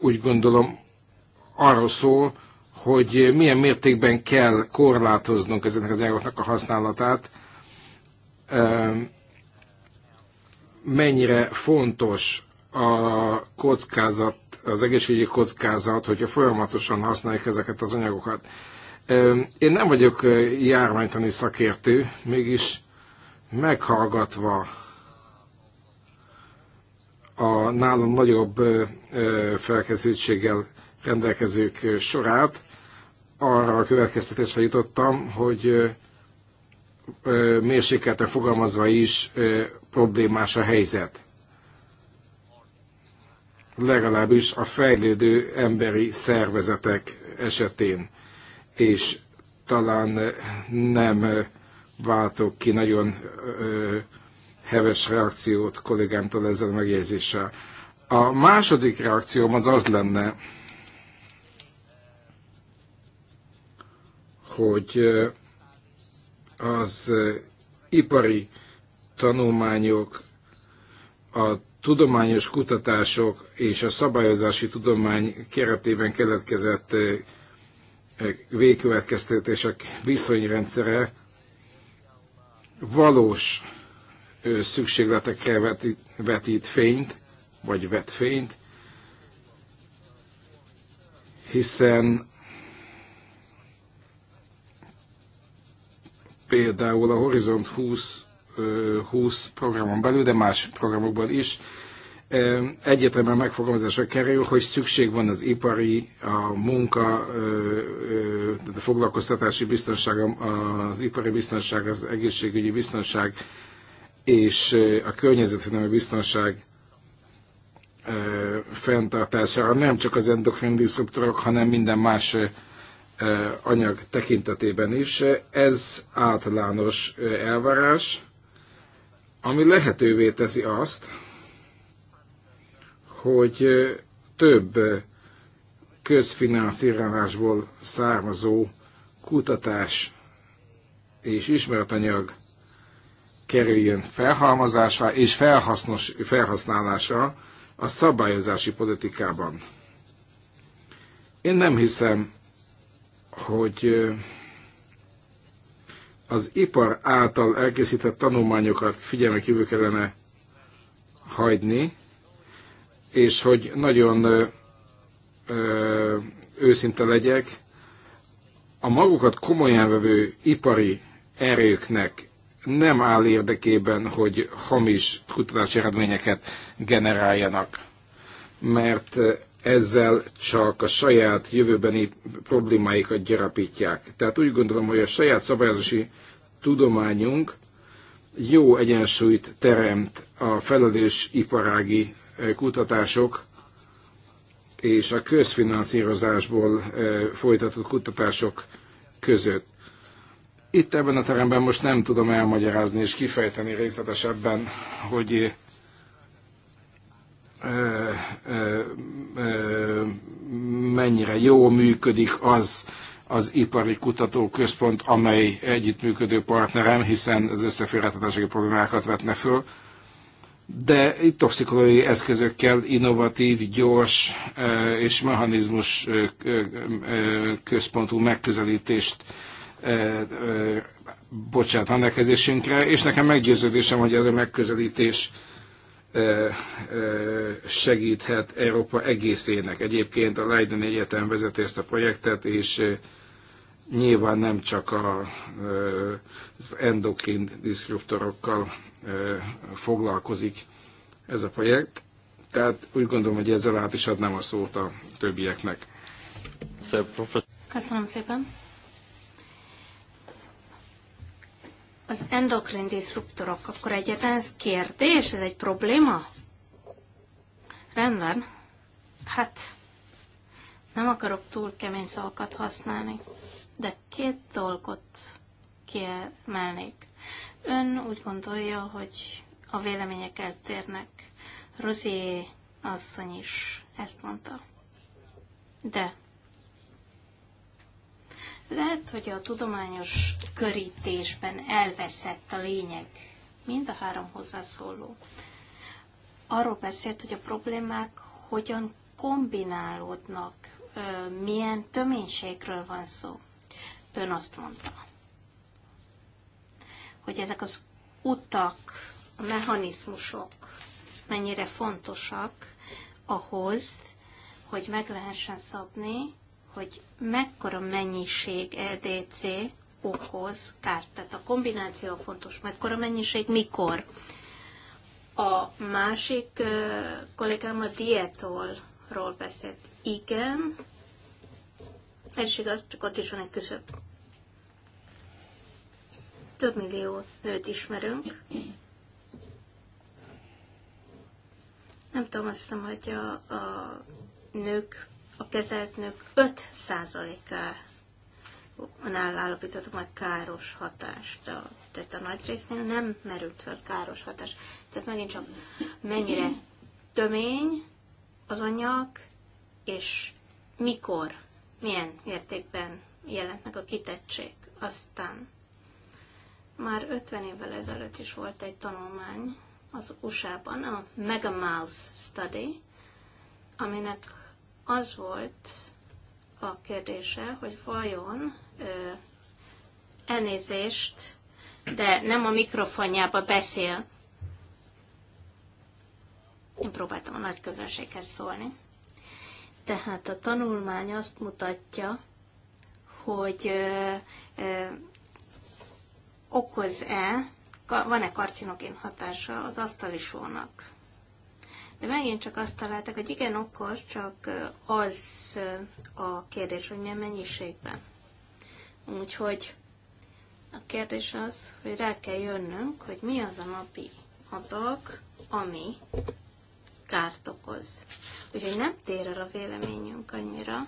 úgy gondolom arról szól, hogy milyen mértékben kell korlátoznunk ezeknek az anyagoknak a használatát, mennyire fontos a kockázat, az egészségügyi kockázat, hogyha folyamatosan használjuk ezeket az anyagokat. Én nem vagyok járványtani szakértő, mégis meghallgatva a nálam nagyobb felkészültséggel rendelkezők sorát, arra a következtetésre jutottam, hogy mérsékelten fogalmazva is problémás a helyzet. Legalábbis a fejlődő emberi szervezetek esetén, és talán nem váltok ki nagyon heves reakciót kollégámtól ezzel a megjegyzéssel. A második reakcióm az az lenne, hogy az ipari tanulmányok, a tudományos kutatások és a szabályozási tudomány keretében keletkezett végkövetkeztetések viszonyrendszere valós szükségletekkel vetít, vetít fényt, vagy vet fényt, hiszen például a Horizont 20, 20 programon belül, de más programokban is egyetemen megfogalmazásra kerül, hogy szükség van az ipari, a munka, tehát a foglalkoztatási biztonság, az ipari biztonság, az egészségügyi biztonság és a környezetvédelmi biztonság fenntartására nem csak az endokrin diszruptorok, hanem minden más anyag tekintetében is. Ez általános elvárás, ami lehetővé teszi azt, hogy több közfinanszírozásból származó kutatás és ismeretanyag kerüljön felhalmazásra és felhasznos, felhasználásra a szabályozási politikában. Én nem hiszem, hogy az ipar által elkészített tanulmányokat figyelme kívül kellene hagyni, és hogy nagyon ö, ö, őszinte legyek, a magukat komolyan vevő ipari erőknek nem áll érdekében, hogy hamis kutatási eredményeket generáljanak, mert ezzel csak a saját jövőbeni problémáikat gyarapítják. Tehát úgy gondolom, hogy a saját szabályozási tudományunk jó egyensúlyt teremt a felelős iparági kutatások és a közfinanszírozásból folytatott kutatások között. Itt ebben a teremben most nem tudom elmagyarázni és kifejteni részletesebben, hogy mennyire jó működik az az ipari kutatóközpont, amely együttműködő partnerem, hiszen az összeférhetetlenségi problémákat vetne föl. De itt toxikológiai eszközökkel innovatív, gyors és mechanizmus központú megközelítést bocsánat, rendelkezésünkre, és nekem meggyőződésem, hogy ez a megközelítés segíthet Európa egészének. Egyébként a Leiden Egyetem vezeti ezt a projektet, és nyilván nem csak a, az endokrin diszruptorokkal foglalkozik ez a projekt. Tehát úgy gondolom, hogy ezzel át is adnám a szót a többieknek. Köszönöm szépen. az endokrin disruptorok, akkor egyetlen ez kérdés, ez egy probléma? Rendben. Hát, nem akarok túl kemény szavakat használni, de két dolgot kiemelnék. Ön úgy gondolja, hogy a vélemények eltérnek. Rozié asszony is ezt mondta. De lehet, hogy a tudományos körítésben elveszett a lényeg. Mind a három hozzászóló. Arról beszélt, hogy a problémák hogyan kombinálódnak, milyen töménységről van szó. Ön azt mondta, hogy ezek az utak, a mechanizmusok mennyire fontosak ahhoz, hogy meg lehessen szabni, hogy mekkora mennyiség LDC e okoz kárt. Tehát a kombináció a fontos, mekkora mennyiség, mikor. A másik kollégám a dietolról beszélt. Igen, ez is igaz, csak ott is van egy küszöb. Több millió nőt ismerünk. Nem tudom, azt hiszem, hogy a, a nők a kezelt nők 5%-ánál állapítottak meg káros hatást. Tehát a nagy résznél nem merült fel káros hatás. Tehát megint csak mennyire tömény az anyag, és mikor, milyen értékben jelent meg a kitettség. Aztán már 50 évvel ezelőtt is volt egy tanulmány az USA-ban, a Mega Mouse Study, aminek az volt a kérdése, hogy vajon ö, elnézést, de nem a mikrofonjába beszél. Én próbáltam a nagy közönséghez szólni. Tehát a tanulmány azt mutatja, hogy ö, ö, okoz-e, van-e karcinogén hatása az asztalisónak. De megint csak azt találtak, hogy igen, okos, csak az a kérdés, hogy milyen mennyiségben. Úgyhogy a kérdés az, hogy rá kell jönnünk, hogy mi az a napi adag, ami kárt okoz. Úgyhogy nem tér el a véleményünk annyira,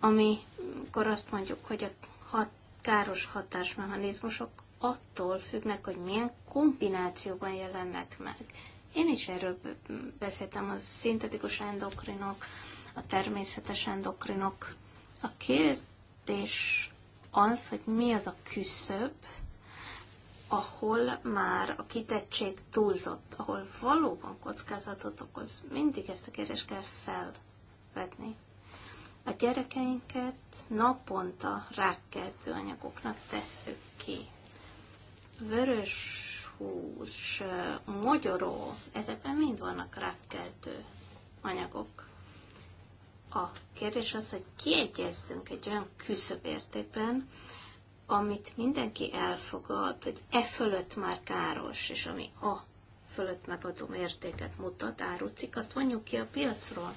amikor azt mondjuk, hogy a hat, káros hatásmechanizmusok attól függnek, hogy milyen kombinációban jelennek meg. Én is erről beszéltem, a szintetikus endokrinok, a természetes endokrinok. A kérdés az, hogy mi az a küszöb, ahol már a kitettség túlzott, ahol valóban kockázatot okoz. Mindig ezt a kérdést kell felvetni. A gyerekeinket naponta rákkeltő anyagoknak tesszük ki. Vörös hús, eh, mogyoró, ezekben mind vannak rákkeltő anyagok. A kérdés az, hogy kiegyeztünk egy olyan küszöbértékben, amit mindenki elfogad, hogy e fölött már káros, és ami a fölött megadó mértéket mutat árucik, azt vonjuk ki a piacról.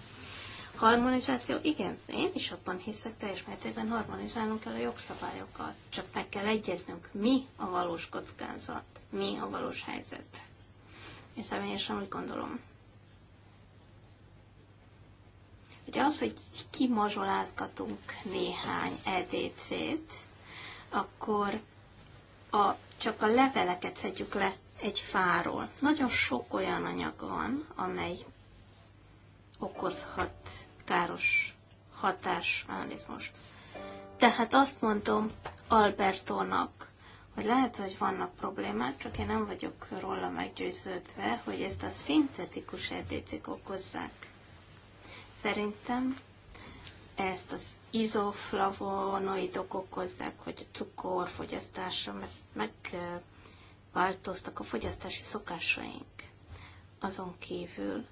Harmonizáció? Igen, én is abban hiszek, teljes mértékben harmonizálnunk kell a jogszabályokat, csak meg kell egyeznünk, mi a valós kockázat, mi a valós helyzet. Én személyesen úgy gondolom. Hogy az, hogy kimazsolázgatunk néhány EDC-t, akkor a, csak a leveleket szedjük le egy fáról. Nagyon sok olyan anyag van, amely okozhat káros hatás most. Tehát azt mondom Albertónak, hogy lehet, hogy vannak problémák, csak én nem vagyok róla meggyőződve, hogy ezt a szintetikus edécik okozzák. Szerintem ezt az izoflavonoidok okozzák, hogy a cukor fogyasztása, mert megváltoztak a fogyasztási szokásaink. Azon kívül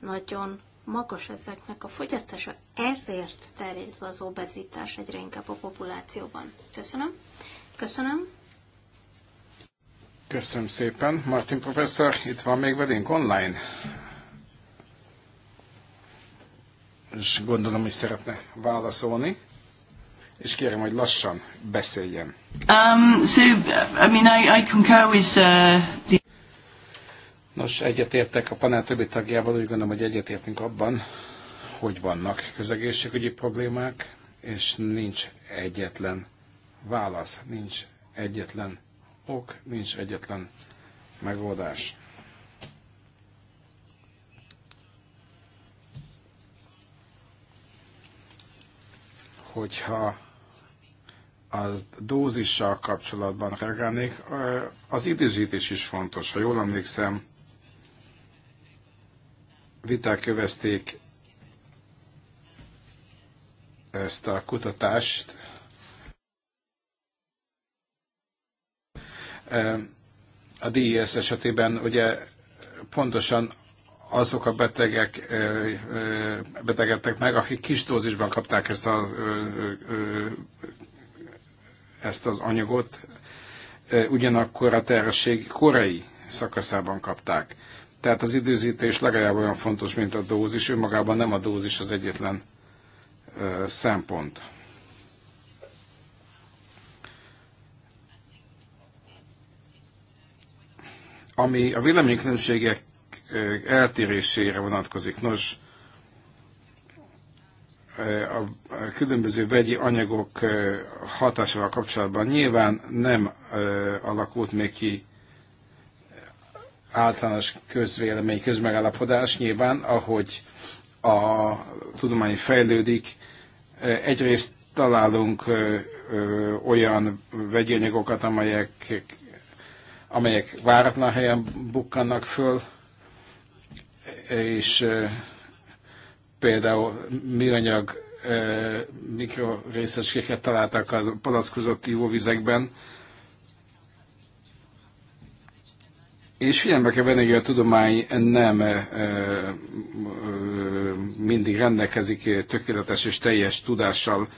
nagyon magas ezeknek a fogyasztása, ezért terjed az obezitás egyre inkább a populációban. Köszönöm. Köszönöm. Köszönöm szépen. Martin professzor, itt van még velünk online. És gondolom, hogy szeretne válaszolni. És kérem, hogy lassan beszéljen. Um, so, I mean, I, I concur with uh, the... Nos, egyetértek a panel többi tagjával, úgy gondolom, hogy egyetértünk abban, hogy vannak közegészségügyi problémák, és nincs egyetlen válasz, nincs egyetlen ok, nincs egyetlen megoldás. Hogyha a dózissal kapcsolatban reagálnék, az időzítés is fontos. Ha jól emlékszem, viták övezték ezt a kutatást. A DIS e esetében ugye pontosan azok a betegek betegedtek meg, akik kis dózisban kapták ezt, a, ezt az anyagot, ugyanakkor a terhesség korai szakaszában kapták. Tehát az időzítés legalább olyan fontos, mint a dózis. Önmagában nem a dózis az egyetlen ö, szempont. Ami a véleménykülönbségek eltérésére vonatkozik. Nos, a különböző vegyi anyagok hatásával kapcsolatban nyilván nem alakult még ki általános közvélemény, közmegállapodás nyilván, ahogy a tudomány fejlődik, egyrészt találunk olyan vegyi amelyek, amelyek váratlan helyen bukkannak föl, és például műanyag mikrorészecskéket találtak a palackozott ivóvizekben, És figyelembe kell venni, hogy a tudomány nem e, e, mindig rendelkezik tökéletes és teljes tudással.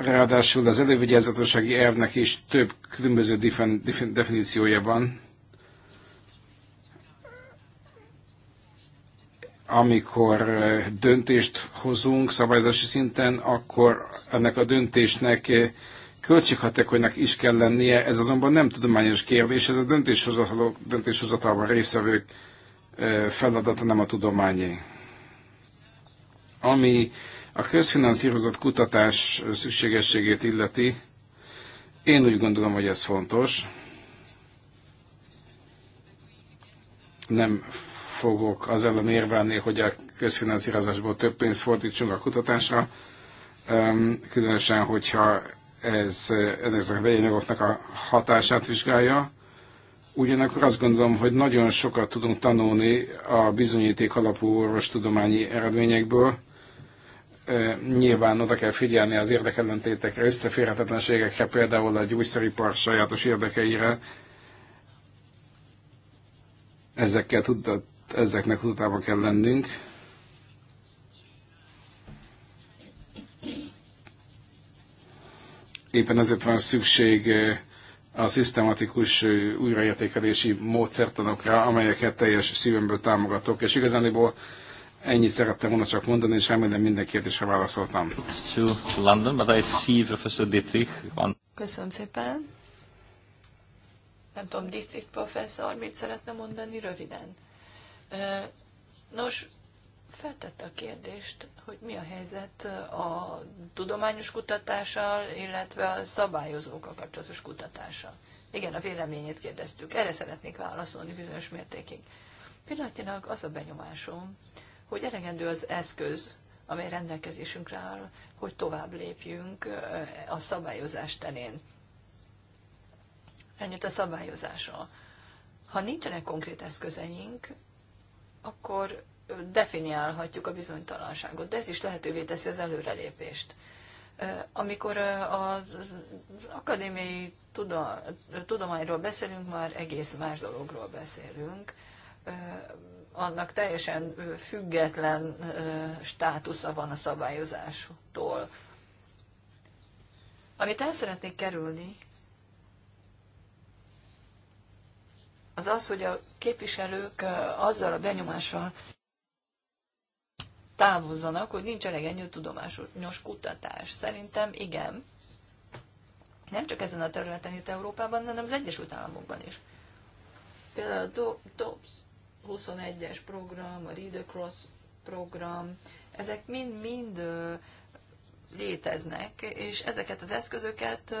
Ráadásul az elővigyázatossági elvnek is több különböző defen, defen, definíciója van. Amikor döntést hozunk szabályozási szinten, akkor ennek a döntésnek költséghatékonynak is kell lennie, ez azonban nem tudományos kérdés, ez a döntéshozatalban részvevők feladata, nem a tudományé. Ami a közfinanszírozott kutatás szükségességét illeti, én úgy gondolom, hogy ez fontos. Nem fogok az ellen érvelni, hogy a közfinanszírozásból több pénzt fordítsunk a kutatásra, különösen, hogyha ez ezek a vegyanyagoknak a hatását vizsgálja. Ugyanakkor azt gondolom, hogy nagyon sokat tudunk tanulni a bizonyíték alapú orvostudományi eredményekből. Nyilván oda kell figyelni az érdekellentétekre, összeférhetetlenségekre, például a gyógyszeripar sajátos érdekeire. Ezekkel tudat, ezeknek tudatában kell lennünk. Éppen ezért van szükség a szisztematikus újraértékelési módszertanokra, amelyeket teljes szívemből támogatok, és igazániból ennyit szerettem volna csak mondani, és remélem minden kérdésre válaszoltam. To London, but I see Professor Dietrich on... Köszönöm szépen. Nem tudom, Dietrich professzor mit szeretne mondani röviden. Nos, feltette a kérdést hogy mi a helyzet a tudományos kutatással, illetve a szabályozókkal kapcsolatos kutatással. Igen, a véleményét kérdeztük. Erre szeretnék válaszolni bizonyos mértékig. Pillanatnyilag az a benyomásom, hogy elegendő az eszköz, amely rendelkezésünkre áll, hogy tovább lépjünk eh, a szabályozás terén. Ennyit a szabályozásról. Ha nincsenek konkrét eszközeink, akkor definiálhatjuk a bizonytalanságot, de ez is lehetővé teszi az előrelépést. Amikor az akadémiai tudományról beszélünk, már egész más dologról beszélünk. Annak teljesen független státusza van a szabályozástól. Amit el szeretnék kerülni, az az, hogy a képviselők azzal a benyomással távozzanak, hogy nincs elég ennyi tudományos kutatás. Szerintem igen. Nem csak ezen a területen itt Európában, hanem az Egyesült Államokban is. Például a DOPS 21-es program, a Read Across program, ezek mind-mind léteznek, és ezeket az eszközöket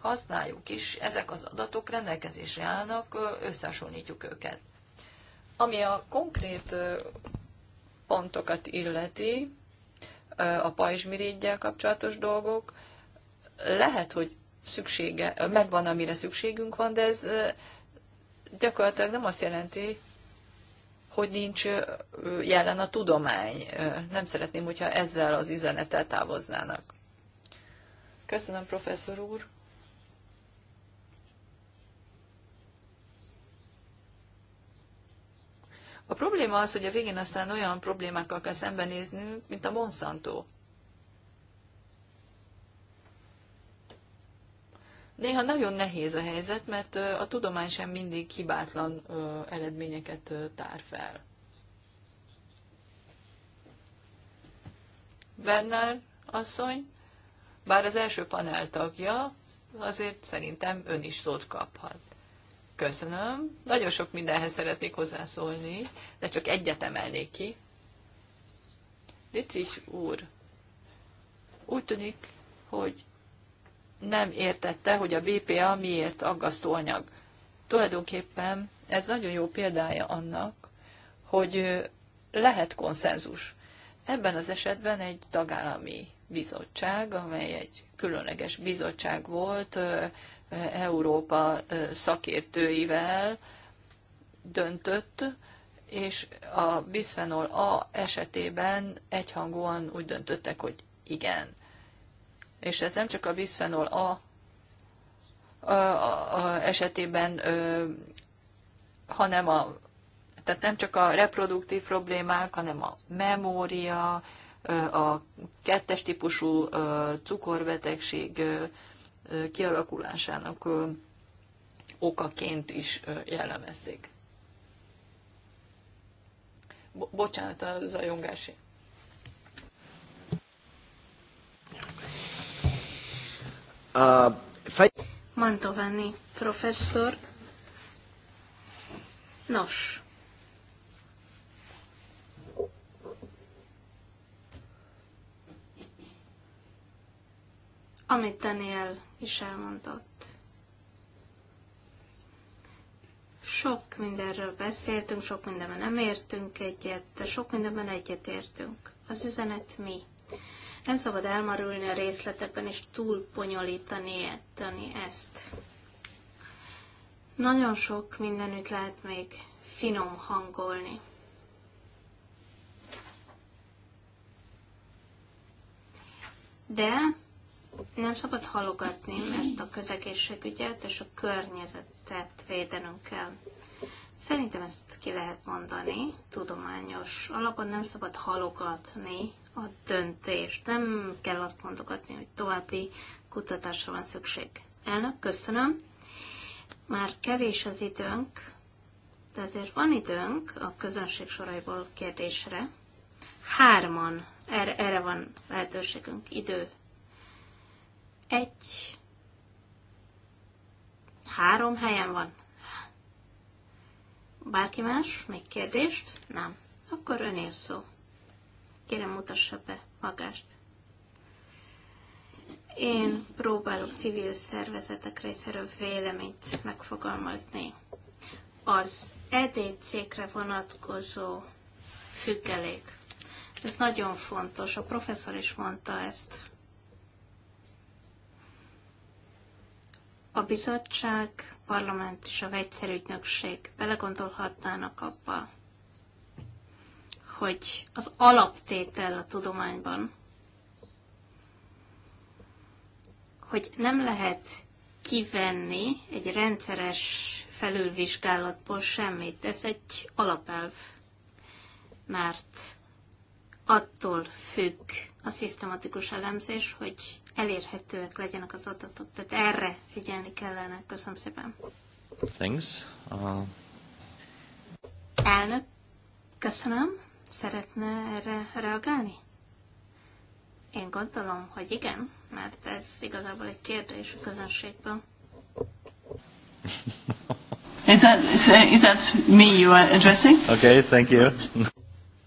használjuk is, ezek az adatok rendelkezésre állnak, összehasonlítjuk őket. Ami a konkrét pontokat illeti, a pajzsmirigyel kapcsolatos dolgok, lehet, hogy szüksége, megvan, amire szükségünk van, de ez gyakorlatilag nem azt jelenti, hogy nincs jelen a tudomány. Nem szeretném, hogyha ezzel az üzenettel távoznának. Köszönöm, professzor úr! A probléma az, hogy a végén aztán olyan problémákkal kell szembenéznünk, mint a Monsanto. Néha nagyon nehéz a helyzet, mert a tudomány sem mindig hibátlan eredményeket tár fel. Bernard asszony, bár az első panel tagja, azért szerintem ön is szót kaphat. Köszönöm. Nagyon sok mindenhez szeretnék hozzászólni, de csak egyet emelnék ki. Dietrich úr, úgy tűnik, hogy nem értette, hogy a BPA miért aggasztó anyag. Tulajdonképpen ez nagyon jó példája annak, hogy lehet konszenzus. Ebben az esetben egy tagállami bizottság, amely egy különleges bizottság volt, Európa szakértőivel döntött, és a bisphenol A esetében egyhangúan úgy döntöttek, hogy igen. És ez nem csak a bisphenol A esetében, hanem a, tehát nem csak a reproduktív problémák, hanem a memória, a kettes típusú cukorbetegség kialakulásának okaként is jellemezték. Bo- bocsánat a jongási. Uh, fej... Mantovani professzor. Nos. Amit Daniel is elmondott. Sok mindenről beszéltünk, sok mindenben nem értünk egyet, de sok mindenben egyetértünk. Az üzenet mi? Nem szabad elmarulni a részletekben és túl tenni ezt. Nagyon sok mindenütt lehet még finom hangolni. De nem szabad halogatni, mert a közegészségügyet és a környezetet védenünk kell. Szerintem ezt ki lehet mondani, tudományos alapon nem szabad halogatni a döntést. Nem kell azt mondogatni, hogy további kutatásra van szükség. Elnök, köszönöm. Már kevés az időnk, de azért van időnk a közönség soraiból kérdésre. Hárman, erre, erre van lehetőségünk idő egy, három helyen van. Bárki más? Még kérdést? Nem. Akkor önél szó. Kérem, mutassa be magást. Én próbálok civil szervezetek részéről véleményt megfogalmazni. Az EDC-kre vonatkozó függelék. Ez nagyon fontos, a professzor is mondta ezt. a bizottság, parlament és a vegyszerügynökség belegondolhatnának abba, hogy az alaptétel a tudományban, hogy nem lehet kivenni egy rendszeres felülvizsgálatból semmit. Ez egy alapelv, mert attól függ, a szisztematikus elemzés, hogy elérhetőek legyenek az adatok. Tehát erre figyelni kellene. Köszönöm szépen. Thanks. Uh... Elnök, köszönöm. Szeretne erre reagálni? Én gondolom, hogy igen, mert ez igazából egy kérdés a közönségben. [laughs] Is that, is that me you are addressing? Okay, thank you.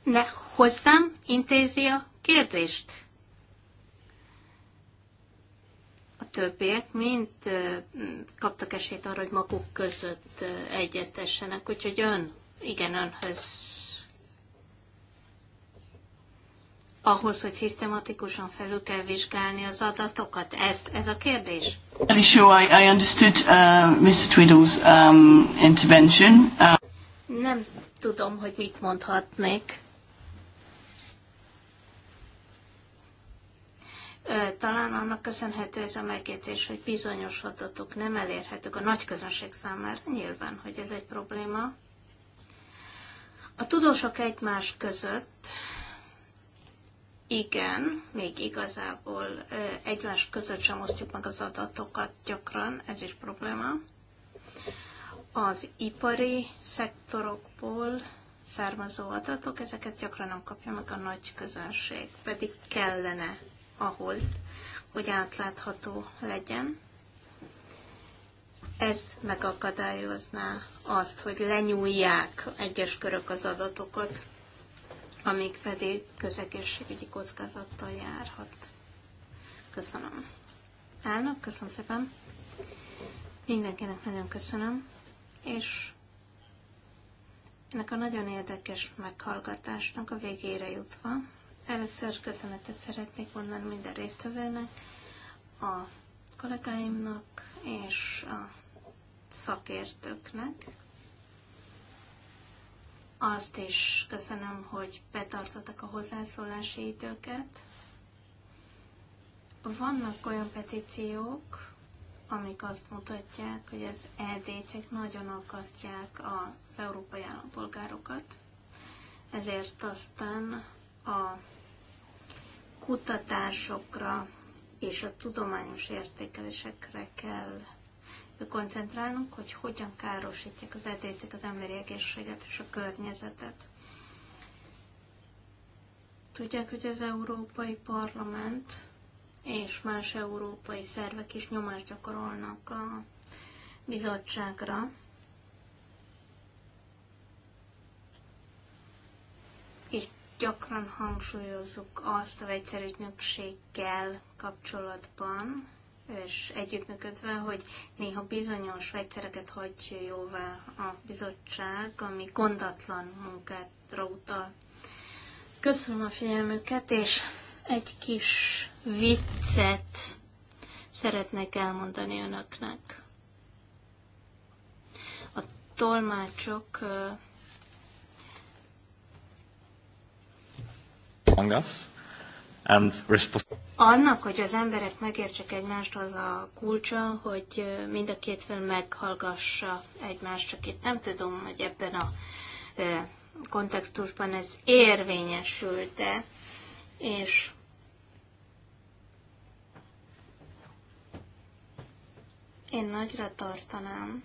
Ne hozzám intézi a kérdést. A többiek mind kaptak esélyt arra, hogy maguk között egyeztessenek, úgyhogy ön, igen, önhöz ahhoz, hogy szisztematikusan felül kell vizsgálni az adatokat? Ez, ez a kérdés? I, understood uh, Mr. Tweedle's um, intervention. Uh, Nem tudom, hogy mit mondhatnék. Talán annak köszönhető ez a megjegyzés, hogy bizonyos adatok nem elérhetők a nagy közönség számára, nyilván, hogy ez egy probléma. A tudósok egymás között igen, még igazából egymás között sem osztjuk meg az adatokat gyakran, ez is probléma. Az ipari szektorokból származó adatok, ezeket gyakran nem kapja meg a nagy közönség, pedig kellene ahhoz, hogy átlátható legyen. Ez megakadályozná azt, hogy lenyúlják egyes körök az adatokat, amik pedig közegészségügyi kockázattal járhat. Köszönöm. Elnök, köszönöm szépen. Mindenkinek nagyon köszönöm, és ennek a nagyon érdekes meghallgatásnak a végére jutva Először köszönetet szeretnék mondani minden résztvevőnek, a kollégáimnak és a szakértőknek. Azt is köszönöm, hogy betartottak a hozzászólási időket. Vannak olyan petíciók, amik azt mutatják, hogy az EDC-ek nagyon akasztják az európai állampolgárokat, ezért aztán a kutatásokra és a tudományos értékelésekre kell koncentrálnunk, hogy hogyan károsítják az edétek az emberi egészséget és a környezetet. Tudják, hogy az Európai Parlament és más európai szervek is nyomást gyakorolnak a bizottságra, és gyakran hangsúlyozzuk azt a vegyszerügynökséggel kapcsolatban, és együttműködve, hogy néha bizonyos vegyszereket hagyja jóvá a bizottság, ami gondatlan munkát utal. Köszönöm a figyelmüket, és egy kis viccet szeretnék elmondani önöknek. A tolmácsok among us, and Annak, hogy az emberek megértsék egymást, az a kulcsa, hogy mind a két fél meghallgassa egymást, csak itt nem tudom, hogy ebben a kontextusban ez érvényesült-e, és én nagyra tartanám,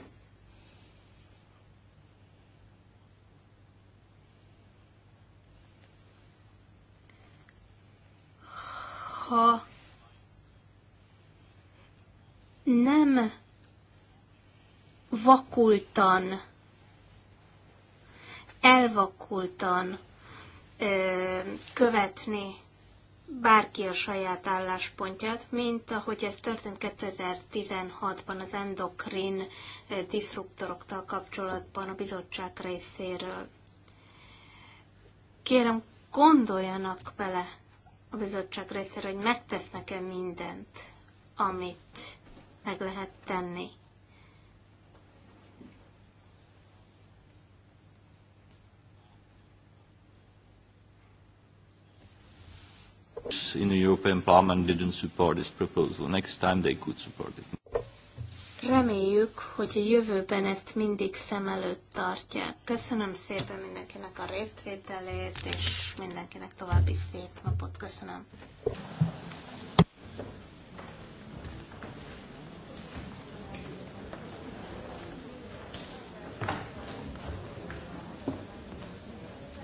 ha nem vakultan, elvakultan ö, követni bárki a saját álláspontját, mint ahogy ez történt 2016-ban az endokrin diszruptoroktal kapcsolatban a bizottság részéről. Kérem, gondoljanak bele a bizottság részéről, hogy megtesznek-e mindent, amit meg lehet tenni. In the European Parliament didn't support this proposal. Next time they could support it. Reméljük, hogy a jövőben ezt mindig szem előtt tartják. Köszönöm szépen mindenkinek a résztvételét, és mindenkinek további szép napot. Köszönöm.